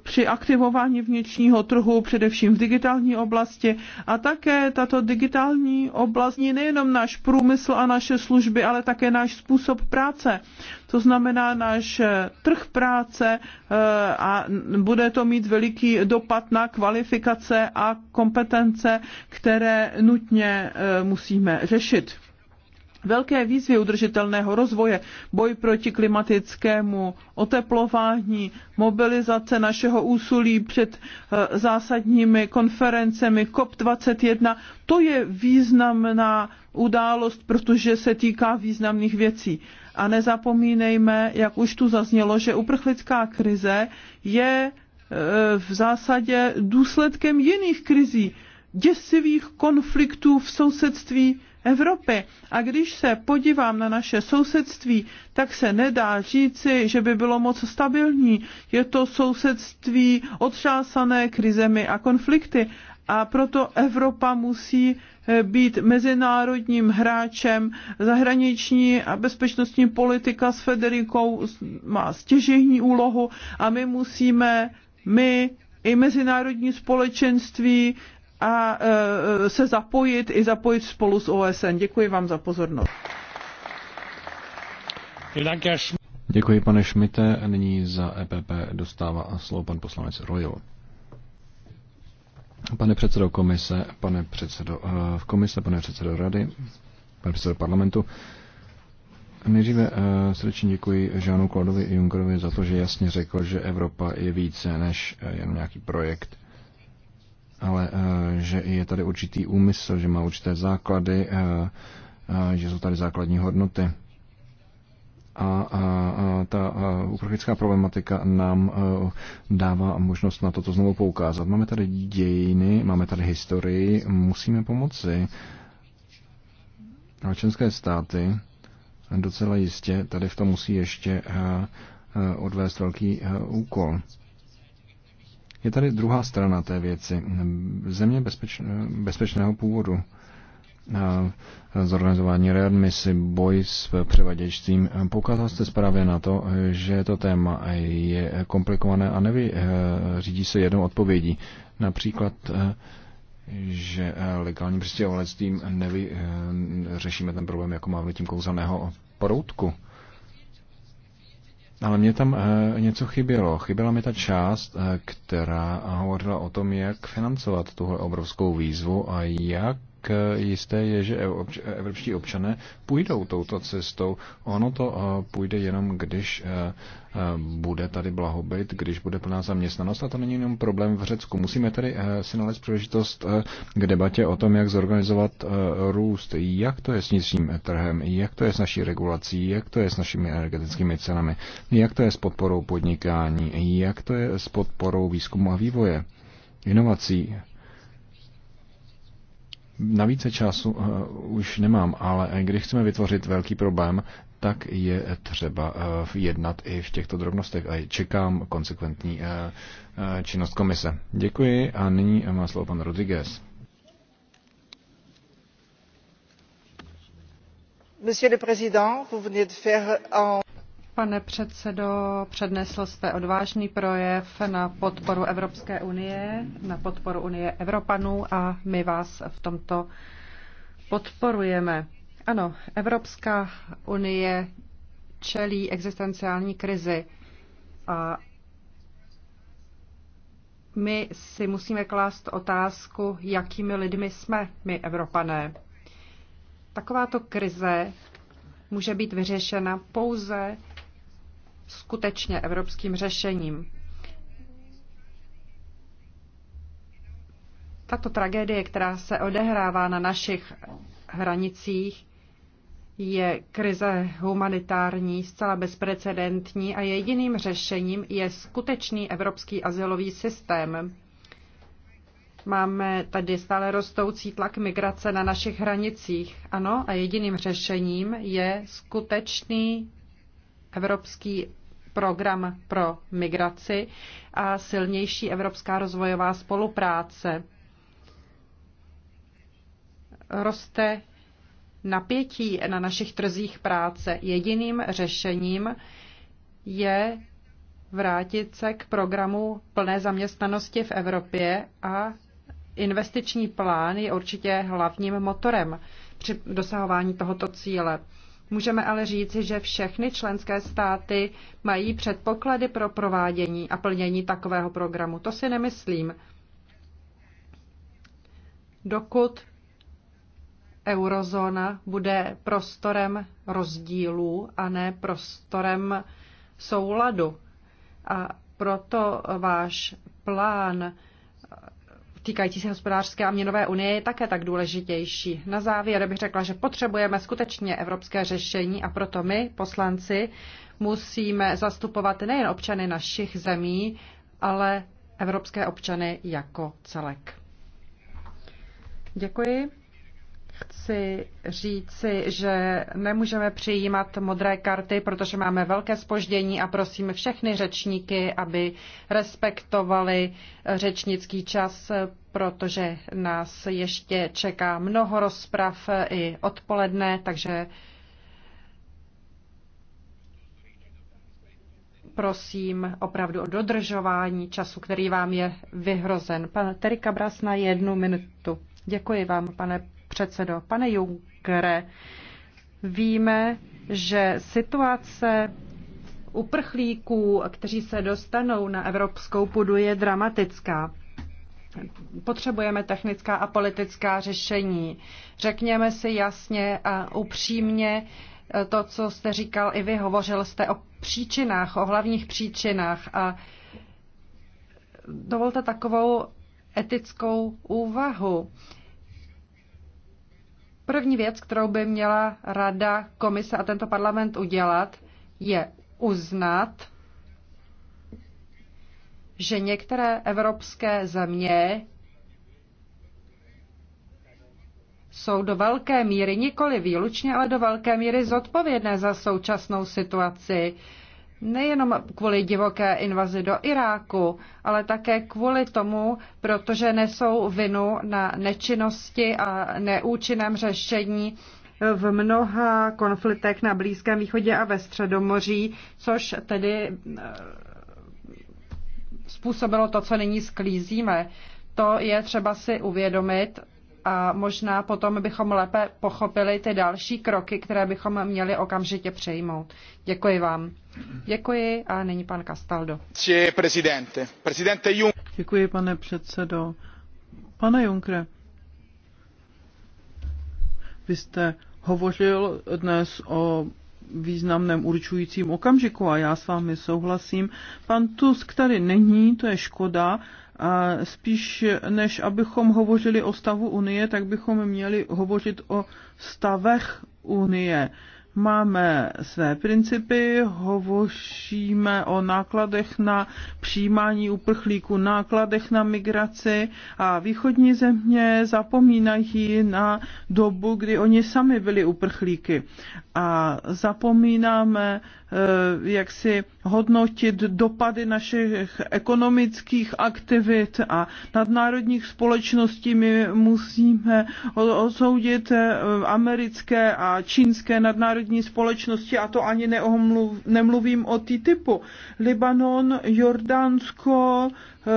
při aktivování vnitřního trhu, především v digitální oblasti a také tato digitální oblast je nejenom náš průmysl a naše služby, ale také náš způsob práce. To znamená náš eh, trh práce eh, a bude to mít veliký dopad na kvalifikace a kompetence, které nutně eh, musíme řešit. Velké výzvy udržitelného rozvoje, boj proti klimatickému oteplování, mobilizace našeho úsilí před zásadními konferencemi COP21, to je významná událost, protože se týká významných věcí. A nezapomínejme, jak už tu zaznělo, že uprchlická krize je e, v zásadě důsledkem jiných krizí, děsivých konfliktů v sousedství Evropy. A když se podívám na naše sousedství, tak se nedá říci, že by bylo moc stabilní. Je to sousedství otřásané krizemi a konflikty a proto Evropa musí eh, být mezinárodním hráčem. Zahraniční a bezpečnostní politika s Federikou má stěžení úlohu a my musíme, my i mezinárodní společenství a eh, se zapojit i zapojit spolu s OSN. Děkuji vám za pozornost. Děkuji, pane Šmite. Nyní za EPP dostává slovo pan poslanec Royal. Pane předsedo komise, pane předsedo eh, v komise, pane předsedo rady, pane předsedo parlamentu, Nejdříve eh, srdečně děkuji Žánu Klodovi i Junkerovi za to, že jasně řekl, že Evropa je více než eh, jen nějaký projekt, ale že je tady určitý úmysl, že má určité základy, že jsou tady základní hodnoty a, a, a ta uprchlická problematika nám a, e, dává možnost na toto znovu poukázat. Máme tady dějiny, máme tady historii, musíme pomoci. A členské státy docela jistě tady v tom musí ještě a, e, a, e, odvést velký a, úkol. Je tady druhá strana té věci. Země bezpeč, bezpečného původu zorganizování readmisy, boj s převaděčstvím. Poukázal jste zprávě na to, že to téma je komplikované a nevy, eh, řídí se jednou odpovědí. Například eh, že eh, legálním přistěhovalectvím nevy, řešíme ten problém jako mávnutím kouzelného proutku. Ale mě tam něco chybělo. Chyběla mi ta část, která hovořila o tom, jak financovat tuhle obrovskou výzvu a jak Eh, jisté je, že evropští občané půjdou touto cestou. Ono to eh, půjde jenom, když eh, bude tady blahobyt, když bude plná zaměstnanost. A to není jenom problém v Řecku. Musíme tady si nalézt příležitost k debatě o tom, jak zorganizovat růst, jak to je s vnitřním trhem, jak to je s naší regulací, jak to je s našimi energetickými cenami, jak to je s podporou podnikání, jak to je s podporou výzkumu a vývoje, inovací na více času eh, už nemám, ale když chceme vytvořit velký problém, tak je třeba eh, jednat i v těchto drobnostech a čekám konsekventní eh, činnost komise. Děkuji a nyní má slovo pan Rodriguez. Monsieur le Président, vous venez de faire en pane předsedo, přednesl jste odvážný projev na podporu Evropské unie, na podporu Unie Evropanů a my vás v tomto podporujeme. Ano, Evropská unie čelí existenciální krizi a my si musíme klást otázku, jakými lidmi jsme my Evropané. Takováto krize může být vyřešena pouze skutečně evropským řešením. Tato tragédie, která se odehrává na našich hranicích, je krize humanitární zcela bezprecedentní a jediným řešením je skutečný evropský asilový systém. Máme tady stále rostoucí tlak migrace na našich hranicích. Ano, a jediným řešením je skutečný evropský program pro migraci a silnější evropská rozvojová spolupráce. Roste napětí na našich trzích práce. Jediným řešením je vrátit se k programu plné zaměstnanosti v Evropě a investiční plán je určitě hlavním motorem při dosahování tohoto cíle. Můžeme ale říci, že všechny členské státy mají předpoklady pro provádění a plnění takového programu. To si nemyslím. Dokud eurozóna bude prostorem rozdílů a ne prostorem souladu. A proto váš plán týkající se hospodářské a měnové unie je také tak důležitější. Na závěr bych řekla, že potřebujeme skutečně evropské řešení a proto my, poslanci, musíme zastupovat nejen občany našich zemí, ale evropské občany jako celek. Děkuji chci říci, že nemůžeme přijímat modré karty, protože máme velké spoždění a prosím všechny řečníky, aby respektovali řečnický čas, protože nás ještě čeká mnoho rozprav i odpoledne, takže prosím opravdu o dodržování času, který vám je vyhrozen. Pan Terika Bras na jednu minutu. Děkuji vám, pane předsedo. Pane Junckere, víme, že situace uprchlíků, kteří se dostanou na evropskou půdu, je dramatická. Potřebujeme technická a politická řešení. Řekněme si jasně a upřímně eh, to, co jste říkal i vy, hovořil jste o příčinách, o hlavních příčinách a dovolte takovou etickou úvahu. První věc, kterou by měla Rada, Komise a tento parlament udělat, je uznat, že některé evropské země jsou do velké míry, nikoli výlučně, ale do velké míry zodpovědné za současnou situaci nejenom kvůli divoké invazi do Iráku, ale také kvůli tomu, protože nesou vinu na nečinnosti a neúčinném řešení v mnoha konfliktech na Blízkém východě a ve Středomoří, což tedy eh, způsobilo to, co nyní sklízíme. To je třeba si uvědomit a možná potom bychom lépe pochopili ty další kroky, které bychom měli okamžitě přejmout. Děkuji vám. Děkuji a nyní pan Castaldo. Děkuji, pane předsedo. Pane Junkre, vy jste hovořil dnes o významném určujícím okamžiku a já s vámi souhlasím. Pan Tusk tady není, to je škoda. A spíš než abychom hovořili o stavu Unie, tak bychom měli hovořit o stavech Unie. Máme své principy, hovoříme o nákladech na přijímání uprchlíků, nákladech na migraci a východní země zapomínají na dobu, kdy oni sami byli uprchlíky. A zapomínáme Eh, jak si hodnotit dopady našich ekonomických aktivit a nadnárodních společností. My musíme osoudit eh, americké a čínské nadnárodní společnosti a to ani neomluv, nemluvím o typu. Libanon, Jordánsko eh,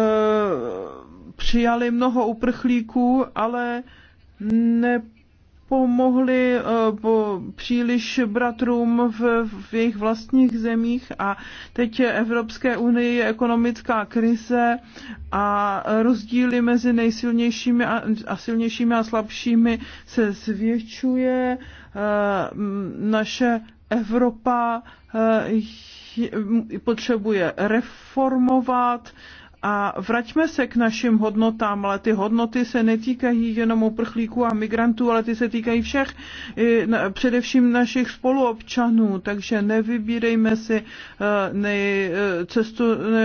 přijali mnoho uprchlíků, ale ne nepomohli eh, po příliš bratrům v, v jejich vlastních zemích a teď je Evropské unii je ekonomická krize a rozdíly mezi nejsilnějšími a, a silnějšími a slabšími se zvětšuje. Eh, naše Evropa eh, potřebuje reformovat a vraťme se k našim hodnotám, ale ty hodnoty se netýkají jenom uprchlíků a migrantů, ale ty se týkají všech, především našich spoluobčanů, takže nevybírejme si eh, nej, eh, cestu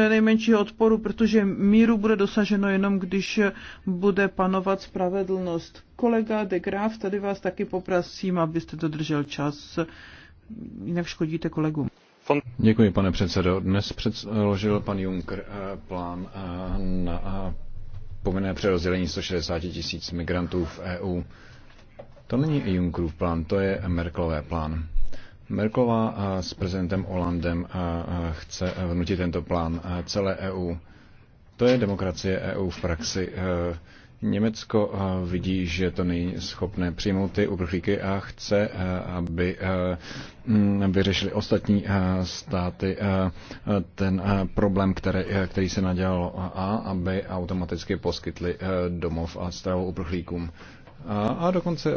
nejmenšího odporu, protože míru bude dosaženo jenom, když bude panovat spravedlnost. Kolega de Graaf, tady vás taky poprosím, abyste dodržel čas, jinak škodíte kolegům. Děkuji, pane předsedo. Dnes předložil pan Juncker eh, plán eh, na eh, povinné přerozdělení 160 tisíc migrantů v EU. To není Junckerův plán, to je Merkelové plán. Merklová s prezidentem Hollandem chce vnutit tento plán celé EU. To je demokracie EU v praxi. Německo eh, vidí, že to není schopné přijmout ty uprchlíky a chce, eh, aby eh, mm, vyřešili ostatní státy ten problém, který, který se nadělal a aby automaticky poskytli domov a stravu uprchlíkům. A dokonce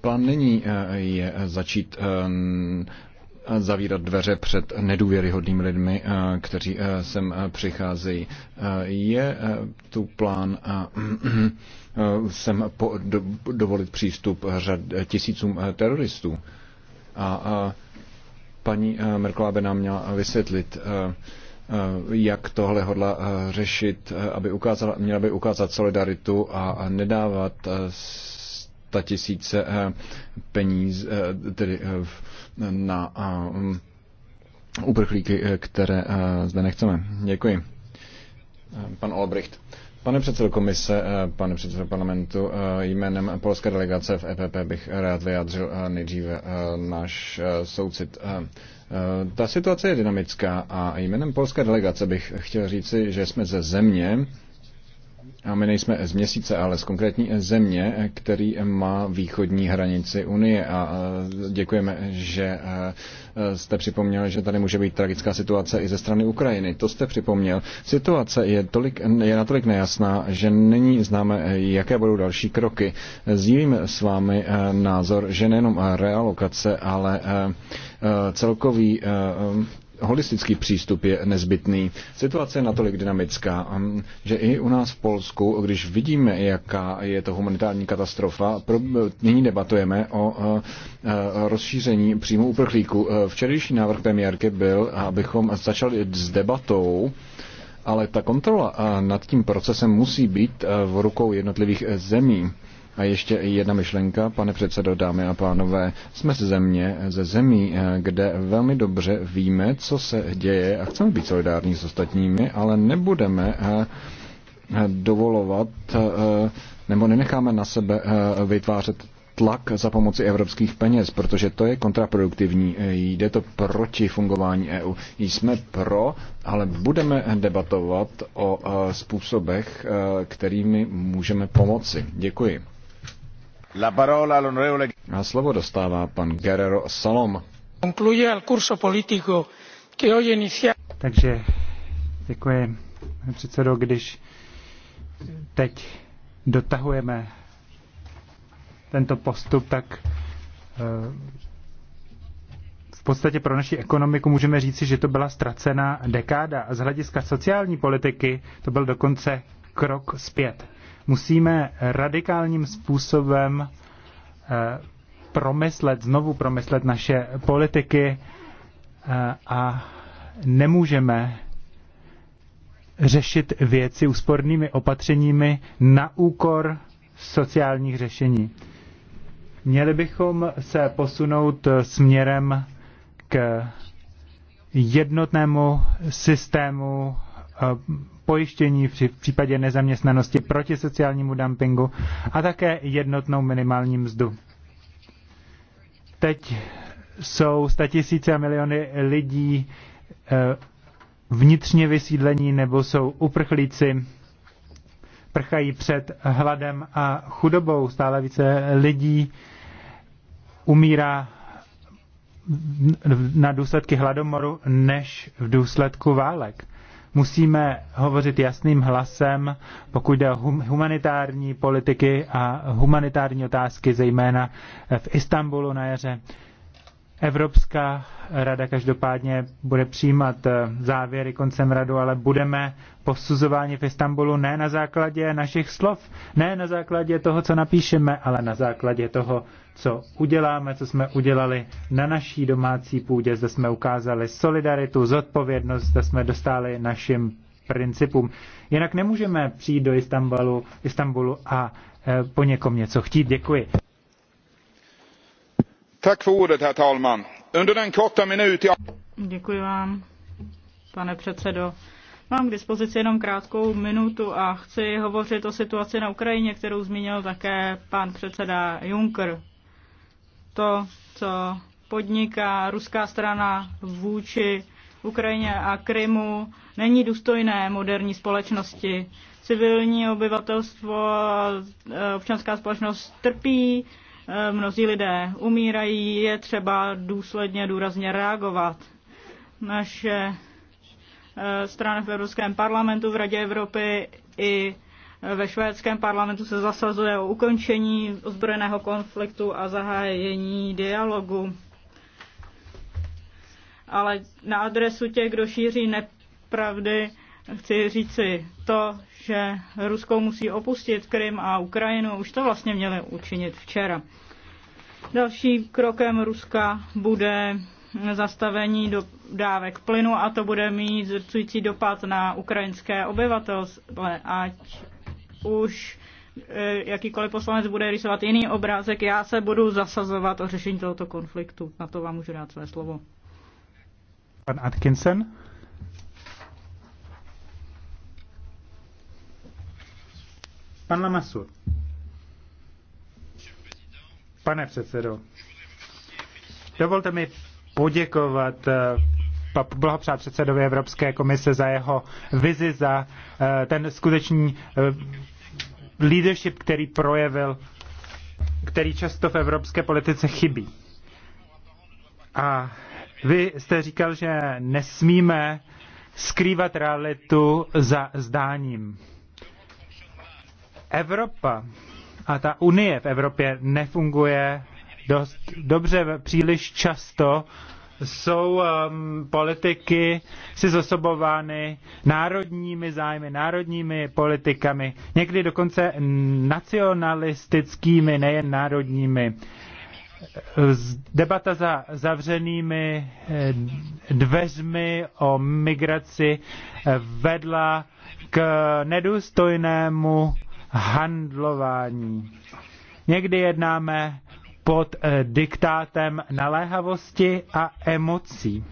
plán není je začít zavírat dveře před nedůvěryhodnými lidmi, eh, kteří eh, sem eh, přicházejí. Je tu plán sem dovolit přístup řad, tisícům teroristů. A, paní Merklá by nám měla vysvětlit, jak tohle hodla řešit, aby ukázala, měla by ukázat solidaritu a nedávat 100 tisíce eh, peníz, eh, tedy eh, na mm, uprchlíky, které zde nechceme. Děkuji. Pan Olbricht. Pane předsedo komise, pane předsedo parlamentu, jménem polské delegace v EPP bych rád vyjádřil nejdříve náš soucit. Ta situace je dynamická a jménem polské delegace bych chtěl říci, že jsme ze země, a my nejsme z měsíce, ale z konkrétní země, který má východní hranici Unie. A děkujeme, že jste připomněl, že tady může být tragická situace i ze strany Ukrajiny. To jste připomněl. Situace je, tolik, je natolik nejasná, že není známe, jaké budou další kroky. Sdílím s vámi názor, že nejenom realokace, ale celkový holistický přístup je nezbytný. Situace je natolik dynamická, hm, že i u nás v Polsku, když vidíme, jaká je to humanitární katastrofa, pro, nyní debatujeme o eh, eh, rozšíření příjmu uprchlíků. Eh, včerejší návrh premiérky byl, abychom začali s debatou, ale ta kontrola nad tím procesem musí být v rukou jednotlivých zemí a ještě jedna myšlenka, pane předsedo, dámy a pánové. Jsme z země, ze zemí, eh, kde velmi dobře víme, co se děje a chceme být solidární s ostatními, ale nebudeme eh, dovolovat eh, nebo nenecháme na sebe vytvářet tlak za pomoci evropských peněz, protože to je kontraproduktivní. Jde to proti fungování EU. Jsme pro, ale budeme debatovat o způsobech, kterými můžeme pomoci. Děkuji. La parola all'onorevole... A slovo dostává pan Guerrero Salom. Concluye al curso hoy inicia... Takže děkuji, pane předsedo, když teď dotahujeme tento postup, tak eh, v podstatě pro naši ekonomiku můžeme říci, že to byla ztracená dekáda. Z hlediska sociální politiky to byl dokonce krok zpět musíme radikálním způsobem eh, promyslet, znovu promyslet naše politiky eh, a nemůžeme řešit věci úspornými opatřeními na úkor sociálních řešení. Měli bychom se posunout eh, směrem k jednotnému systému pojištění v případě nezaměstnanosti proti sociálnímu dumpingu a také jednotnou minimální mzdu. Teď jsou statisíce a miliony lidí eh, vnitřně vysídlení nebo jsou uprchlíci, prchají před hladem a chudobou. Stále více lidí umírá na důsledky hladomoru než v důsledku válek. Musíme hovořit jasným hlasem, pokud jde o humanitární politiky a humanitární otázky, zejména v Istanbulu na jaře. Evropská rada každopádně bude přijímat eh, závěry koncem radu, ale budeme posuzováni v Istanbulu ne na základě našich slov, ne na základě toho, co napíšeme, ale na základě toho, co uděláme, co jsme udělali na naší domácí půdě, zde jsme ukázali solidaritu, zodpovědnost, zde jsme dostali našim principům. Jinak nemůžeme přijít do Istanbulu, Istanbulu a e, po někom něco chtít. Děkuji. Tak ordet, herr talman. Under den korta minut... Děkuji vám, pane předsedo. Mám k dispozici jenom krátkou minutu a chci hovořit o situaci na Ukrajině, kterou zmínil také pan předseda Juncker to, co podniká ruská strana vůči Ukrajině a Krymu, není důstojné moderní společnosti. Civilní obyvatelstvo a eh, občanská společnost trpí, eh, mnozí lidé umírají, je třeba důsledně, důrazně reagovat. Naše eh, strany v Evropském parlamentu, v Radě Evropy i ve švédském parlamentu se zasazuje o ukončení ozbrojeného konfliktu a zahájení dialogu. Ale na adresu těch, kdo šíří nepravdy, chci říci to, že Rusko musí opustit Krym a Ukrajinu. Už to vlastně měli učinit včera. Dalším krokem Ruska bude zastavení dodávek plynu a to bude mít zrcující dopad na ukrajinské obyvatelstvo. ať už eh, jakýkoliv poslanec bude rysovat jiný obrázek, já se budu zasazovat o řešení tohoto konfliktu. Na to vám můžu dát své slovo. Pan Atkinson? Pan Lamasur. Pane předsedo, dovolte mi poděkovat eh, blahopřát předsedovi Evropské komise za jeho vizi, za eh, ten skutečný leadership, který projevil, který často v evropské politice chybí. A vy jste říkal, že nesmíme skrývat realitu za zdáním. Evropa a ta unie v Evropě nefunguje dost dobře, příliš často jsou um, politiky si zosobovány národními zájmy, národními politikami, někdy dokonce nacionalistickými, nejen národními. Debata za zavřenými eh, dveřmi o migraci eh, vedla k nedůstojnému handlování. Někdy jednáme pod eh, diktátem naléhavosti a emocí.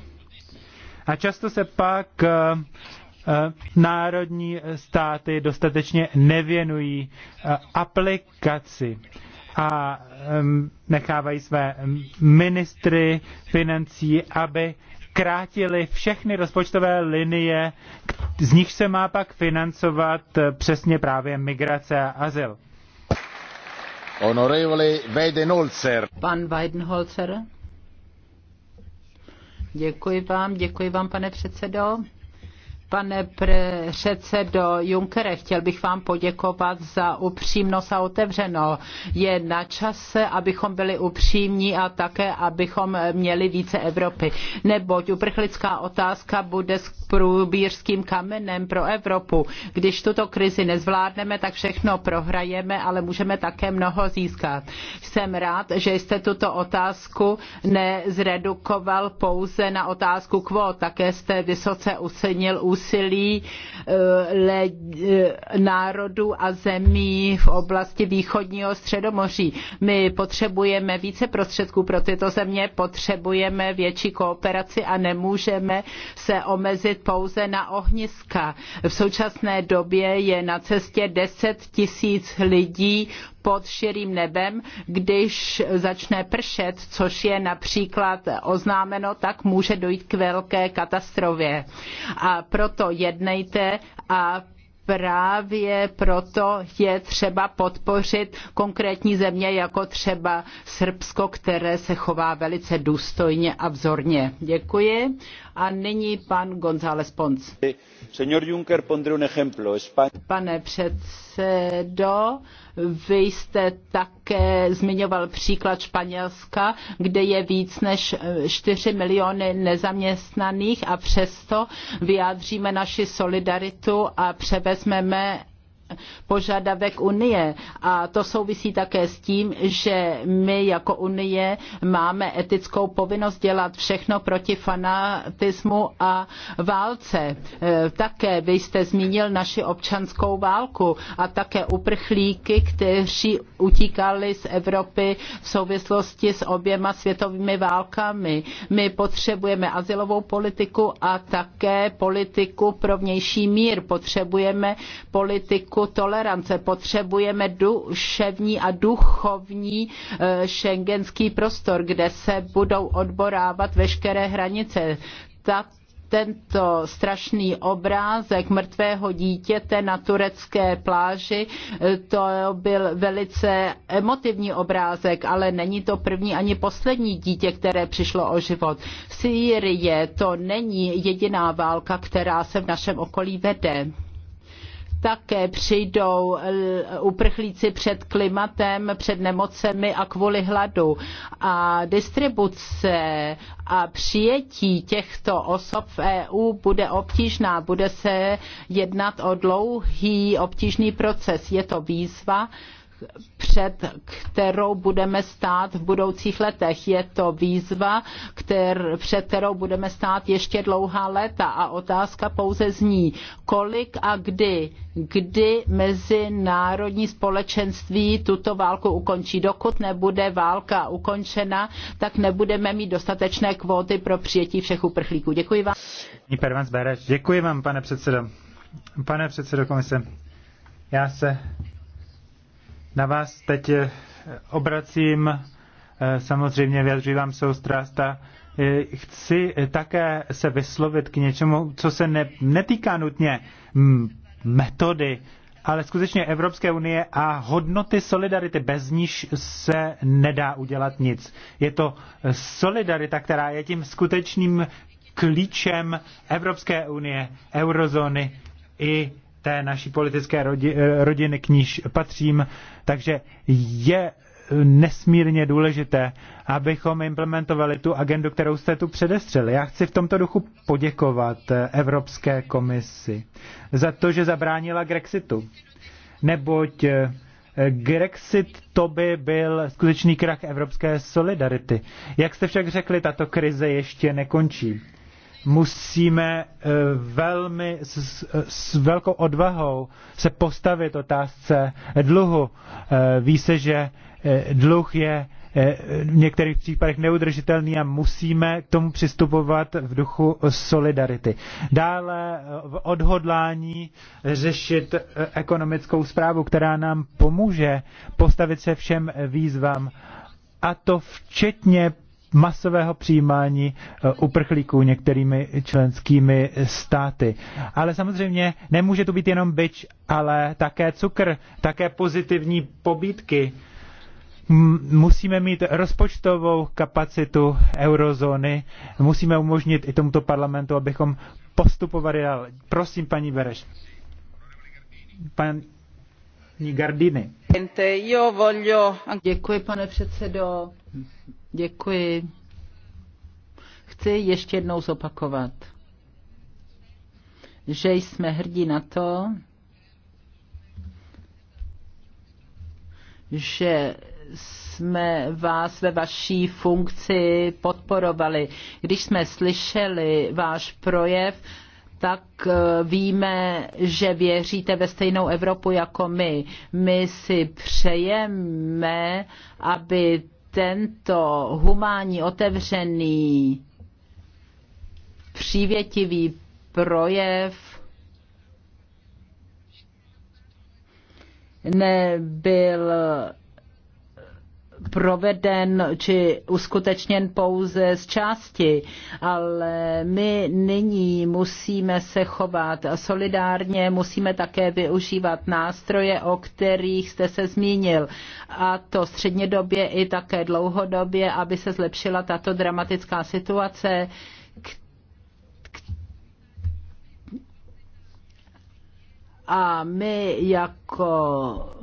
A často se pak eh, eh, národní státy dostatečně nevěnují aplikaci a nechávají své ministry financí, aby krátili všechny rozpočtové linie, z nich se má pak financovat přesně právě migrace a azyl. Weidenholzer. Pan Weidenholzer. Děkuji vám, děkuji vám, pane předsedo. Pane předsedo Junkere, chtěl bych vám poděkovat za upřímnost a otevřeno. Je na čase, abychom byli upřímní a také, abychom měli více Evropy. Neboť uprchlická otázka bude průbířským kamenem pro Evropu. Když tuto krizi nezvládneme, tak všechno prohrajeme, ale můžeme také mnoho získat. Jsem rád, že jste tuto otázku nezredukoval pouze na otázku kvót. Také jste vysoce ocenil úsilí eh, le, eh, národů a zemí v oblasti východního středomoří. My potřebujeme více prostředků pro tyto země, potřebujeme větší kooperaci a nemůžeme se omezit pouze na ohniska. V současné době je na cestě 10 tisíc lidí pod širým nebem. Když začne pršet, což je například oznámeno, tak může dojít k velké katastrofě. A proto jednejte a právě proto je třeba podpořit konkrétní země jako třeba Srbsko, které se chová velice důstojně a vzorně. Děkuji. A nyní pan González Pons. Pane předsedo, vy jste také zmiňoval příklad Španělska, kde je víc než 4 eh, miliony nezaměstnaných a přesto vyjádříme naši solidaritu a převezmeme požadavek Unie. A to souvisí také s tím, že my jako Unie máme etickou povinnost dělat všechno proti fanatismu a válce. E, také vy jste zmínil naši občanskou válku a také uprchlíky, kteří utíkali z Evropy v souvislosti s oběma světovými válkami. My potřebujeme asilovou politiku a také politiku pro vnější mír. Potřebujeme politiku politiku tolerance. Potřebujeme duševní a duchovní eh, šengenský prostor, kde se budou odborávat veškeré hranice. Ta tento strašný obrázek mrtvého dítěte na turecké pláži, eh, to byl velice emotivní obrázek, ale není to první ani poslední dítě, které přišlo o život. V Sýrii to není jediná válka, která se v našem okolí vede také přijdou eh, uprchlíci před klimatem, před nemocemi a kvůli hladu. A distribuce a přijetí těchto osob v EU bude obtížná. Bude se jednat o dlouhý, obtížný proces. Je to výzva, před kterou budeme stát v budoucích letech. Je to výzva, kter, před kterou budeme stát ještě dlouhá léta a otázka pouze zní, kolik a kdy, kdy mezinárodní společenství tuto válku ukončí. Dokud nebude válka ukončena, tak nebudeme mít dostatečné kvóty pro přijetí všech uprchlíků. Děkuji vám. Děkuji vám, pane předsedo. Pane předsedo komise, já se na vás teď eh, obracím, eh, samozřejmě vyjadřívám soustrast a eh, chci také se vyslovit k něčemu, co se ne, netýká nutně mm, metody, ale skutečně Evropské unie a hodnoty solidarity, bez níž se nedá udělat nic. Je to solidarita, která je tím skutečným klíčem Evropské unie, eurozóny i té naší politické rodi, rodiny, k níž patřím takže je eh, nesmírně důležité, abychom implementovali tu agendu, kterou jste tu předestřeli. Já chci v tomto duchu poděkovat eh, Evropské komisi za to, že zabránila Grexitu. Neboť eh, Grexit to by byl skutečný krach evropské solidarity. Jak jste však řekli, tato krize ještě nekončí musíme eh, velmi s, s velkou odvahou se postavit otázce dluhu. Eh, ví se, že eh, dluh je v některých případech neudržitelný a musíme k tomu přistupovat v duchu solidarity. Dále v odhodlání řešit ekonomickou zprávu, která nám pomůže postavit se všem výzvám, a to včetně masového přijímání eh, uprchlíků některými členskými státy. Ale samozřejmě nemůže to být jenom byč, ale také cukr, také pozitivní pobídky. Musíme mít rozpočtovou kapacitu eurozóny, musíme umožnit i tomuto parlamentu, abychom postupovali dál. Prosím, paní Bereš. Pan, Děkuji, pane předsedo. Děkuji. Chci ještě jednou zopakovat, že jsme hrdí na to, že jsme vás ve vaší funkci podporovali. Když jsme slyšeli váš projev, tak eh, víme, že věříte ve stejnou Evropu jako my. My si přejeme, aby tento humánní, otevřený, přívětivý projev nebyl proveden či uskutečněn pouze z části, ale my nyní musíme se chovat solidárně, musíme také využívat nástroje, o kterých jste se zmínil, a to střednědobě i také dlouhodobě, aby se zlepšila tato dramatická situace, a my jako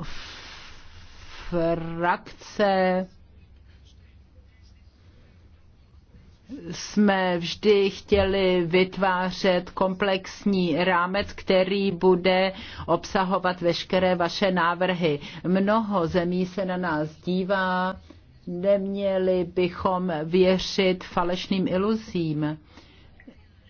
frakce jsme vždy chtěli vytvářet komplexní rámec, který bude obsahovat veškeré vaše návrhy. Mnoho zemí se na nás dívá, neměli bychom věřit falešným iluzím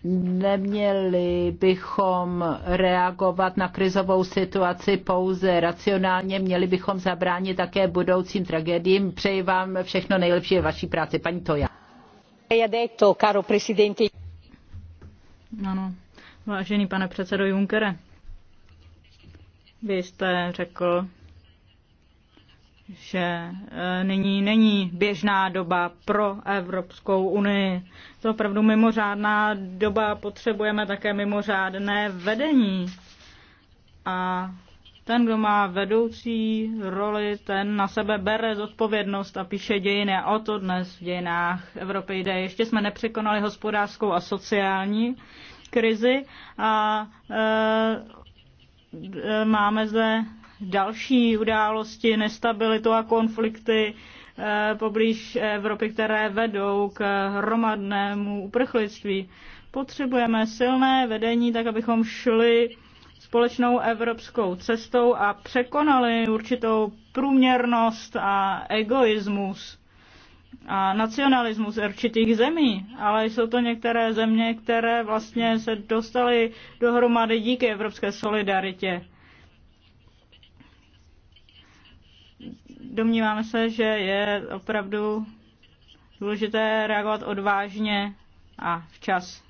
neměli bychom reagovat na krizovou situaci pouze racionálně, měli bychom zabránit také budoucím tragédiím. Přeji vám všechno nejlepší ve vaší práci, paní Toja. Ano, no. vážený pane předsedo Junckere, vy jste řekl, že e, nyní není běžná doba pro Evropskou unii. To je opravdu mimořádná doba, potřebujeme také mimořádné vedení. A ten, kdo má vedoucí roli, ten na sebe bere zodpovědnost a píše dějiny. o to dnes v dějinách Evropy jde. Ještě jsme nepřekonali hospodářskou a sociální krizi a e, e máme zde další události, nestabilitu a konflikty eh, poblíž Evropy, které vedou k hromadnému uprchlictví. Potřebujeme silné vedení, tak abychom šli společnou evropskou cestou a překonali určitou průměrnost a egoismus a nacionalismus určitých zemí, ale jsou to některé země, které vlastně se dostaly dohromady díky evropské solidaritě. Domníváme se, že je opravdu důležité reagovat odvážně a včas.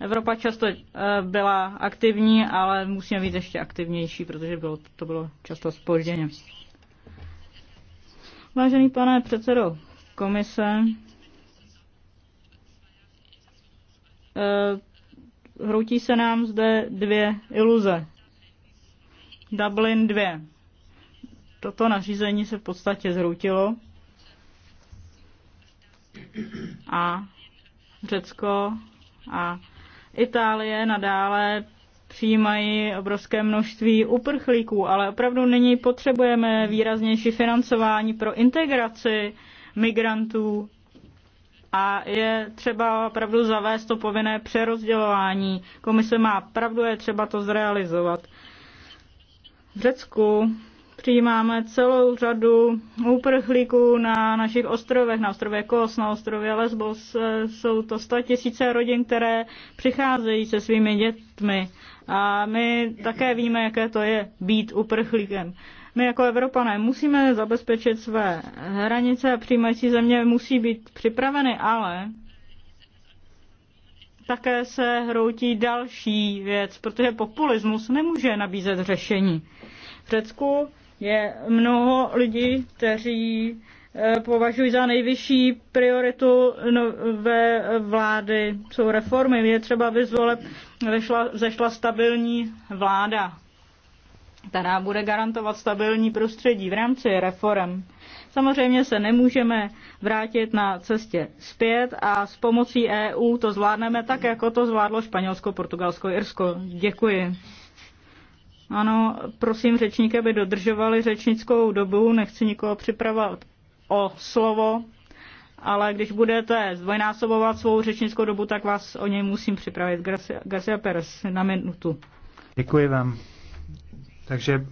Evropa často eh, byla aktivní, ale musíme být ještě aktivnější, protože bylo, to bylo často spožděně. Vážený pane předsedo komise, eh, hroutí se nám zde dvě iluze. Dublin 2 Toto nařízení se v podstatě zhroutilo a Řecko a Itálie nadále přijímají obrovské množství uprchlíků, ale opravdu nyní potřebujeme výraznější financování pro integraci migrantů a je třeba opravdu zavést to povinné přerozdělování. Komise má pravdu, je třeba to zrealizovat. V Řecku Přijímáme celou řadu úprchlíků na našich ostrovech, na ostrově Kos, na ostrově Lesbos. Jsou to sta tisíce rodin, které přicházejí se svými dětmi. A my také víme, jaké to je být uprchlíkem. My jako Evropané musíme zabezpečit své hranice a přijímající země musí být připraveny, ale také se hroutí další věc, protože populismus nemůže nabízet řešení. V Řecku je mnoho lidí, kteří eh, považují za nejvyšší prioritu nové vlády. Jsou reformy. Je třeba, aby vešla, zešla stabilní vláda, která bude garantovat stabilní prostředí v rámci reform. Samozřejmě se nemůžeme vrátit na cestě zpět a s pomocí EU to zvládneme tak, jako to zvládlo Španělsko, Portugalsko, Irsko. Děkuji. Ano, prosím řečníky, aby dodržovali řečnickou dobu, nechci nikoho připravovat o slovo, ale když budete zdvojnásobovat svou řečnickou dobu, tak vás o něj musím připravit. Garcia Perez na minutu. Děkuji vám. Takže eh,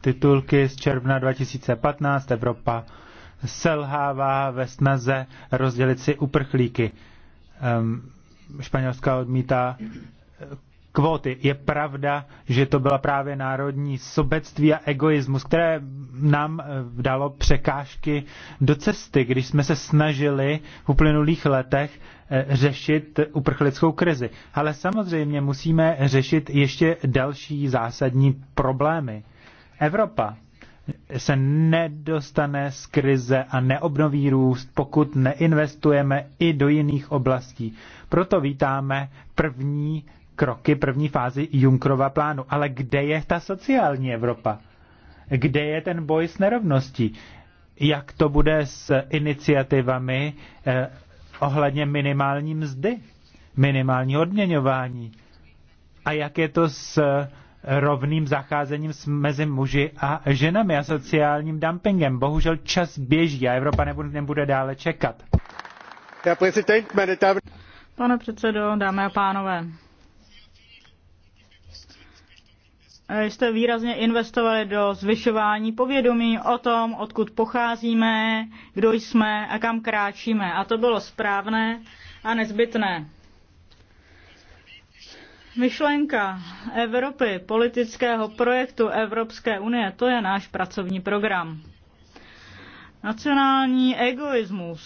titulky z června 2015 Evropa selhává ve snaze rozdělit si uprchlíky. Ehm, Španělská odmítá kvóty. Je pravda, že to byla právě národní sobectví a egoismus, které nám eh, dalo překážky do cesty, když jsme se snažili v uplynulých letech eh, řešit uprchlickou krizi. Ale samozřejmě musíme řešit ještě další zásadní problémy. Evropa se nedostane z krize a neobnoví růst, pokud neinvestujeme i do jiných oblastí. Proto vítáme první kroky první fázi Junkrova plánu. Ale kde je ta sociální Evropa? Kde je ten boj s nerovností? Jak to bude s iniciativami eh, ohledně minimální mzdy, minimální odměňování? A jak je to s eh, rovným zacházením mezi muži a ženami a sociálním dumpingem? Bohužel čas běží a Evropa nebude, nebude dále čekat. Pane předsedo, dámy a pánové, Eh, jste výrazně investovali do zvyšování povědomí o tom, odkud pocházíme, kdo jsme a kam kráčíme. A to bylo správné a nezbytné. Myšlenka Evropy, politického projektu Evropské unie, to je náš pracovní program. Nacionální egoismus,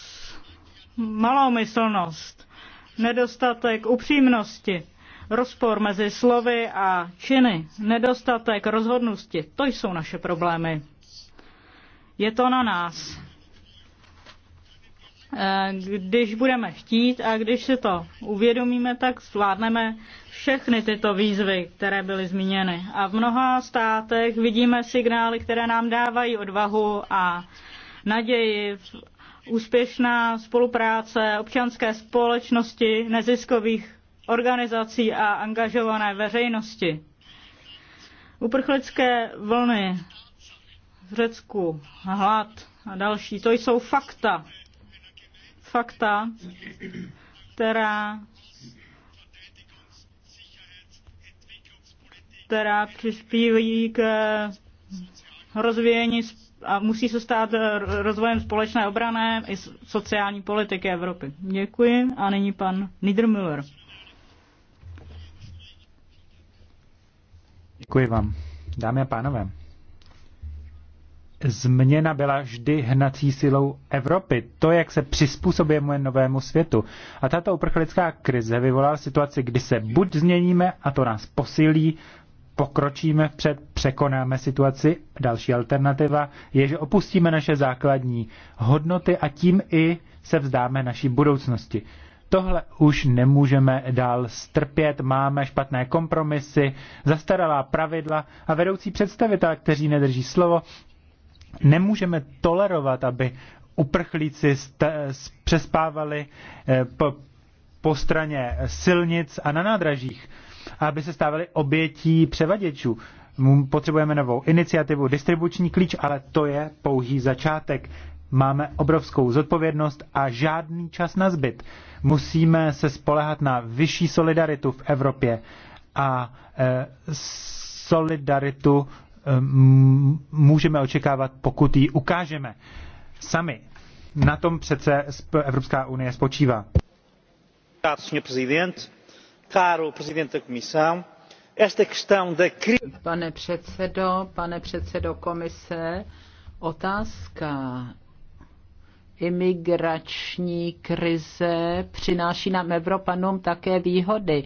malomyslnost, nedostatek upřímnosti, rozpor mezi slovy a činy, nedostatek rozhodnosti, to jsou naše problémy. Je to na nás. Eh, když budeme chtít a když si to uvědomíme, tak zvládneme všechny tyto výzvy, které byly zmíněny. A v mnoha státech vidíme signály, které nám dávají odvahu a naději úspěšná spolupráce občanské společnosti, neziskových organizací a angažované veřejnosti. Uprchlické vlny v Řecku, hlad a další, to jsou fakta. Fakta, která která přispívají k rozvíjení a musí se stát rozvojem společné obrané i sociální politiky Evropy. Děkuji a nyní pan Niedermüller. Děkuji vám. Dámy a pánové, změna byla vždy hnací silou Evropy. To, jak se přizpůsobujeme novému světu. A tato uprchlická krize vyvolala situaci, kdy se buď změníme a to nás posílí, pokročíme vpřed, překonáme situaci. Další alternativa je, že opustíme naše základní hodnoty a tím i se vzdáme naší budoucnosti. Tohle už nemůžeme dál strpět, máme špatné kompromisy, zastaralá pravidla a vedoucí představitel, kteří nedrží slovo. Nemůžeme tolerovat, aby uprchlíci přespávali eh, po, po straně silnic a na nádražích, aby se stávali obětí převaděčů. Potřebujeme novou iniciativu, distribuční klíč, ale to je pouhý začátek. Máme obrovskou zodpovědnost a žádný čas na zbyt. Musíme se spolehat na vyšší solidaritu v Evropě a e, solidaritu e, můžeme očekávat, pokud ji ukážeme sami. Na tom přece Evropská unie spočívá. Pane předsedo, pane předsedo komise, otázka imigrační krize přináší nám Evropanům také výhody.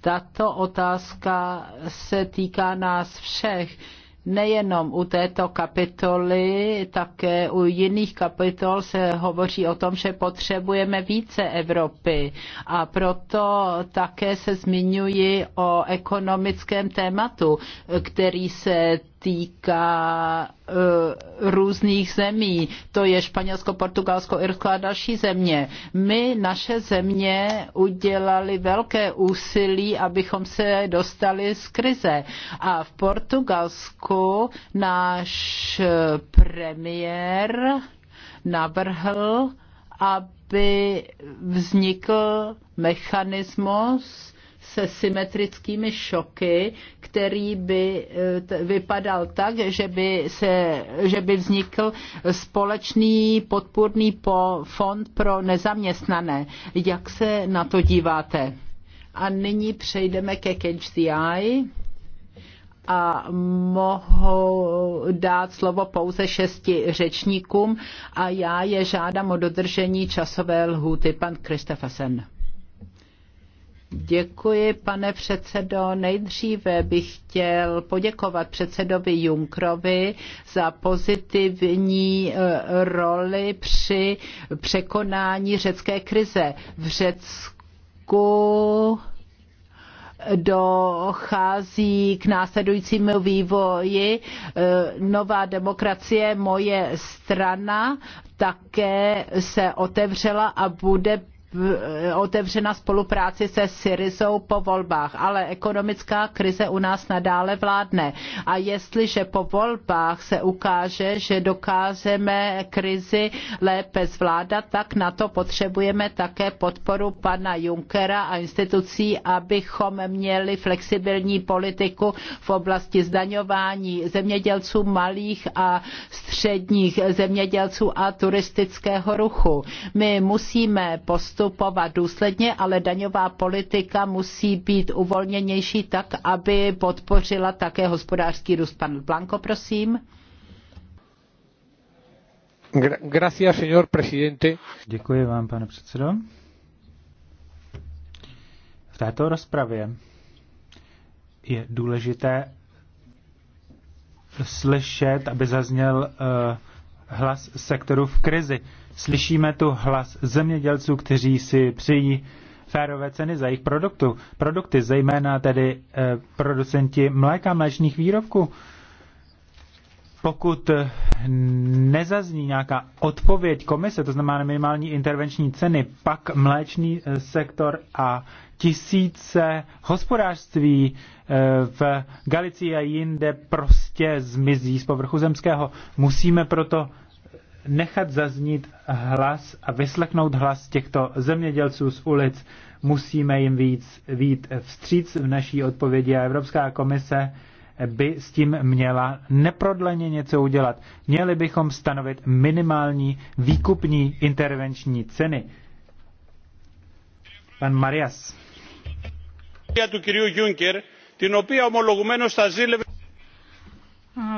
Tato otázka se týká nás všech nejenom u této kapitoly, také u jiných kapitol se hovoří o tom, že potřebujeme více Evropy. A proto také se zmiňuji o ekonomickém tématu, který se týká eh, různých zemí. To je Španělsko, Portugalsko, Irsko a další země. My, naše země, udělali velké úsilí, abychom se dostali z krize. A v Portugalsku náš eh, premiér navrhl, aby vznikl mechanismus, se symetrickými šoky, který by eh, vypadal tak, že by, se, že by vznikl společný podpůrný po fond pro nezaměstnané. Jak se na to díváte? A nyní přejdeme ke Catch a mohou dát slovo pouze šesti řečníkům a já je žádám o dodržení časové lhůty. Pan Kristofasen. Děkuji, pane předsedo. Nejdříve bych chtěl poděkovat předsedovi Junkrovi za pozitivní eh, roli při překonání řecké krize. V Řecku dochází k následujícímu vývoji. Eh, Nová demokracie, moje strana, také se otevřela a bude Eh, otevřena spolupráci se Syrizou po volbách, ale ekonomická krize u nás nadále vládne. A jestliže po volbách se ukáže, že dokážeme krizi lépe zvládat, tak na to potřebujeme také podporu pana Junckera a institucí, abychom měli flexibilní politiku v oblasti zdaňování zemědělců malých a středních zemědělců a turistického ruchu. My musíme postupovat postupovat důsledně, ale daňová politika musí být uvolněnější tak, aby podpořila také hospodářský růst. Pan Blanco, prosím. Gracias, señor presidente. Děkuji vám, pane předsedo. V této rozpravě je důležité slyšet, aby zazněl uh, hlas sektoru v krizi. Slyšíme tu hlas zemědělců, kteří si přijí férové ceny za jejich produktu, produkty, zejména tedy eh, producenti mléka, mléčných výrobků. Pokud eh, nezazní nějaká odpověď komise, to znamená minimální intervenční ceny, pak mléčný eh, sektor a tisíce hospodářství v Galicii a jinde prostě zmizí z povrchu zemského. Musíme proto nechat zaznít hlas a vyslechnout hlas těchto zemědělců z ulic. Musíme jim víc, vít vstříc v naší odpovědi a Evropská komise by s tím měla neprodleně něco udělat. Měli bychom stanovit minimální výkupní intervenční ceny. Pan Marias.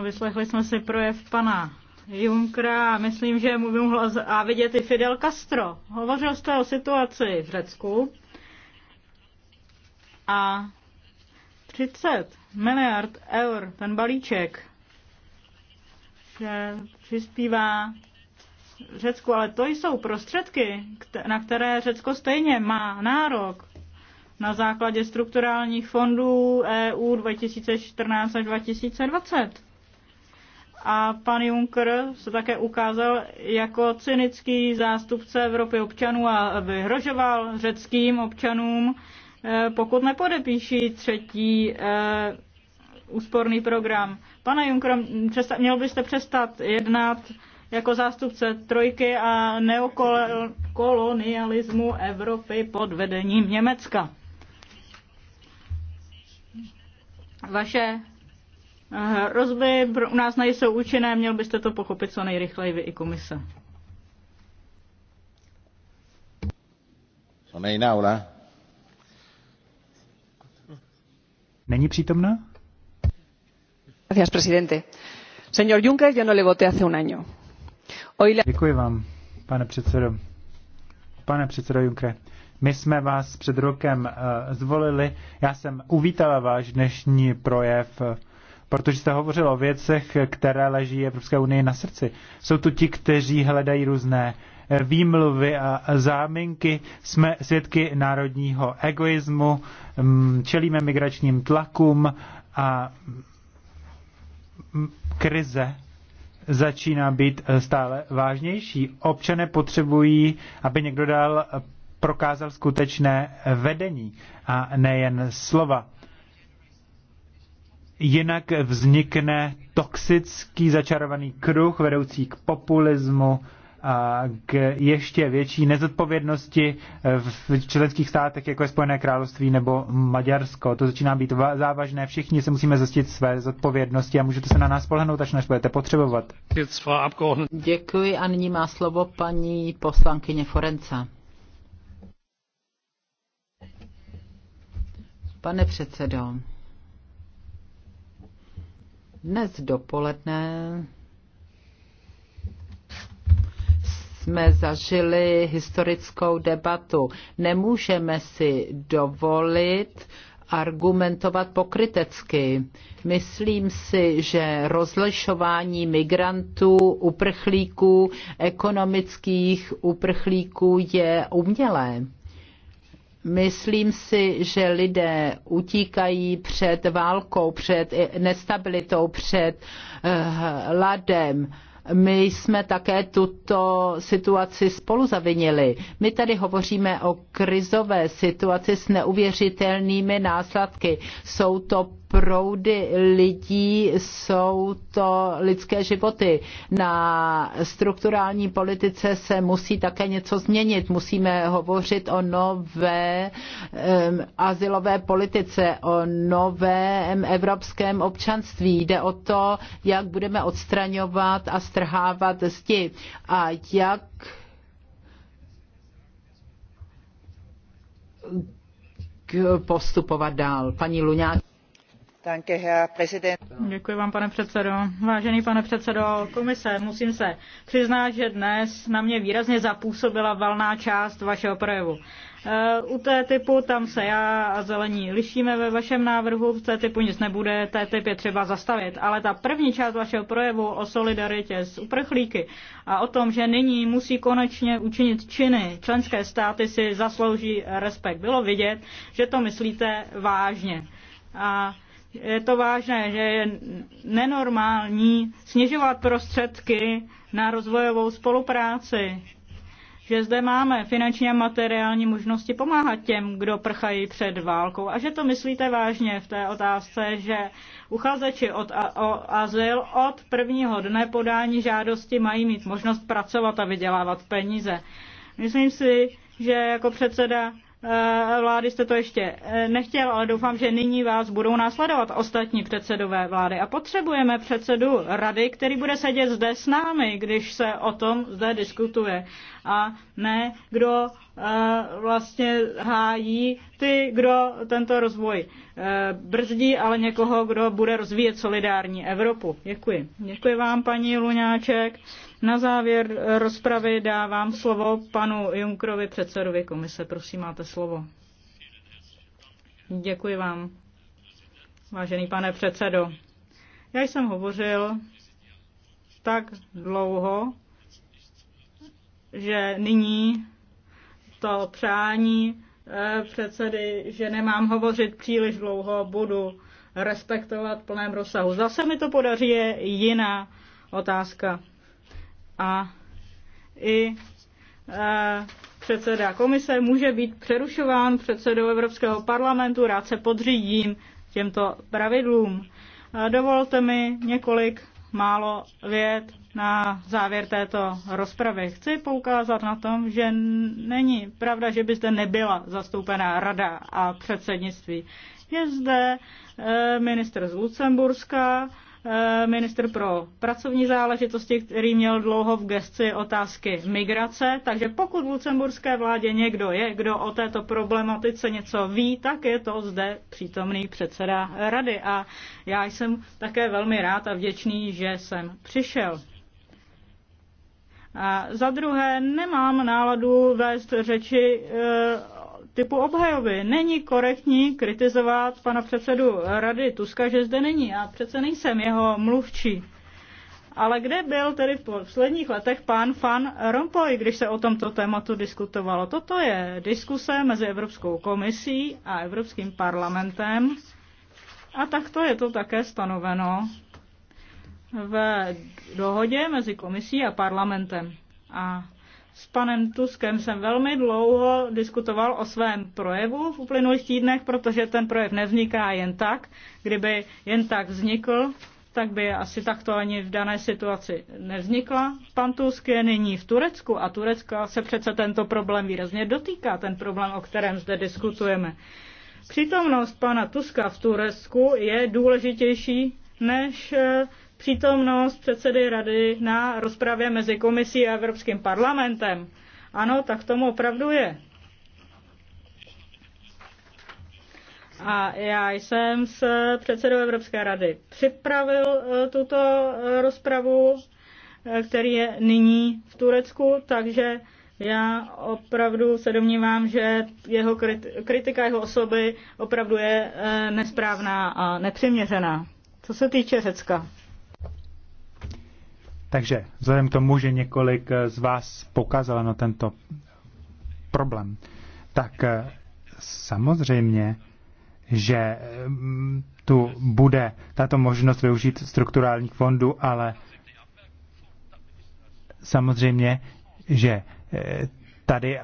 Vyslechli jsme si projev pana Junkra a myslím, že mu by mohl a vidět i Fidel Castro. Hovořil jste o situaci v Řecku a 30 miliard eur, ten balíček, že přispívá Řecku, ale to jsou prostředky, na které Řecko stejně má nárok na základě strukturálních fondů EU 2014 až 2020 a pan Juncker se také ukázal jako cynický zástupce Evropy občanů a vyhrožoval řeckým občanům, eh, pokud nepodepíší třetí eh, úsporný program. Pane Juncker, měl byste přestat jednat jako zástupce trojky a neokolonialismu Evropy pod vedením Německa. Vaše Eh, Rozby u nás nejsou účinné, měl byste to pochopit co nejrychleji vy i komise. Není přítomná? Gracias, presidente. Señor Juncker, yo no le voté hace un año. Hoy le... Děkuji vám, pane předsedo. Pane předsedo Juncker, my jsme vás před rokem uh, zvolili. Já jsem uvítala váš dnešní projev. Uh, protože jste hovořil o věcech, které leží Evropské unii na srdci. Jsou tu ti, kteří hledají různé eh, výmluvy a záminky. Jsme svědky národního egoismu, mm, čelíme migračním tlakům a mm, krize začíná být eh, stále vážnější. Občané potřebují, aby někdo dal eh, prokázal skutečné vedení a nejen slova. Jinak vznikne toxický začarovaný kruh vedoucí k populismu, a k ještě větší nezodpovědnosti v členských státech, jako je Spojené království nebo Maďarsko. To začíná být závažné. Všichni se musíme zjistit své zodpovědnosti a můžete se na nás spolehnout, až nás budete potřebovat. Děkuji a nyní má slovo paní poslankyně Forenca. Pane předsedo, dnes dopoledne jsme zažili historickou debatu. Nemůžeme si dovolit argumentovat pokrytecky. Myslím si, že rozlišování migrantů, uprchlíků, ekonomických uprchlíků je umělé. Myslím si, že lidé utíkají před válkou, před nestabilitou, před eh, hladem. My jsme také tuto situaci spolu zavinili. My tady hovoříme o krizové situaci s neuvěřitelnými následky. Jsou to proudy lidí jsou to lidské životy. Na strukturální politice se musí také něco změnit. Musíme hovořit o nové um, asilové politice, o novém evropském občanství. Jde o to, jak budeme odstraňovat a strhávat zdi a jak postupovat dál. Paní Luňák. Děkuji vám, pane předsedo. Vážený pane předsedo komise, musím se přiznat, že dnes na mě výrazně zapůsobila valná část vašeho projevu. Eh, u té typu tam se já a zelení lišíme ve vašem návrhu, v té typu nic nebude, té typ je třeba zastavit. Ale ta první část vašeho projevu o solidaritě s uprchlíky a o tom, že nyní musí konečně učinit činy, členské státy si zaslouží respekt. Bylo vidět, že to myslíte vážně. A je to vážné, že je nenormální snižovat prostředky na rozvojovou spolupráci. Že zde máme finanční a materiální možnosti pomáhat těm, kdo prchají před válkou. A že to myslíte vážně v té otázce, že uchazeči od a, o azyl od prvního dne podání žádosti mají mít možnost pracovat a vydělávat peníze. Myslím si, že jako předseda Eh, vlády jste to ještě eh, nechtěl, ale doufám, že nyní vás budou následovat ostatní předsedové vlády. A potřebujeme předsedu rady, který bude sedět zde s námi, když se o tom zde diskutuje. A ne, kdo eh, vlastně hájí ty, kdo tento rozvoj brzdí, ale někoho, kdo bude rozvíjet solidární Evropu. Děkuji. Děkuji vám, paní Luňáček. Na závěr rozpravy dávám slovo panu Junkrovi, předsedovi komise. Prosím, máte slovo. Děkuji vám, vážený pane předsedo. Já jsem hovořil tak dlouho, že nyní to přání eh, předsedy, že nemám hovořit příliš dlouho, budu respektovat plném rozsahu. Zase mi to podaří je jiná otázka a i e, předseda komise může být přerušován předsedou Evropského parlamentu, rád se podřídím těmto pravidlům. Dovolte mi několik málo věd na závěr této rozpravy. Chci poukázat na tom, že není pravda, že by zde nebyla zastoupená rada a předsednictví. Je zde e, minister z Lucemburska, Eh, minister pro pracovní záležitosti, který měl dlouho v gesci otázky migrace. Takže pokud v lucemburské vládě někdo je, kdo o této problematice něco ví, tak je to zde přítomný předseda rady. A já jsem také velmi rád a vděčný, že jsem přišel. A za druhé, nemám náladu vést řeči eh, typu obhajoby. Není korektní kritizovat pana předsedu rady Tuska, že zde není. Já přece nejsem jeho mluvčí. Ale kde byl tedy v posledních letech pán Fan Rompuy, když se o tomto tématu diskutovalo? Toto je diskuse mezi Evropskou komisí a Evropským parlamentem. A takto je to také stanoveno v dohodě mezi komisí a parlamentem. A s panem Tuskem jsem velmi dlouho diskutoval o svém projevu v uplynulých týdnech, protože ten projev nevzniká jen tak. Kdyby jen tak vznikl, tak by asi takto ani v dané situaci nevznikla. Pan Tusk je nyní v Turecku a Turecka se přece tento problém výrazně dotýká, ten problém, o kterém zde diskutujeme. Přítomnost pana Tuska v Turecku je důležitější než eh, přítomnost předsedy rady na rozpravě mezi komisí a Evropským parlamentem. Ano, tak tomu opravdu je. A já jsem s předsedou Evropské rady připravil eh, tuto eh, rozpravu, eh, který je nyní v Turecku, takže já opravdu se domnívám, že jeho kritika jeho osoby opravdu je nesprávná a nepřiměřená. Co se týče Řecka. Takže vzhledem k tomu, že několik eh, z vás pokázalo na tento problém, tak eh, samozřejmě, že mm, tu bude tato možnost využít strukturálních fondů, ale samozřejmě, že eh, tady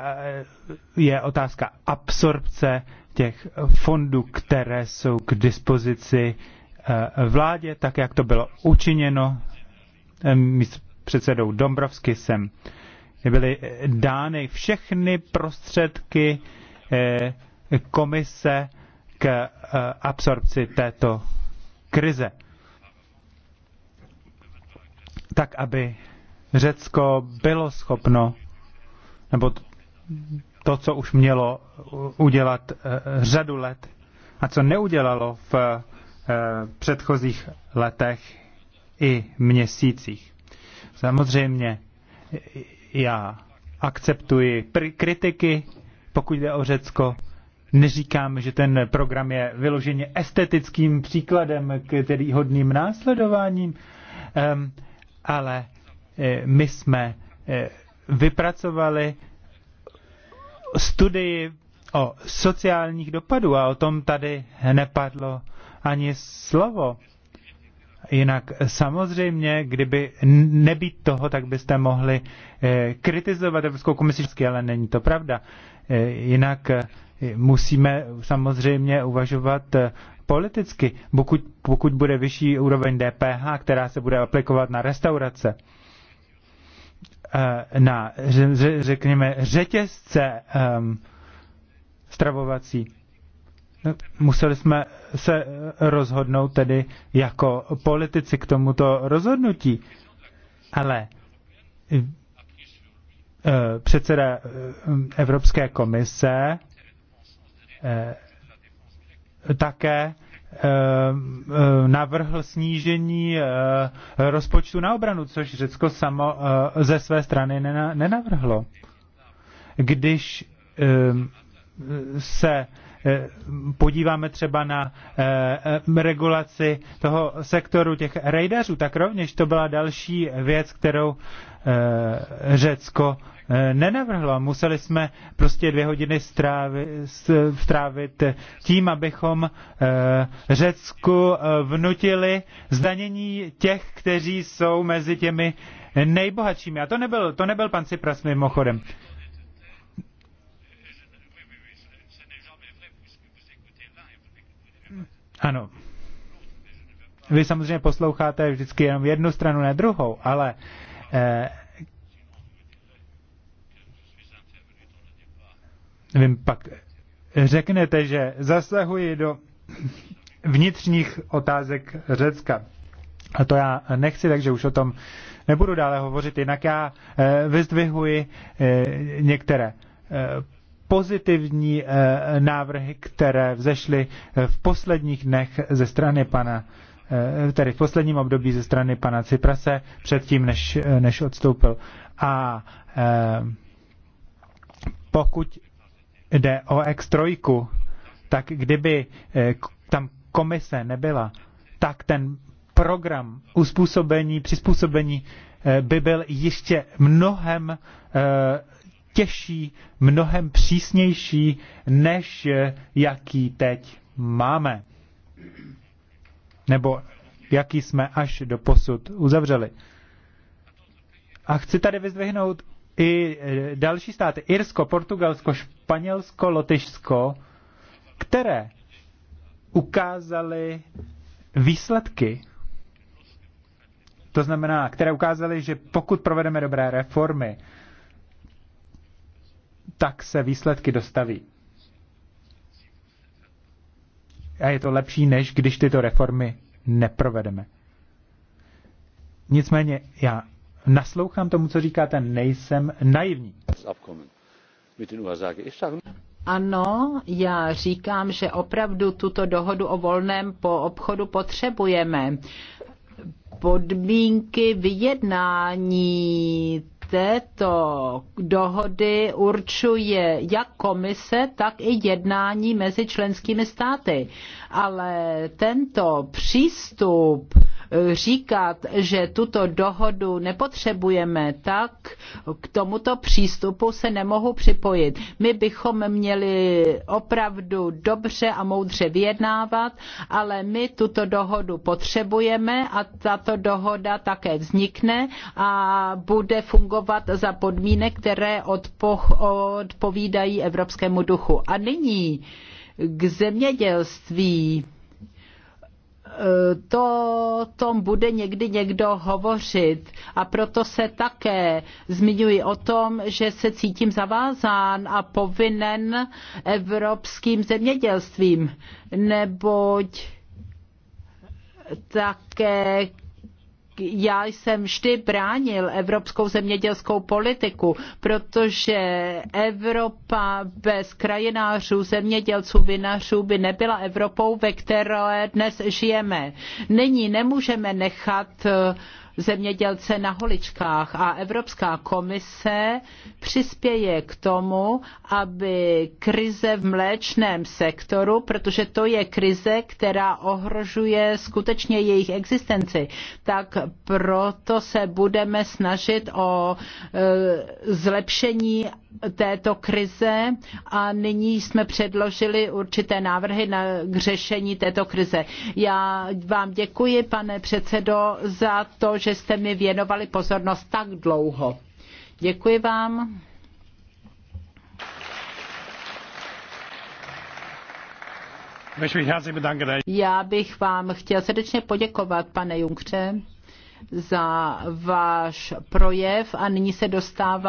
je otázka absorpce těch fondů, které jsou k dispozici vládě, tak jak to bylo učiněno Eh, předsedou sem byly eh, dány všechny prostředky eh, komise k absorpci této krize. Tak, aby Řecko bylo schopno, nebo to, co už mělo udělat řadu let a co neudělalo v předchozích letech, i měsících. Samozřejmě já akceptuji kritiky, pokud jde o Řecko. Neříkám, že ten program je vyloženě estetickým příkladem, který hodným následováním, ale eh, my jsme eh, vypracovali studii o sociálních dopadů a o tom tady nepadlo ani slovo jinak samozřejmě, kdyby nebýt toho, tak byste mohli eh, kritizovat Evropskou komisi, ale není to pravda. Eh, jinak eh, musíme samozřejmě uvažovat politicky. Pokud, pokud bude vyšší úroveň DPH, která se bude aplikovat na restaurace, na, řekněme, řetězce ehm, stravovací, museli jsme se rozhodnout tedy jako politici k tomuto rozhodnutí. Ale eh, předseda eh, Evropské komise eh, také navrhl snížení rozpočtu na obranu, což Řecko samo ze své strany nenavrhlo. Když se Eh, podíváme třeba na eh, eh, regulaci toho sektoru těch rejdařů, tak rovněž to byla další věc, kterou Řecko nenavrhlo. Museli jsme prostě dvě hodiny strávit, tím, abychom Řecku vnutili zdanění těch, kteří jsou mezi těmi nejbohatšími. A to nebyl, to nebyl pan Cipras mimochodem. Ano. Vy samozřejmě posloucháte vždycky jenom jednu stranu, ne druhou, ale eh, vy pak řeknete, že zasahuji do vnitřních otázek Řecka. A to já nechci, takže už o tom nebudu dále hovořit. Jinak já eh, vyzdvihuji eh, některé eh, pozitivní eh, návrhy, které vzešly eh, v posledních dnech ze strany pana eh, tedy v posledním období ze strany pana Ciprase, předtím, než, než odstoupil. A pokud jde o X3, tak kdyby tam komise nebyla, tak ten program uspůsobení, přizpůsobení by byl ještě mnohem těžší, mnohem přísnější, než jaký teď máme. Nebo jaký jsme až do posud uzavřeli. A chci tady vyzvihnout i eh, další státy, Irsko, Portugalsko, Španělsko, Lotyšsko, které ukázaly výsledky, to znamená, které ukázaly, že pokud provedeme dobré reformy, tak se výsledky dostaví. A je to lepší, než když tyto reformy neprovedeme. Nicméně já naslouchám tomu, co říkáte, nejsem naivní. Ano, já říkám, že opravdu tuto dohodu o volném po obchodu potřebujeme. Podmínky vyjednání této dohody určuje jak komise, tak i jednání mezi členskými státy. Ale tento přístup říkat, že tuto dohodu nepotřebujeme, tak k tomuto přístupu se nemohu připojit. My bychom měli opravdu dobře a moudře vyjednávat, ale my tuto dohodu potřebujeme a tato dohoda také vznikne a bude fungovat za podmínek, které odpo odpovídají evropskému duchu. A nyní k zemědělství. Eh, to tom bude někdy někdo hovořit a proto se také zmiňuji o tom, že se cítím zavázán a povinen evropským zemědělstvím, neboť také já jsem vždy bránil evropskou zemědělskou politiku, protože Evropa bez krajinářů, zemědělců, vinařů by nebyla Evropou, ve které dnes žijeme. Nyní nemůžeme nechat uh, zemědělce na holičkách a Evropská komise přispěje k tomu, aby krize v mléčném sektoru, protože to je krize, která ohrožuje skutečně jejich existenci, tak proto se budeme snažit o e, zlepšení této krize a nyní jsme předložili určité návrhy na, k řešení této krize. Já vám děkuji, pane předsedo, za to, že jste mi věnovali pozornost tak dlouho. Děkuji vám. Já bych vám chtěl srdečně poděkovat, pane Junkře, za váš projev a nyní se dostává